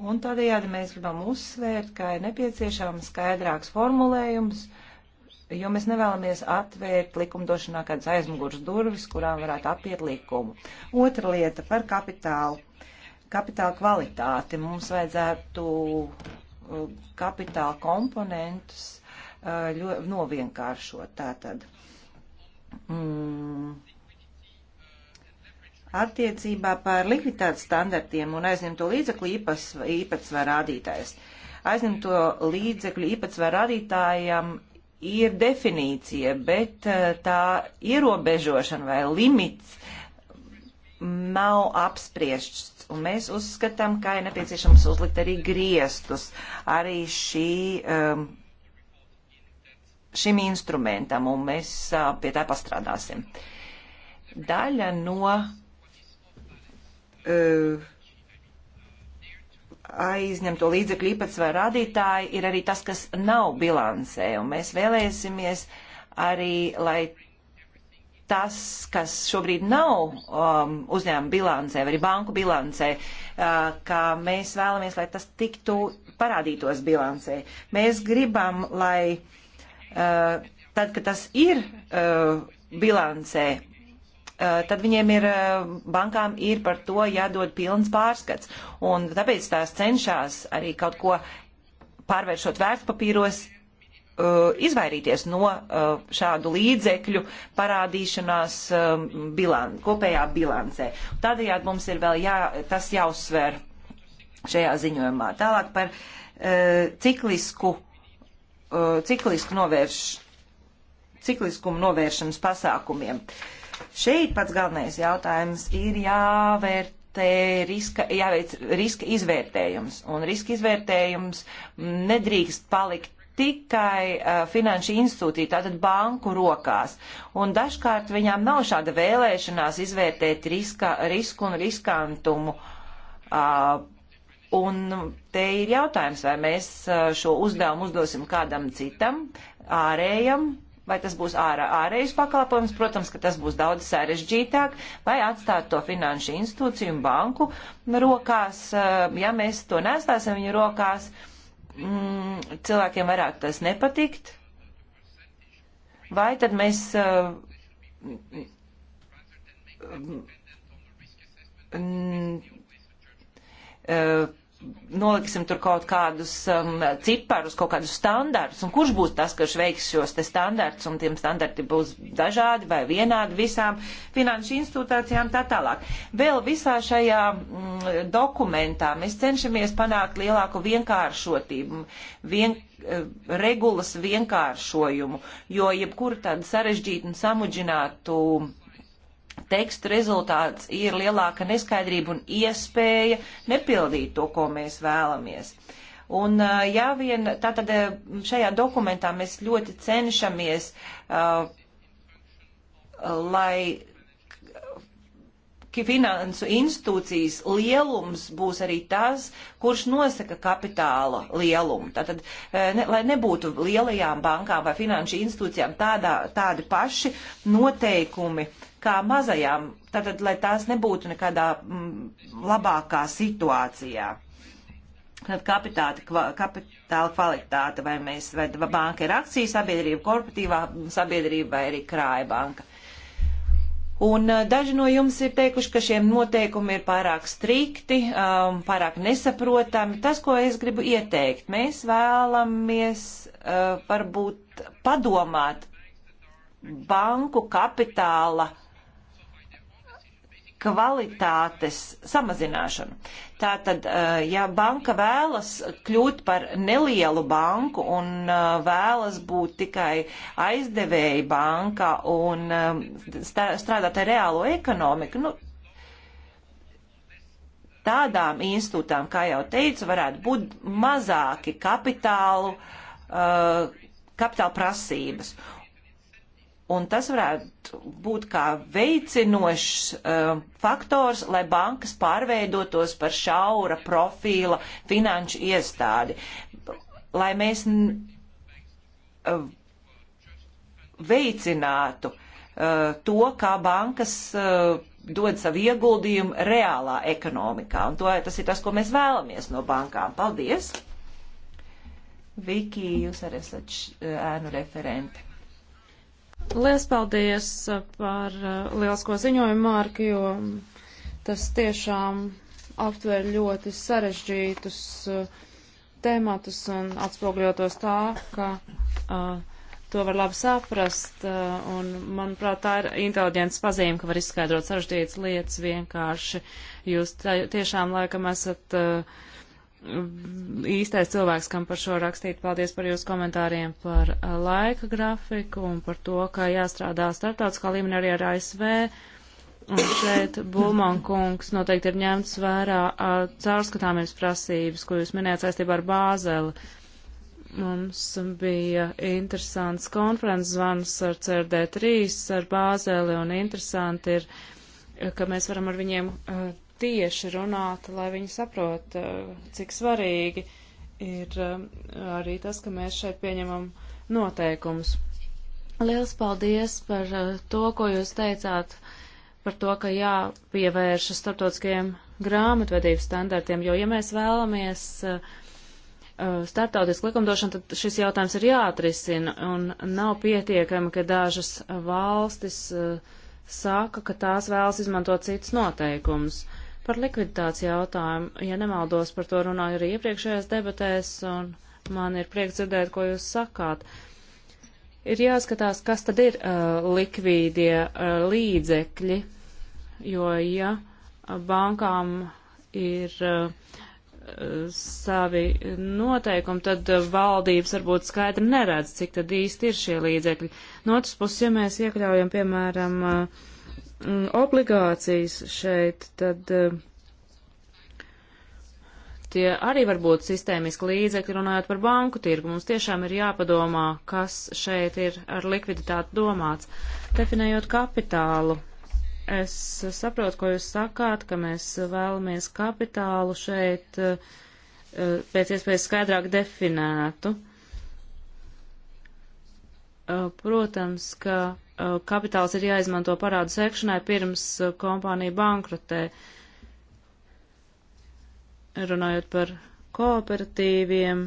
Un tādējādi mēs gribam uzsvērt, ka ir nepieciešams skaidrāks formulējums, uh, jo mēs nevēlamies atvērt likumdošanā kādas aizmugurs durvis, kurām varētu apiet likumu. Otra lieta par kapitālu. Kapitāla kvalitāti. Mums vajadzētu uh, kapitāla komponentus uh, ļoti novienkāršot. Tātad. Mm. Attiecībā par likviditātes standartiem un aizņemto līdzekļu īpatsvaru rādītājs. Aizņemto līdzekļu īpatsvaru rādītājam ir definīcija, bet eh, tā ierobežošana vai limits nav apspriests. Un mēs uzskatām, ka ir nepieciešams uzlikt arī griestus arī šī, ehm, šim instrumentam, un mēs eh, pie tā pastrādāsim. Daļa no uh, aizņemto līdzekļu īpatsvaru rādītāji ir arī tas, kas nav bilansē. Un mēs vēlēsimies arī, lai tas, kas šobrīd nav um, uzņēmuma bilancē vai arī banku bilancē, uh, kā mēs vēlamies, lai tas tiktu parādītos bilancē. Mēs gribam, lai uh, tad, kad tas ir uh, bilancē, Eh, tad viņiem ir, eh, bankām ir par to jādod pilns pārskats. Un tāpēc tās cenšas arī kaut ko pārvēršot vērtspapīros, eh, izvairīties no šādu līdzekļu parādīšanās bilan, kopējā bilancē. Tādējādi mums ir vēl jā, tas jāuzsver šajā ziņojumā. Tālāk par ciklisku, ciklisku novērš, cikliskumu novēršanas pasākumiem. Uh, Šeit pats galvenais jautājums ir jāvērtē riska, jāveic riska izvērtējums. Un riska izvērtējums nedrīkst palikt tikai uh, finanšu institūtī, tātad banku rokās. Un dažkārt viņām nav šāda vēlēšanās izvērtēt riska, risku un riskantumu. Uh, un te ir jautājums, vai mēs uh, šo uzdevumu uzdosim kādam citam, ārējam vai tas būs ārā, ārējais pakalpojums, protams, ka tas būs daudz sarežģītāk, vai atstāt to finanšu institūciju un banku rokās, eh, ja mēs to nestāsim viņu rokās, mm, cilvēkiem varētu tas nepatikt, vai tad mēs. Eh, mm, mm, noliksim tur kaut kādus um, ciparus, kaut kādus standartus, un kurš būs tas, kurš veiks šos te standartus, un tiem standarti būs dažādi vai vienādi visām finanšu institūtācijām tā tālāk. Vēl visā šajā mm, dokumentā mēs cenšamies panākt lielāku vienkāršotību, vien, eh, regulas vienkāršojumu, jo jebkuru tādu sarežģītu un samudžinātu tekstu rezultāts ir lielāka neskaidrība un iespēja nepildīt to, ko mēs vēlamies. Un ja vien tātad šajā dokumentā mēs ļoti cenšamies, uh, lai finansu institūcijas lielums būs arī tas, kurš nosaka kapitāla lielumu. Tātad, eh, ne, lai nebūtu lielajām bankām vai finanšu institūcijām tādā, tādi paši noteikumi kā mazajām, tātad, lai tās nebūtu nekādā m, mm, labākā situācijā. Tad kapitāta, kapitāla kvalitāte, vai mēs, vai banka ir akcijas sabiedrība, korporatīvā sabiedrība vai arī krāja banka. Uh, Un eh, daži no jums ir teikuši, ka šiem noteikumi ir pārāk strikti, um, pārāk nesaprotami. Tas, ko es gribu ieteikt, mēs vēlamies uh, varbūt padomāt banku kapitāla uh, kvalitātes samazināšanu. Tātad, eh, ja banka vēlas kļūt par nelielu banku un eh, vēlas būt tikai aizdevēja banka un eh, strādāt ar reālo ekonomiku, nu, tādām institūtām, kā jau teicu, varētu būt mazāki kapitālu, kapitāla prasības. Un tas varētu būt kā veicinošs uh, faktors, lai bankas pārveidotos par šaura profila finanšu iestādi. Lai mēs uh, veicinātu uh, to, kā bankas uh, dod savu ieguldījumu reālā ekonomikā. Un to, tas ir tas, ko mēs vēlamies no bankām. Paldies! Viki, jūs arī esat uh, ēnu referenti. Lielas paldies uh, par uh, lielisko ziņojumu, Mārka, jo tas tiešām aptver ļoti sarežģītus uh, tēmatus un atspogļotos tā, ka uh, to var labi saprast. Uh, un, manuprāt, tā ir inteliģents pazīme, ka var izskaidrot sarežģītas lietas vienkārši. Jūs tā, tiešām laikam esat. Uh, īstais cilvēks, kam par šo rakstīt. Paldies par jūsu komentāriem par uh, laika grafiku un par to, ka jāstrādā starptautiskā līmenī arī ar ASV. Un šeit Bulman kungs noteikti ir ņemts vērā uh, caurskatāmības prasības, ko jūs minējāt saistībā ar Bāzeli. Mums bija interesants konferences zvans ar CRD3, ar Bāzeli, un interesanti ir, ka mēs varam ar viņiem uh, tieši runāt, lai viņi saprot, eh, cik svarīgi ir eh, arī tas, ka mēs šeit pieņemam noteikumus. Liels paldies par eh, to, ko jūs teicāt, par to, ka jāpievēršas starptautiskajiem grāmatvedības standartiem, jo, ja mēs vēlamies startautisku likumdošanu, tad šis jautājums ir jāatrisina un nav pietiekami, ka dažas valstis saka, ka tās vēlas izmantot citas noteikumus. Uh, Par likviditātes jautājumu, ja nemaldos, par to runāju arī iepriekšējās debatēs, un man ir prieks dzirdēt, ko jūs sakāt. Ir jāskatās, kas tad ir uh, likvīdie uh, līdzekļi, jo ja bankām ir uh, savi noteikumi, tad valdības varbūt skaidri neredz, cik tad īsti ir šie līdzekļi. No otras puses, ja mēs iekļaujam, piemēram, uh, Mm, obligācijas šeit, tad eh, tie arī var būt sistēmiski līdzekļi, runājot par banku tirgu. Mums tiešām ir jāpadomā, kas šeit ir ar likviditāti domāts. Definējot kapitālu, es saprotu, ko jūs sakāt, ka mēs vēlamies kapitālu šeit eh, pēc iespējas skaidrāk definētu. Eh, protams, ka Uh, kapitāls ir jāizmanto parādu sekšanai pirms uh, kompānija bankrotē. Runājot par kooperatīviem,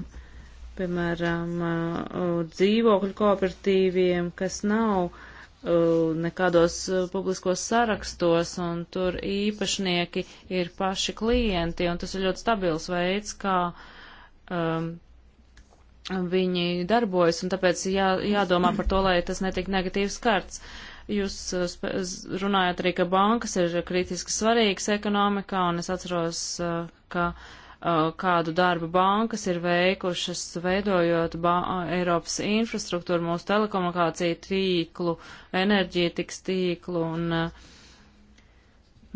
piemēram, uh, dzīvokļu kooperatīviem, kas nav nekādos publiskos sarakstos, un tur īpašnieki ir paši klienti, un tas ir ļoti stabils veids, kā um, viņi darbojas, un tāpēc jā, jādomā par to, lai tas netiek negatīvs skarts. Jūs uh, runājat arī, ka bankas ir kritiski svarīgas ekonomikā, un es atceros, uh, ka uh, kādu darbu bankas ir veikušas, veidojot ba Eiropas infrastruktūru, mūsu telekomunikāciju tīklu, enerģētikas tīklu, un uh,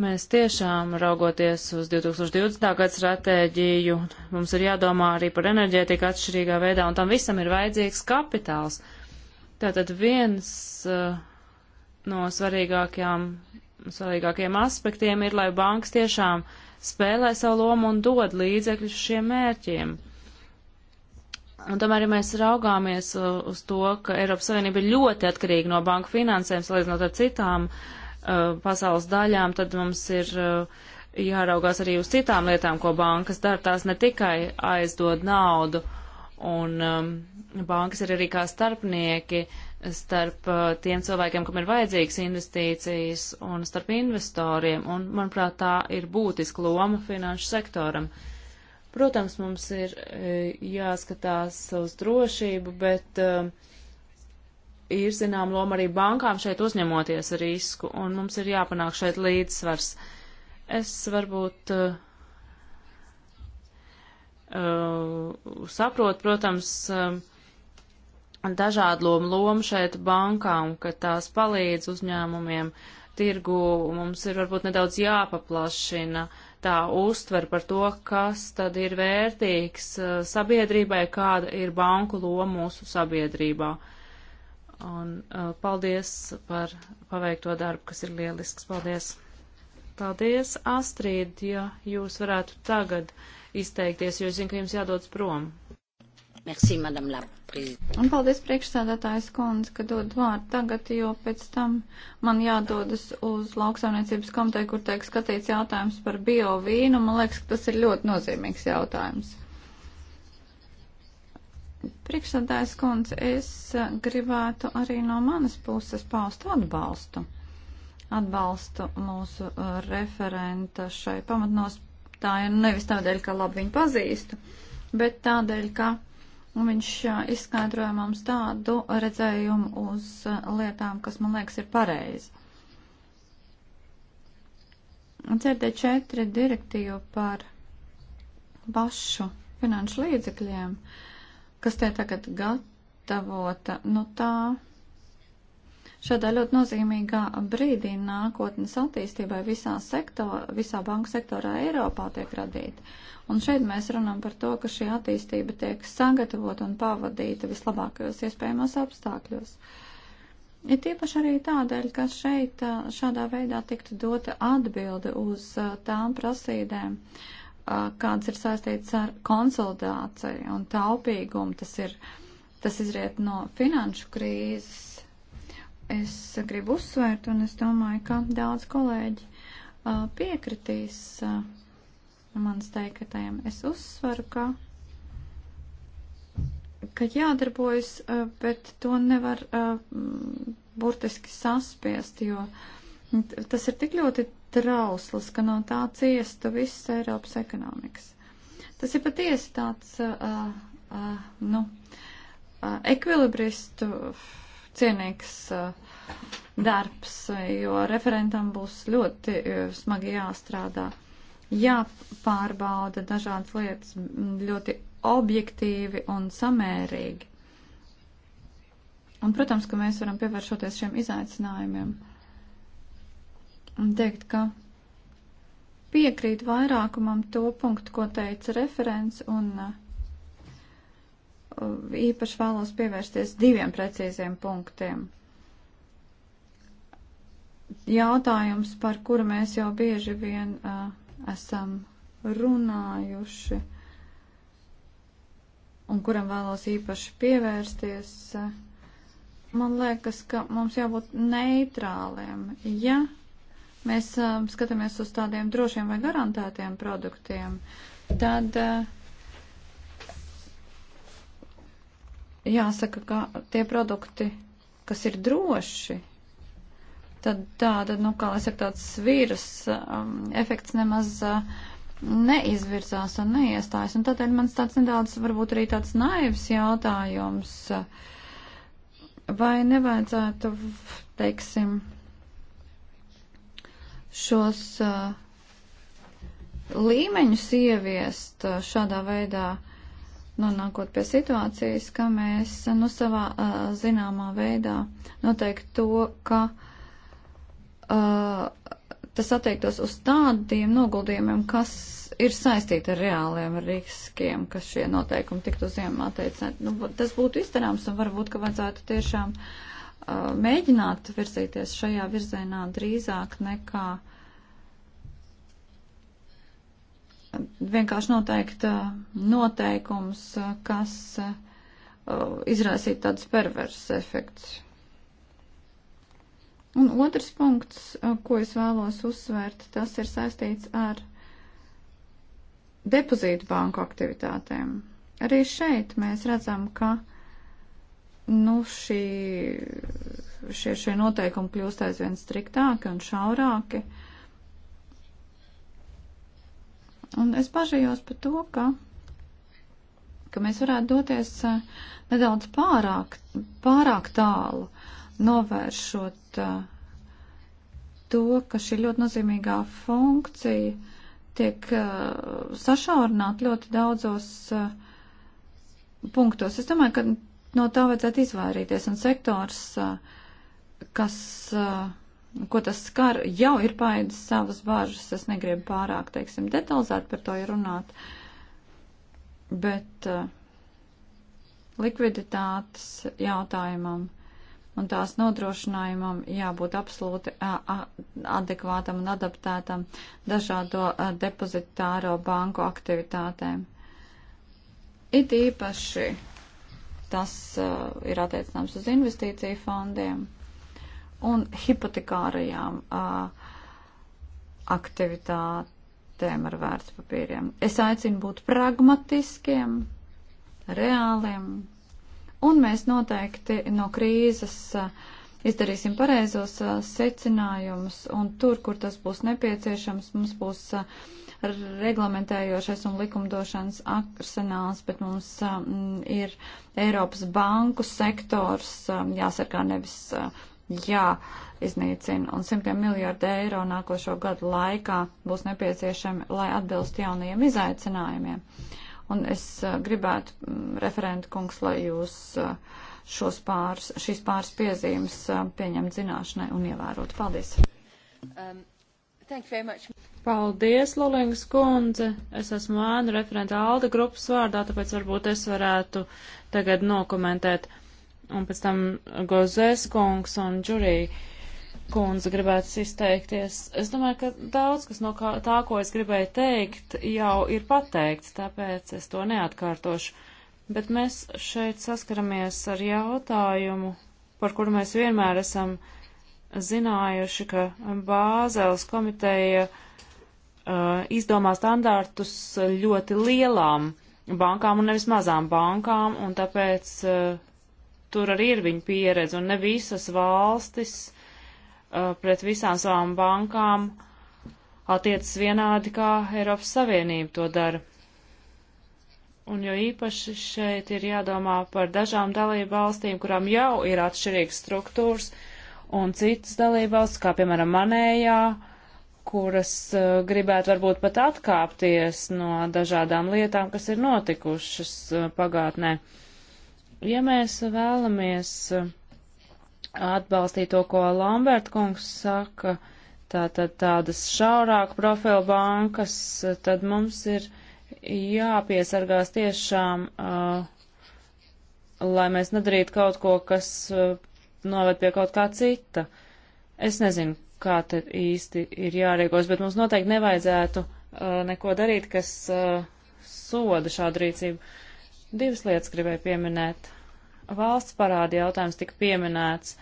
Mēs tiešām raugoties uz 2020. gadu stratēģiju, mums ir jādomā arī par enerģētiku atšķirīgā veidā, un tam visam ir vajadzīgs kapitāls. Tātad viens uh, no svarīgākajām, svarīgākajiem aspektiem ir, lai bankas tiešām spēlē savu lomu un dod līdzekļus šiem mērķiem. Un tomēr, ja mēs raugāmies eh, uz to, ka Eiropas Savienība ir ļoti atkarīga no banku finansēm, salīdzinot ar citām uh, Uh, pasaules daļām, tad mums ir uh, jāraugās arī uz citām lietām, ko bankas dara. Tās ne tikai aizdod naudu, un um, bankas ir arī kā starpnieki starp uh, tiem cilvēkiem, kam ir vajadzīgas investīcijas, un starp investoriem, un, manuprāt, tā ir būtiska loma finanšu sektoram. Protams, mums ir uh, jāskatās uz drošību, bet uh, ir zinām loma arī bankām šeit uzņemoties risku, un mums ir jāpanāk šeit līdzsvars. Es varbūt uh, uh, saprotu, protams, uh, dažādu lomu, lomu šeit bankām, ka tās palīdz uzņēmumiem tirgu, mums ir varbūt nedaudz jāpaplašina tā uztver par to, kas tad ir vērtīgs uh, sabiedrībai, kāda ir banku loma mūsu sabiedrībā. Uh, Un uh, paldies par paveikto darbu, kas ir lielisks. Paldies! Paldies, Astrid, ja jūs varētu tagad izteikties, jo es zinu, ka jums jādodas prom. Merci, madame la présidente. Un paldies priekšsēdētājs kundze, ka dod vārdu tagad, jo pēc tam man jādodas uz lauksaimniecības komiteju, kur tiek skatīts jautājums par biovīnu. Man liekas, ka tas ir ļoti nozīmīgs jautājums. Priekšsādājs kundze, es eh, gribētu arī no manas puses paust atbalstu. Atbalstu mūsu eh, referenta šai pamatnostāju nevis tādēļ, ka labi viņu pazīstu, bet tādēļ, ka viņš eh, izskaidroja mums tādu redzējumu uz lietām, kas man liekas ir pareizi. CRD4 direktīvu par pašu finanšu līdzekļiem. Uh, kas tie tagad gatavota, nu tā šādā ļoti nozīmīgā brīdī nākotnes attīstībai visā, sektor, visā banku sektorā Eiropā tiek radīta. Un šeit mēs runām par to, ka šī attīstība tiek sagatavota un pavadīta vislabākajos iespējamos apstākļos. Ir tiepaši arī tādēļ, ka šeit šādā veidā tiktu dota atbilde uz tām prasīdēm, uh, kāds ir saistīts ar konsolidāciju un taupīgumu. Tas, ir, tas izriet no finanšu krīzes. Es gribu uzsvērt, un es domāju, ka daudz kolēģi piekritīs manas teiktajam. Es uzsveru, ka, ka jādarbojas, bet to nevar burtiski saspiest, jo tas ir tik ļoti trausls, ka no tā ciestu viss Eiropas ekonomikas. Tas ir patiesi tāds, uh, uh, uh, nu, uh, ekvilibristu cienīgs uh, darbs, jo referentam būs ļoti uh, smagi jāstrādā, jāpārbauda dažādas lietas ļoti objektīvi un samērīgi. Un, protams, ka mēs varam pievēršoties šiem izaicinājumiem. Uh, un teikt, ka piekrīt vairākumam to punktu, ko teica referents, un uh, īpaši vēlos pievērsties diviem precīziem punktiem. Jautājums, par kuru mēs jau bieži vien uh, esam runājuši un kuram vēlos īpaši pievērsties, uh, man liekas, ka mums jābūt neitrāliem. Ja mēs um, skatāmies uz tādiem drošiem vai garantētiem produktiem, tad uh, jāsaka, ka tie produkti, kas ir droši, tad tā, tad, nu, kā lai saka, tāds vīrus um, efekts nemaz uh, neizvirzās un neiestājas. Un tādēļ mans tāds nedaudz, varbūt arī tāds naivs jautājums, vai nevajadzētu, teiksim, šos uh, līmeņus ieviest uh, šādā veidā, nonākot pie situācijas, ka mēs uh, nu savā uh, zināmā veidā noteikti to, ka uh, tas attiektos uz tādiem noguldījumiem, kas ir saistīti ar reāliem riskiem, kas šie noteikumi tiktu uz ziem attiecināt. Nu, tas būtu izdarāms un varbūt, ka vajadzētu tiešām uh, mēģināt virzīties šajā virzienā drīzāk nekā vienkārši noteikt noteikums, kas izraisītu tādus perversus efektus. Un otrs punkts, ko es vēlos uzsvērt, tas ir saistīts ar depozītu banku aktivitātēm. Arī šeit mēs redzam, ka uh, nu, šī, šie, šie noteikumi kļūst aizvien striktāki un šaurāki. Un es bažījos par to, ka, ka mēs varētu doties eh, nedaudz pārāk, pārāk tālu, novēršot eh, to, ka šī ļoti nozīmīgā funkcija tiek eh, sašaurināta ļoti daudzos punktos. Es domāju, ka no tā vajadzētu izvairīties. Un sektors, kas, ko tas skar, jau ir paēdis savas bāžas. Es negribu pārāk, teiksim, detalizēt par to runāt, bet likviditātes jautājumam un tās nodrošinājumam jābūt absolūti adekvātam un adaptētam dažādo depozitāro banku aktivitātēm. It īpaši Tas uh, ir attiecināms uz investīciju fondiem un hipotekārajām uh, aktivitātēm ar vērtspapīriem. Es aicinu būt pragmatiskiem, reāliem, un mēs noteikti no krīzes uh, izdarīsim pareizos secinājumus, un tur, kur tas būs nepieciešams, mums būs reglamentējošais un likumdošanas arsenāls, bet mums ir Eiropas banku sektors jāsargā nevis jāiznīcina, un simtiem miljārdu eiro nākošo gadu laikā būs nepieciešami, lai atbilst jaunajiem izaicinājumiem. Un es gribētu, referenta kungs, lai jūs uh, šos pāris, šīs pāris piezīmes uh, pieņemt zināšanai un ievērot. Paldies! Um. Paldies, Lulings kundze. Es esmu ēnu referenta Alda grupas vārdā, tāpēc varbūt es varētu tagad nokomentēt. Un pēc tam Gozēs kungs un Džurī kundze gribētu izteikties. Es domāju, ka daudz, kas no kā, tā, ko es gribēju teikt, jau ir pateikts, tāpēc es to neatkārtošu bet mēs šeit saskaramies ar jautājumu, par kuru mēs vienmēr esam zinājuši, ka Bāzēlas komiteja uh, izdomā standārtus ļoti lielām bankām un nevis mazām bankām, un tāpēc uh, tur arī ir viņa pieredze, un ne visas valstis uh, pret visām savām bankām attiecas vienādi, kā Eiropas Savienība to dara. Un jo īpaši šeit ir jādomā par dažām dalību valstīm, kurām jau ir atšķirīgas struktūras, un citas dalību valsts, kā piemēram manējā, kuras uh, gribētu varbūt pat atkāpties no dažādām lietām, kas ir notikušas uh, pagātnē. Ja mēs vēlamies uh, atbalstīt to, ko Lamberta kungs saka, tātad tādas šaurāk profilu bankas, tad mums ir. Uh, jāpiesargās tiešām, uh, lai mēs nedarītu kaut ko, kas uh, noved pie kaut kā cita. Es nezinu, kā te īsti ir jārīkos, bet mums noteikti nevajadzētu uh, neko darīt, kas soda šādu rīcību. Divas lietas gribēju pieminēt. Valsts parādi jautājums tika pieminēts.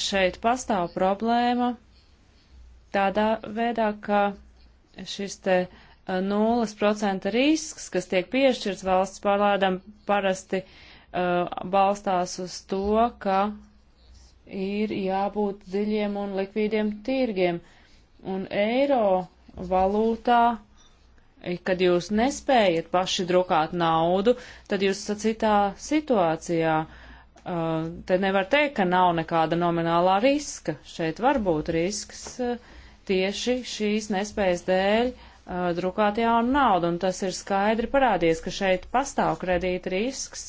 Šeit pastāv problēma tādā veidā, ka šis te uh, 0% risks, kas tiek piešķirts valsts pārlādam, parasti uh, balstās uz to, ka ir jābūt dziļiem un likvīdiem tirgiem. Un eiro valūtā, kad jūs nespējat paši drukāt naudu, tad jūs esat citā situācijā. Uh, te nevar teikt, ka nav nekāda nominālā riska. Šeit var būt risks uh, tieši šīs nespējas dēļ uh, uh, drukāt jaunu naudu, un tas ir skaidri parādījies, ka šeit pastāv kredīta risks,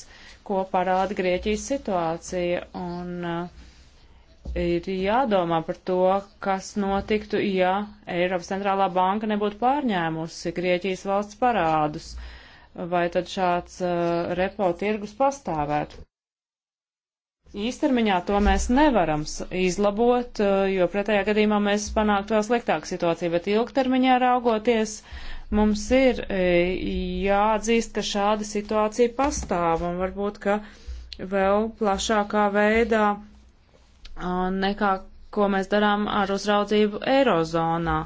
ko parāda Grieķijas situācija, un uh, ir jādomā par to, kas notiktu, ja Eiropas centrālā banka nebūtu pārņēmusi Grieķijas valsts parādus, vai tad šāds uh, repo tirgus pastāvētu īstermiņā to mēs nevaram izlabot, uh, jo pretējā gadījumā mēs panāktu vēl sliktāku situāciju, bet ilgtermiņā raugoties mums ir e, jāatzīst, ka šāda situācija pastāv un varbūt, ka vēl plašākā veidā nekā, ko mēs darām ar uzraudzību Eirozonā.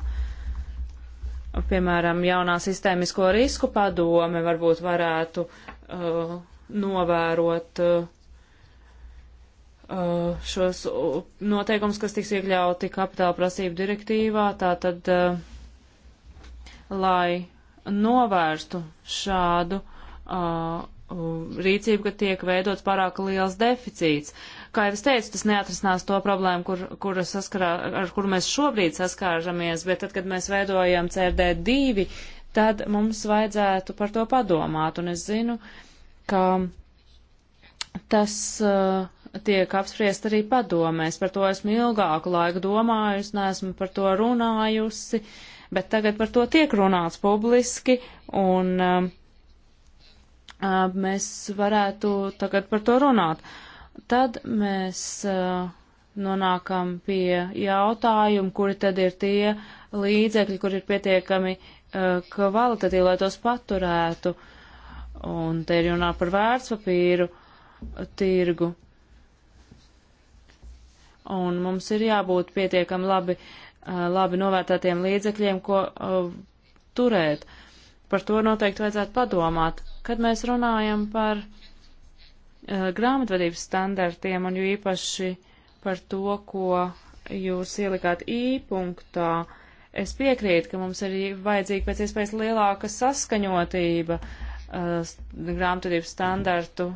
Piemēram, jaunā sistēmisko risku padome varbūt varētu uh, novērot uh, Uh, šos uh, noteikumus, kas tiks iekļauti kapitāla prasību direktīvā, tātad, uh, lai novērstu šādu rīcību, ka tiek veidots pārāk liels deficīts. Kā jau es teicu, tas neatrisinās to problēmu, kur, kur saskarā, ar kuru mēs šobrīd saskāržamies, bet tad, kad mēs veidojam CRD2, tad mums vajadzētu par to padomāt. Un es zinu, ka tas uh, tiek apspriest arī padomēs. Par to esmu ilgāku laiku domājusi, neesmu par to runājusi, bet tagad par to tiek runāts publiski, un uh, mēs varētu tagad par to runāt. Tad mēs uh, nonākam pie jautājumu, kuri tad ir tie līdzekļi, kur ir pietiekami uh, kvalitatīvi, lai tos paturētu. Un te ir runā par vērtspapīru uh, tirgu un mums ir jābūt pietiekam labi, uh, labi novērtētiem līdzekļiem, ko uh, turēt. Par to noteikti vajadzētu padomāt. Kad mēs runājam par uh, grāmatvedības standartiem un jo īpaši par to, ko jūs ielikāt īpunktā, es piekrītu, ka mums ir vajadzīga pēc iespējas lielāka saskaņotība grāmatvedības standartu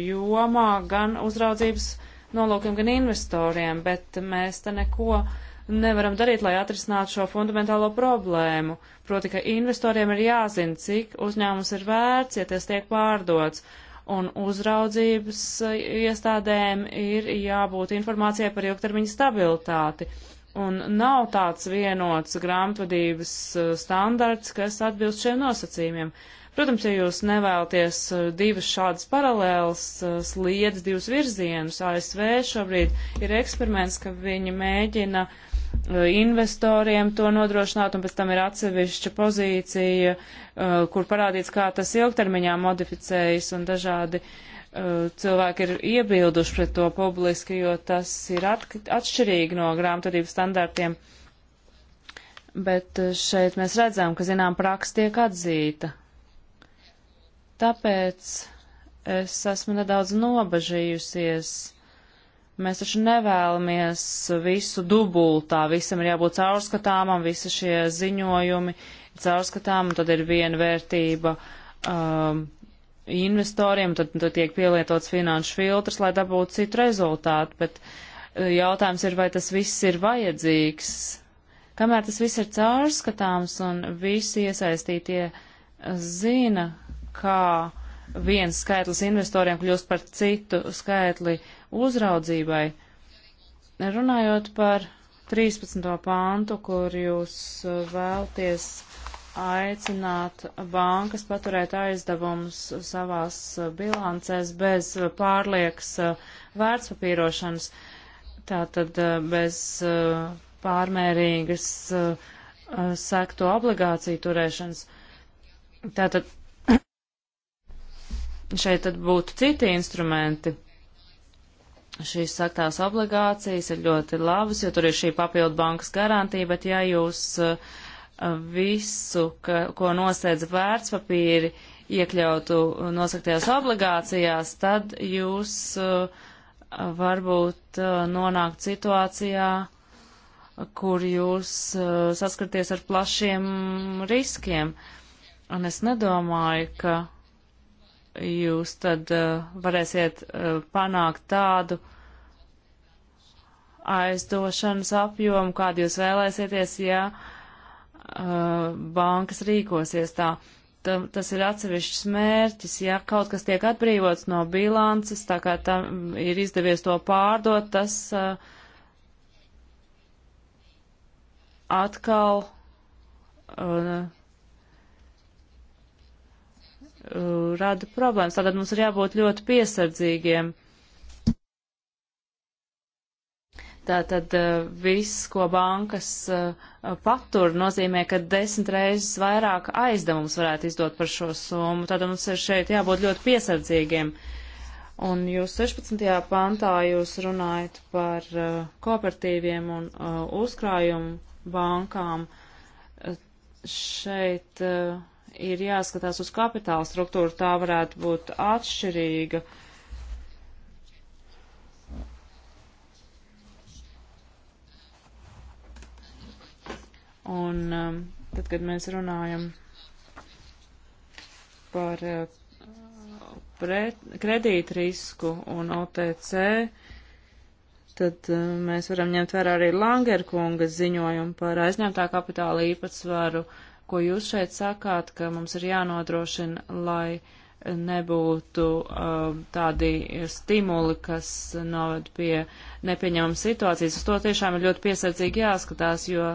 jomā gan uzraudzības uh, nolūkiem, gan investoriem, bet mēs te neko nevaram darīt, lai atrisinātu šo fundamentālo problēmu. Proti, ka investoriem ir jāzina, cik uzņēmums ir vērts, ja tas tiek pārdots, un uzraudzības iestādēm ir jābūt informācijai par ilgtermiņa stabilitāti. Un nav tāds vienots grāmatvedības eh, standarts, kas atbilst šiem nosacījumiem. Uh, Protams, ja jūs nevēlaties uh, divas šādas paralēlas uh, sliedas, divus virzienus, ASV šobrīd ir eksperiments, ka viņi mēģina uh, investoriem to nodrošināt, un pēc tam ir atsevišķa pozīcija, kur parādīts, kā tas ilgtermiņā modificējas, un dažādi cilvēki ir iebilduši pret to publiski, jo tas ir atšķirīgi no grāmatvedības standartiem. Bet šeit mēs redzam, ka zinām praksa tiek atzīta, Tāpēc es esmu nedaudz nobažījusies. Mēs taču nevēlamies visu dubultā, visam ir jābūt caurskatāmam, visi šie ziņojumi caurskatām, un tad ir viena vērtība um, investoriem, tad, tad tiek pielietots finanšu filtrs, lai dabūtu citu rezultātu, bet uh, jautājums ir, vai tas viss ir vajadzīgs. Kamēr tas viss ir caurskatāms un visi iesaistītie zina, kā viens skaitlis investoriem kļūst par citu skaitli uzraudzībai. Runājot par 13. pāntu, kur jūs uh, vēlties aicināt bankas paturēt aizdevumus savās uh, bilancēs bez uh, pārlieks vērtspapīrošanas, tātad bez pārmērīgas sekto obligāciju turēšanas. Tātad Šeit tad būtu citi instrumenti. Šīs saktās obligācijas ir ļoti labas, jo tur ir šī papildu bankas garantija, bet ja jūs uh, visu, ka, ko noslēdz vērtspapīri, iekļautu nosaktajās obligācijās, tad jūs uh, varbūt uh, nonākt situācijā, kur jūs saskaties ar plašiem riskiem. Un es nedomāju, ka jūs tad uh, varēsiet uh, panākt tādu aizdošanas apjomu, kādu jūs vēlēsieties, ja uh, bankas rīkosies tā. T tas ir atsevišķs mērķis, ja kaut kas tiek atbrīvots no bilances, tā kā tam ir izdevies to pārdot, tas uh, atkal uh, Uh, rada problēmas. Tātad mums ir jābūt ļoti piesardzīgiem. Tātad uh, viss, ko bankas uh, patur, nozīmē, ka desmit reizes vairāk aizdevums varētu izdot par šo summu. Tātad mums ir šeit jābūt ļoti piesardzīgiem. Un jūs 16. pantā jūs runājat par kooperatīviem un uzkrājumu bankām. Šeit uh, ir jāskatās uz kapitāla struktūru, tā varētu būt atšķirīga. Un um, tad, kad mēs runājam par uh, kredīt risku un OTC, tad uh, mēs varam ņemt vērā arī Langerkunga ziņojumu par aizņemtā kapitāla īpatsvaru uh, ko jūs šeit sakāt, ka mums ir jānodrošina, lai nebūtu uh, tādi stimuli, kas noved pie nepieņemamas situācijas. Uz to tiešām ir ļoti piesardzīgi jāskatās, jo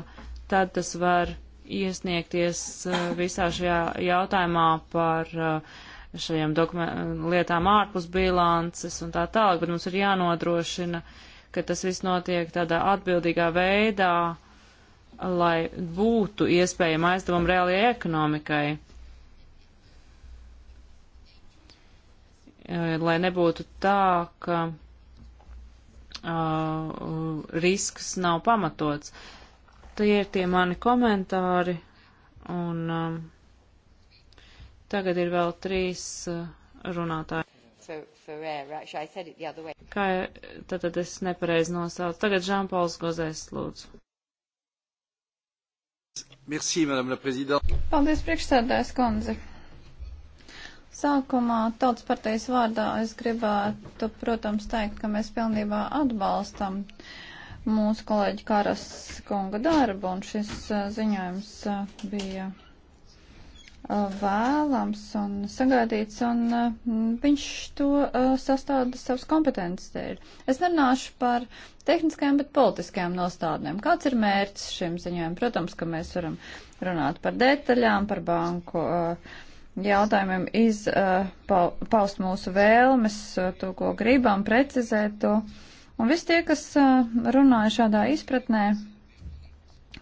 tad tas var iesniegties uh, visā šajā jautājumā par uh, šajām lietām ārpus bilances un tā tālāk, bet mums ir jānodrošina, ka tas viss notiek tādā atbildīgā veidā, uh, lai būtu iespējama aizdevuma reālajai ekonomikai, eh, lai nebūtu tā, ka uh, risks nav pamatots. Tie ir tie mani komentāri, un um, tagad ir vēl trīs uh, runātāji. Kā, tad, tad es nepareiz nosaucu. Tagad Žānpols Gozēs lūdzu. Merci, Madame la Présidente. Paldies, priekšsēdājas kundze. Sākumā tautas partijas vārdā es gribētu, protams, teikt, ka mēs pilnībā atbalstam mūsu kolēģi Karas kunga darbu, un šis eh, ziņojums eh, bija vēlams un sagaidīts, un uh, viņš to uh, sastāda savas kompetences dēļ. Es nerunāšu par tehniskajām, bet politiskajām nostādnēm. Kāds ir mērķis šim ziņojumam? Protams, ka mēs varam runāt par detaļām, par banku uh, jautājumiem, izpaust mūsu vēlmes, to, ko gribam, precizēt to. Un visi tie, kas runāja šādā izpratnē,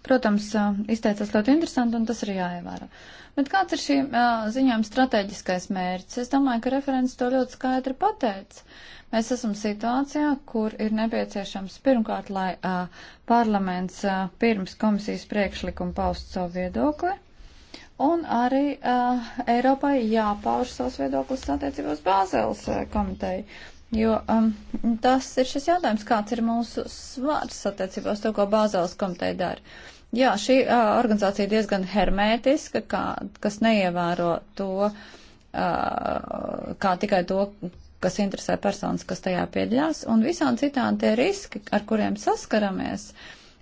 protams, izteicās ļoti interesanti, un tas ir jāievēro. Bet kāds ir šī ziņojuma strateģiskais mērķis? Es domāju, ka referents to ļoti skaidri pateica. Mēs esam situācijā, kur ir nepieciešams pirmkārt, lai uh, parlaments uh, pirms komisijas priekšlikuma paustu savu viedokli, un arī uh, Eiropai jāpauž savs viedoklis attiecībos Bāzeles uh, komiteju. Jo um, tas ir šis jautājums, kāds ir mūsu svars attiecībās to, ko Bāzeles komiteja dara. Jā, šī uh, organizācija diezgan hermētiska, kā, kas neievēro to, uh, kā tikai to, kas interesē personas, kas tajā piedļās, un visām citām tie riski, ar kuriem saskaramies,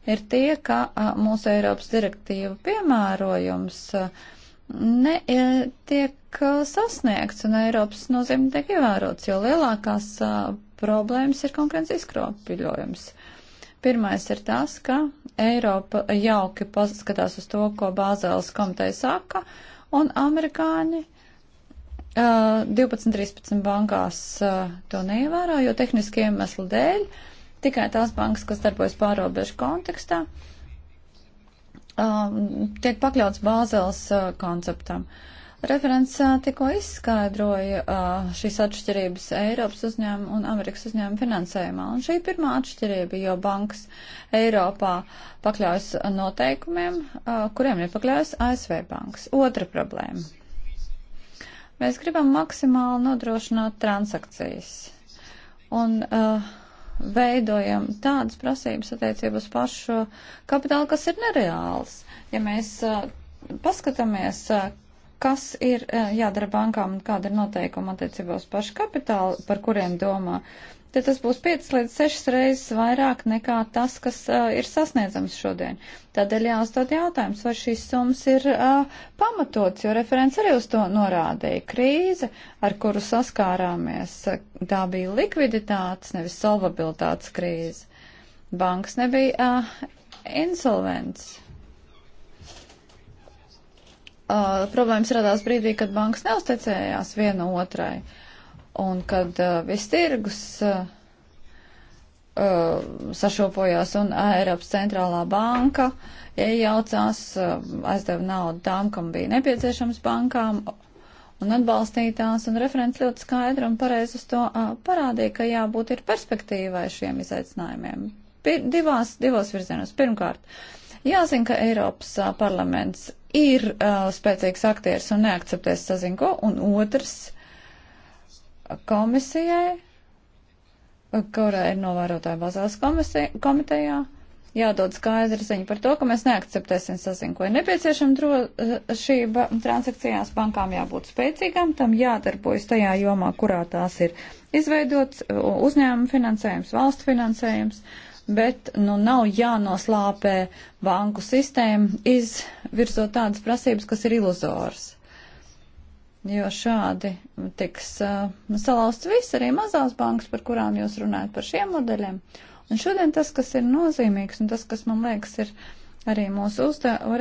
ir tie, ka uh, mūsu Eiropas direktīva piemērojums uh, netiek uh, sasniegts un Eiropas nozīme tiek ievērots, jo lielākās uh, problēmas ir konkurences izkropļojums. Pirmais ir tas, ka Eiropa jauki paskatās uz to, ko Bāzēlas komiteja saka, un amerikāņi uh, 12-13 bankās uh, to neievēro, jo tehniski iemesli dēļ tikai tās bankas, kas darbojas pārobežu kontekstā, uh, tiek pakļauts Bāzēlas uh, konceptam. Uh, Referents tikko izskaidroja šīs atšķirības Eiropas uzņēmuma un Amerikas uzņēmuma finansējumā. Un šī pirmā atšķirība, jo bankas Eiropā pakļaujas noteikumiem, kuriem nepakļaujas ASV bankas. Otra problēma. Mēs gribam maksimāli nodrošināt transakcijas. Un, uh, veidojam tādas prasības attiecībā uz pašu kapitālu, kas ir nereāls. Ja mēs uh, paskatāmies, uh, kas ir e, jādara bankām un kāda ir noteikuma attiecībā uz pašu kapitālu, par kuriem domā, tad tas būs 5 līdz 6 reizes vairāk nekā tas, kas uh, ir sasniedzams šodien. Tādēļ jāuzdod jautājums, vai šīs summas ir uh, pamatots, jo referents arī uz to norādīja. Krīze, ar kuru saskārāmies, tā bija likviditātes, nevis solvabilitātes krīze. Bankas nebija uh, insolvents uh, problēmas radās brīdī, kad bankas neuzticējās viena otrai un kad uh, viss tirgus uh, uh, sašopojās un Eiropas centrālā banka iejaucās, uh, aizdeva naudu tām, kam bija nepieciešams bankām un atbalstītās, un referents ļoti skaidri un pareizi uz to uh, parādīja, ka jābūt ir perspektīvai šiem izaicinājumiem. Pir divās, divos virzienos. Pirmkārt, jāzina, ka Eiropas uh, parlaments ir uh, spēcīgs aktieris un neakceptēs sazinko, un otrs komisijai, kurā ir novērotāja bazās komisija, komitejā, jādod skaidra ziņa par to, ka mēs neakceptēsim sazinko. Ir nepieciešama drošība uh, transakcijās bankām jābūt spēcīgām, tam jādarbojas tajā jomā, kurā tās ir izveidots, uzņēmuma finansējums, valstu finansējums. Uh, bet nu nav jānoslāpē banku sistēma, izvirzot tādas prasības, kas ir iluzors. Jo šādi tiks uh, salausts viss, arī mazās bankas, par kurām jūs runājat par šiem modeļiem. Un šodien tas, kas ir nozīmīgs un tas, kas man liekas ir arī mūsu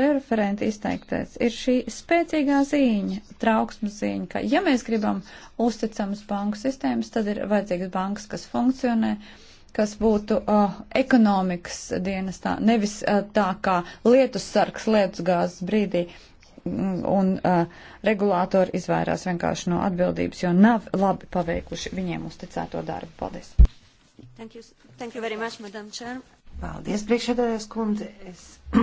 referenti izteiktais, ir šī spēcīgā zīņa, trauksmes zīņa, ka ja mēs gribam uzticamas banku sistēmas, tad ir vajadzīgas bankas, kas funkcionē. Uh, kas būtu uh, ekonomikas dienestā, nevis uh, tā kā lietus sargs lietus gāzes brīdī, mm, un uh, regulātori izvairās vienkārši no atbildības, jo nav labi paveikuši viņiem uzticēto darbu. Paldies! Thank you, thank you very much, Madam Chair. Paldies, priekšsēdētājs kundze. Es,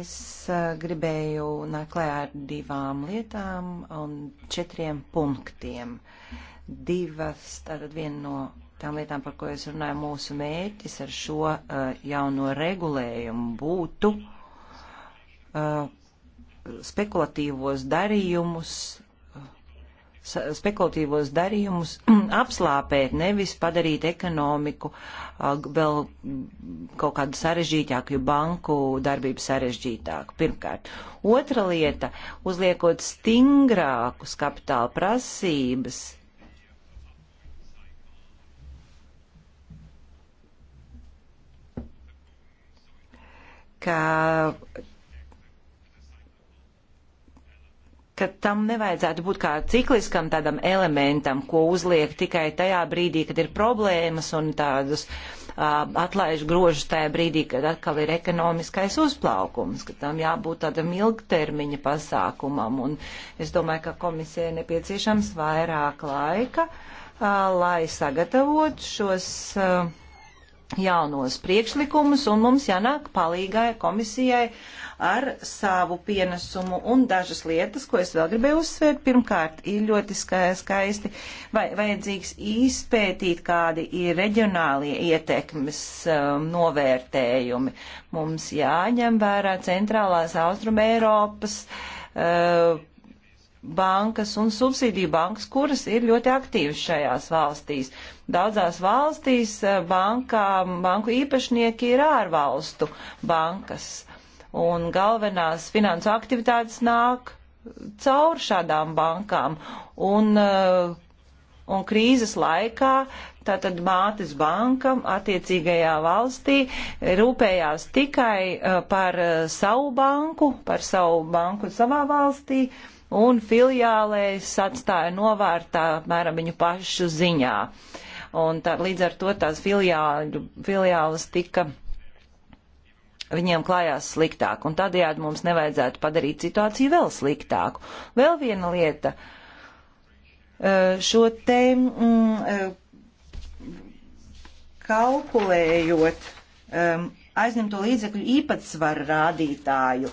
es uh, gribēju nākt klējā ar divām lietām un četriem punktiem. Uh, divas, tātad viena no tām lietām, par ko es runāju, mūsu mērķis ar šo uh, jauno regulējumu būtu uh, spekulatīvos darījumus, uh, spekulatīvos darījumus apslāpēt, nevis padarīt ekonomiku uh, vēl kaut kādu sarežģītāku, jo banku darbību sarežģītāku, pirmkārt. Otra lieta, uzliekot stingrākus kapitāla prasības, ka, ka tam nevajadzētu būt kā cikliskam tādam elementam, ko uzliek tikai tajā brīdī, kad ir problēmas un tādus uh, atlaiž grožus tajā brīdī, kad atkal ir ekonomiskais uzplaukums, ka tam jābūt tādam ilgtermiņa pasākumam. Un es domāju, ka komisijai nepieciešams vairāk laika, uh, lai sagatavot šos. Uh, jaunos priekšlikumus, un mums jānāk palīgai komisijai ar savu pienesumu un dažas lietas, ko es vēl gribēju uzsvērt. Pirmkārt, ir ļoti skaisti vai vajadzīgs izpētīt, kādi ir reģionālie ietekmes um, novērtējumi. Mums jāņem vērā centrālās austruma Eiropas. Uh, bankas un subsīdiju bankas, kuras ir ļoti aktīvas šajās valstīs. Daudzās valstīs eh, bankā, banku īpašnieki ir ārvalstu bankas, un galvenās finansu aktivitātes nāk caur šādām bankām. Un, eh, un krīzes laikā tātad mātes bankam attiecīgajā valstī rūpējās tikai eh, par savu banku, par savu banku savā valstī. Uh, un filiālēs atstāja novārtā apmēram viņu pašu ziņā. Un tā, līdz ar to tās filiāļu, filiālas tika viņiem klājās sliktāk, un tādējādi mums nevajadzētu padarīt situāciju vēl sliktāku. Vēl viena lieta šo te mm, kalkulējot um, aizņemto līdzekļu īpatsvaru rādītāju.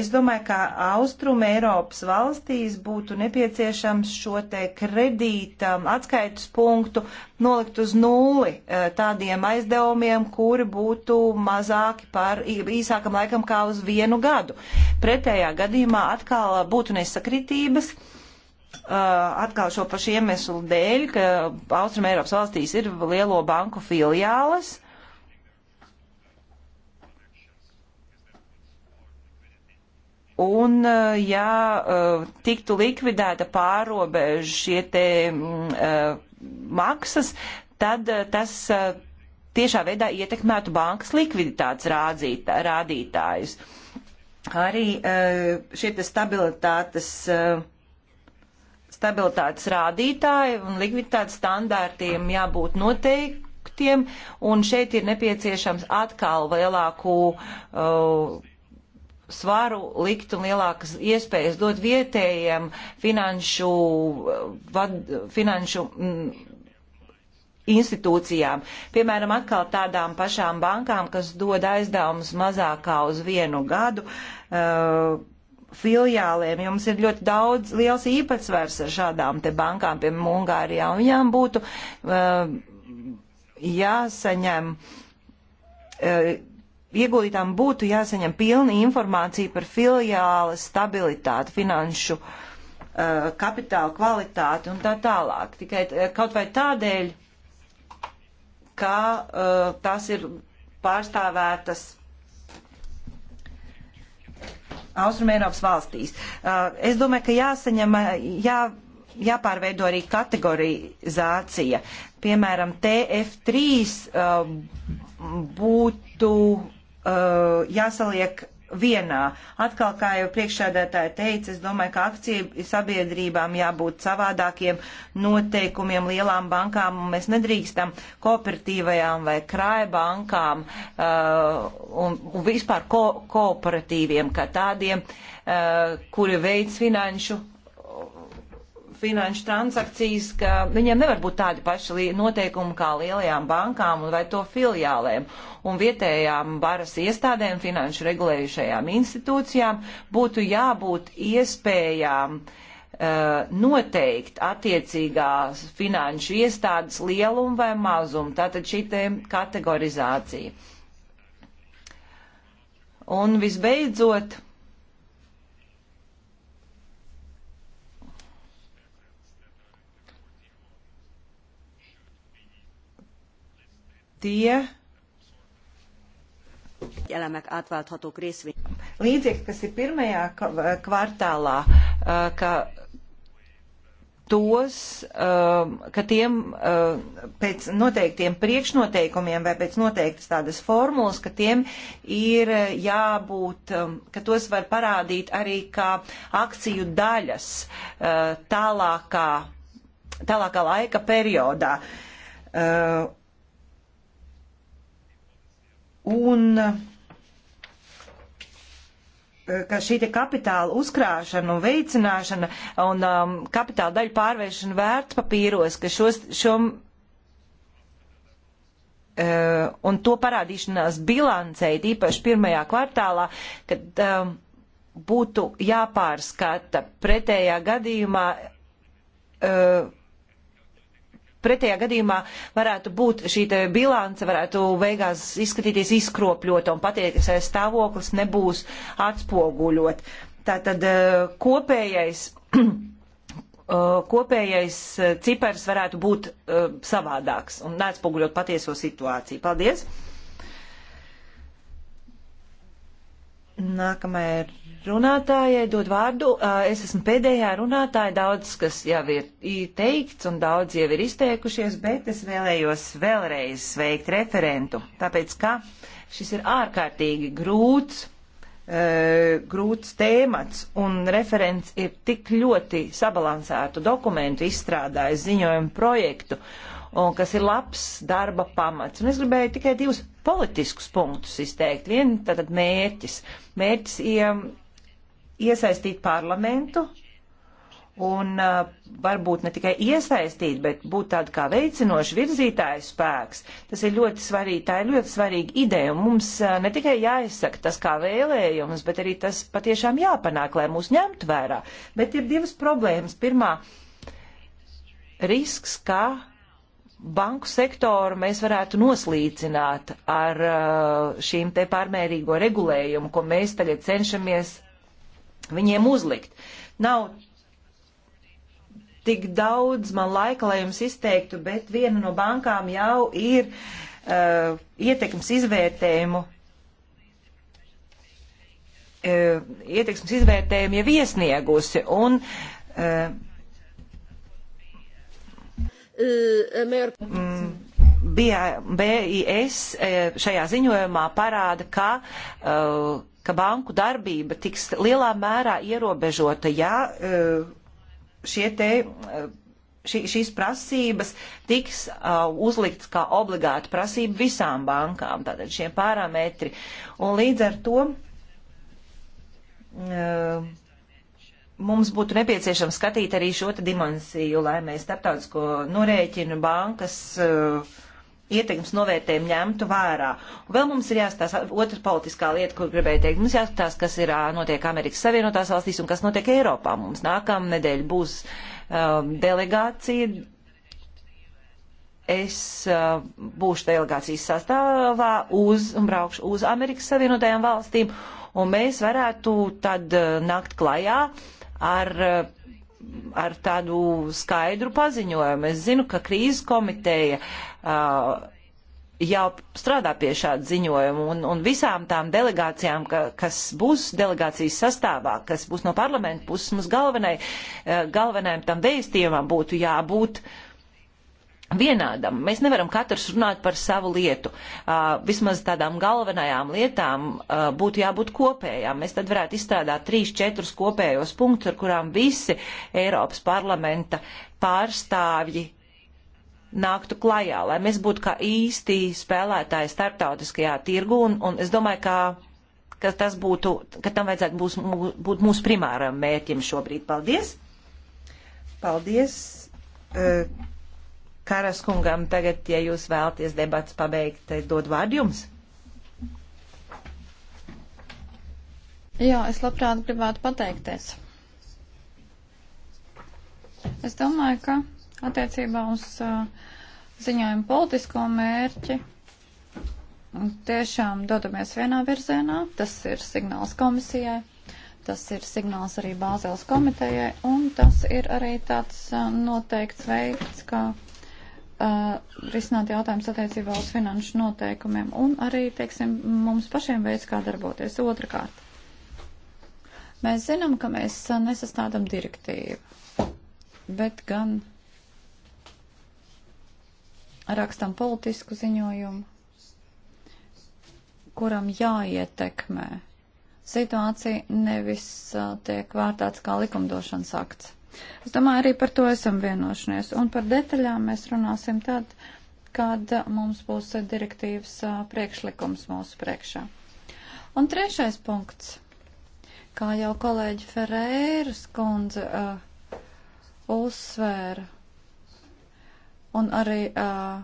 Es domāju, ka Austrum Eiropas valstīs būtu nepieciešams šo te kredīta atskaitus punktu nolikt uz nulli e, tādiem aizdevumiem, kuri būtu mazāki par īsākam laikam kā uz vienu gadu. Pretējā gadījumā atkal būtu nesakritības. E, atkal šo pašu iemeslu dēļ, ka Austrum Eiropas valstīs ir lielo banku filiāles, uh, Un, eh, ja eh, tiktu likvidēta pārobežu šie te mm, eh, maksas, tad tas tiešā veidā ietekmētu bankas likviditātes rādītā, rādītājus. Arī šie te stabilitātes stabilitātes rādītāji un likviditātes standārtiem jābūt noteiktiem, un šeit ir nepieciešams atkal lielāku uh, svaru likt un lielākas iespējas dot vietējiem finanšu, eh, vad, finanšu m, mm, institūcijām. Piemēram, atkal tādām pašām bankām, kas dod aizdevumus mazākā uz vienu gadu. Uh, filiāliem jums ir ļoti daudz liels īpatsvars ar šādām te bankām, piemēram, Ungārijā, un viņām būtu uh, jāsaņem uh, ieguldītām būtu jāsaņem pilna informācija par filiāla stabilitāti, finanšu uh, kapitāla kvalitāti un tā tālāk. Tikai eh, kaut vai tādēļ, ka uh, tās ir pārstāvētas Austrumēropas valstīs. Uh, es domāju, ka jāsaņem, jā, jāpārveido arī kategorizācija. Piemēram, TF3 uh, būtu uh, jāsaliek vienā. Atkal, kā jau priekšsēdētāja teica, es domāju, ka akciju sabiedrībām jābūt savādākiem noteikumiem lielām bankām. Mēs nedrīkstam kooperatīvajām vai krāja bankām uh, un, un vispār ko, kooperatīviem kā tādiem, uh, kuri veids finanšu finanšu transakcijas, ka viņiem nevar būt tādi paši noteikumi kā lielajām bankām vai to filiālēm. Un vietējām varas iestādēm, finanšu regulējušajām institūcijām būtu jābūt iespējām uh, noteikt attiecīgās finanšu iestādes lielumu vai mazumu. Tātad šī kategorizācija. Un visbeidzot, tie elemek átválthatók részvény. Līdzīgi, kas ir pirmajā kvartālā, ka tos, ka tiem pēc noteiktiem priekšnoteikumiem vai pēc noteiktas tādas formulas, ka tiem ir jābūt, ka tos var parādīt arī kā akciju daļas tālākā, tālākā laika periodā. Uh, un eh, ka šī kapitāla uzkrāšana un veicināšana un um, kapitāla daļu pārvēršana vērtpapīros, ka šos, šom, uh, eh, un to parādīšanās bilancei, īpaši pirmajā kvartālā, kad um, būtu jāpārskata pretējā gadījumā. Uh, Pretējā gadījumā varētu būt šī bilance, varētu beigās izskatīties izkropļota un patiesais stāvoklis nebūs atspoguļot. Tātad eh, kopējais, eh, kopējais eh, cipars varētu būt savādāks un neatspoguļot patieso situāciju. Paldies! Nākamajai runātājai dod vārdu. Es esmu pēdējā runātāja. Daudz, kas jau ir teikts un daudz jau ir izteikušies, bet es vēlējos vēlreiz sveikt referentu. Tāpēc, ka šis ir ārkārtīgi grūts, grūts tēmats un referents ir tik ļoti sabalansētu dokumentu izstrādājis ziņojumu projektu. Uh, un kas ir labs darba pamats. Un es gribēju tikai divus politiskus punktus izteikt. Vienu tātad mērķis. Mērķis iesaistīt parlamentu un uh, varbūt ne tikai iesaistīt, bet būt tāda kā veicinoša virzītāja spēks. Tas ir ļoti svarīgi, tā ir ļoti svarīga ideja, un mums uh, ne tikai jāizsaka tas kā vēlējums, bet arī tas patiešām jāpanāk, lai mūs ņemtu vērā. Bet ir divas problēmas. Pirmā, risks, kā banku sektoru mēs varētu noslīcināt ar uh, šīm te pārmērīgo regulējumu, ko mēs tagad cenšamies viņiem uzlikt. Nav tik daudz man laika, lai jums izteiktu, bet viena no bankām jau ir uh, ietekmes izvērtējumu. Uh, ietekmes izvērtējumu jau iesniegusi un uh, Eh, eh, mm, BIS eh, šajā ziņojumā parāda, ka, ka banku darbība tiks lielā mērā ierobežota, ja šie te. Šī, šīs prasības tiks uh, uzlikts kā obligāta prasība visām bankām, tātad šie parametri. Un līdz ar to uh, mums būtu nepieciešams skatīt arī šo dimensiju, lai mēs starptautisko norēķinu bankas uh, ietekmes novērtējumu ņemtu vērā. Un vēl mums ir jāstāsta otra politiskā lieta, ko gribēju teikt. Mums jāstāsta, kas ir notiek Amerikas Savienotās valstīs un kas notiek Eiropā. Mums nākamā nedēļa būs um, delegācija. Es uh, būšu delegācijas sastāvā uz un braukšu uz Amerikas Savienotajām valstīm, un mēs varētu tad uh, nākt klajā uh, ar, ar tādu skaidru paziņojumu. Es zinu, ka krīzes komiteja uh, jau strādā pie šāda ziņojuma, un, un visām tām delegācijām, ka, kas būs delegācijas sastāvā, kas būs no parlamenta puses, mums galvenai, galvenajam tam vēstījumam būtu jābūt. Uh, vienādam. Mēs nevaram katrs runāt par savu lietu. Uh, vismaz tādām galvenajām lietām uh, būtu jābūt kopējām. Mēs tad varētu izstrādāt trīs, četrus kopējos punktus, ar kurām visi Eiropas parlamenta pārstāvji nāktu klajā, lai mēs būtu kā īsti spēlētāji starptautiskajā tirgu. Un, un es domāju, ka, ka tas būtu, ka tam vajadzētu būs, mūs, būt mūsu primāram mērķim šobrīd. Paldies! Paldies! Uh, Karas kungam tagad, ja jūs vēlaties debats pabeigt, tad dod vārdu jums. Jā, es labprāt gribētu pateikties. Es domāju, ka attiecībā uz uh, ziņojumu politisko mērķi tiešām dodamies vienā virzienā. Tas ir signāls komisijai, tas ir signāls arī Bāzēlas komitejai, un tas ir arī tāds uh, noteikts veids, kā uh, risināt jautājumus attiecībā uz finanšu noteikumiem un arī, teiksim, mums pašiem veids, kā darboties. Otrakārt, mēs zinām, ka mēs nesastādam direktīvu, bet gan rakstam politisku ziņojumu, kuram jāietekmē situācija, nevis uh, tiek vērtāts kā likumdošanas akts. Es domāju, arī par to esam vienošanies. Un par detaļām mēs runāsim tad, kad mums būs direktīvas priekšlikums mūsu priekšā. Un trešais punkts, kā jau kolēģi Ferēras kundze uh, uzsvēra, un arī uh,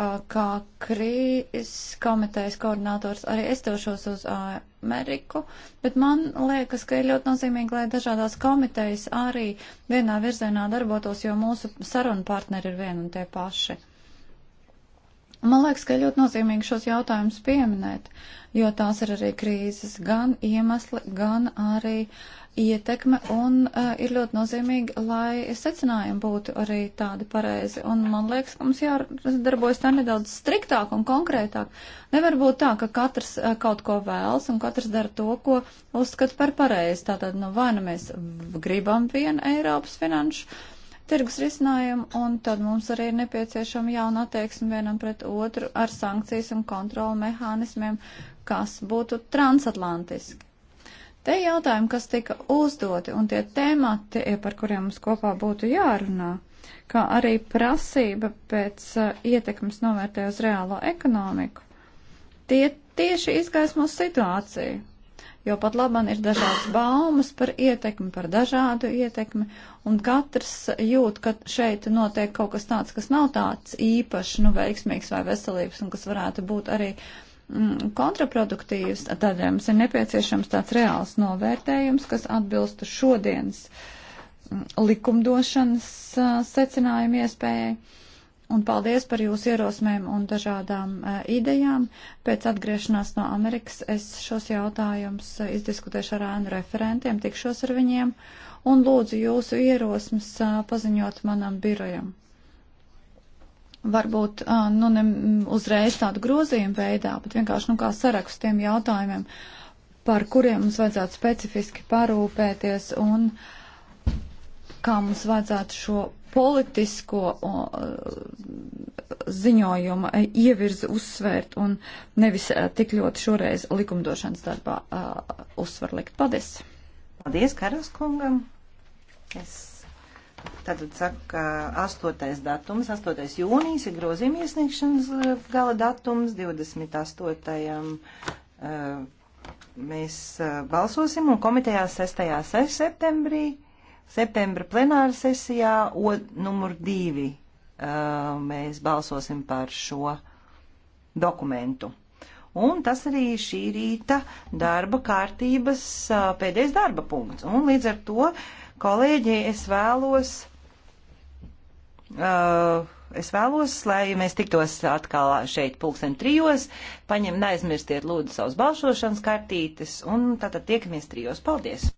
Uh, kā krīzes komitejas koordinators arī es došos uz uh, Ameriku, bet man liekas, ka ir ļoti nozīmīgi, lai dažādās komitejas arī vienā virzienā darbotos, jo mūsu sarunu partneri ir vien un tie paši. Man liekas, ka ļoti nozīmīgi šos jautājumus pieminēt, jo tās ir arī krīzes gan iemesli, gan arī ietekme, un uh, ir ļoti nozīmīgi, lai secinājumi būtu arī tādi pareizi. Un man liekas, ka mums jādarbojas tā nedaudz striktāk un konkrētāk. Nevar būt tā, ka katrs uh, kaut ko vēlas un katrs dara to, ko uzskata par pareizi. Tātad, nu, vai nu mēs gribam vienu Eiropas finanšu tirgus risinājumu, un tad mums arī ir nepieciešama jauna attieksme vienam pret otru ar sankcijas un kontrolu mehānismiem, kas būtu transatlantiski. Te jautājumi, kas tika uzdoti, un tie temati, par kuriem mums kopā būtu jārunā, kā arī prasība pēc eh, ietekmes novērtē uz reālo ekonomiku, tie tieši izgaismo situāciju jo pat labam ir dažādas baumas par ietekmi, par dažādu ietekmi, un katrs jūt, ka šeit notiek kaut kas tāds, kas nav tāds īpašs, nu, veiksmīgs vai veselības, un kas varētu būt arī mm, kontraproduktīvs. Tādēļ mums ir nepieciešams tāds reāls novērtējums, kas atbilstu šodienas mm, likumdošanas uh, secinājumu iespējai Un paldies par jūsu ierosmēm un dažādām uh, idejām. Pēc atgriešanās no Amerikas es šos jautājumus uh, izdiskutēšu ar ēnu referentiem, tikšos ar viņiem un lūdzu jūsu ierosmes uh, paziņot manam birojam. Varbūt, uh, nu, ne uzreiz tādu grozījumu veidā, bet vienkārši, nu, kā sarakstiem jautājumiem, par kuriem mums vajadzētu specifiski parūpēties un kā mums vajadzētu šo politisko e, ziņojuma e, ievirzi uzsvērt un nevis e, tik ļoti šoreiz likumdošanas darbā uzsver likt. Paldies! Paldies Karas kungam! Es tad saku, ka 8. datums, 8. jūnijas ir grozījuma iesniegšanas gala datums, 28. mēs balsosim un komitejā 6. septembrī. Septembra plenāra sesijā o, numur divi uh, mēs balsosim par šo dokumentu. Un tas arī šī rīta darba kārtības uh, pēdējais darba punkts. Un līdz ar to, kolēģi, es vēlos, uh, es vēlos, lai mēs tiktos atkal šeit pulksten trijos, paņem neaizmirstiet lūdzu savus balsošanas kartītes un tātad tiekamies trijos. Paldies!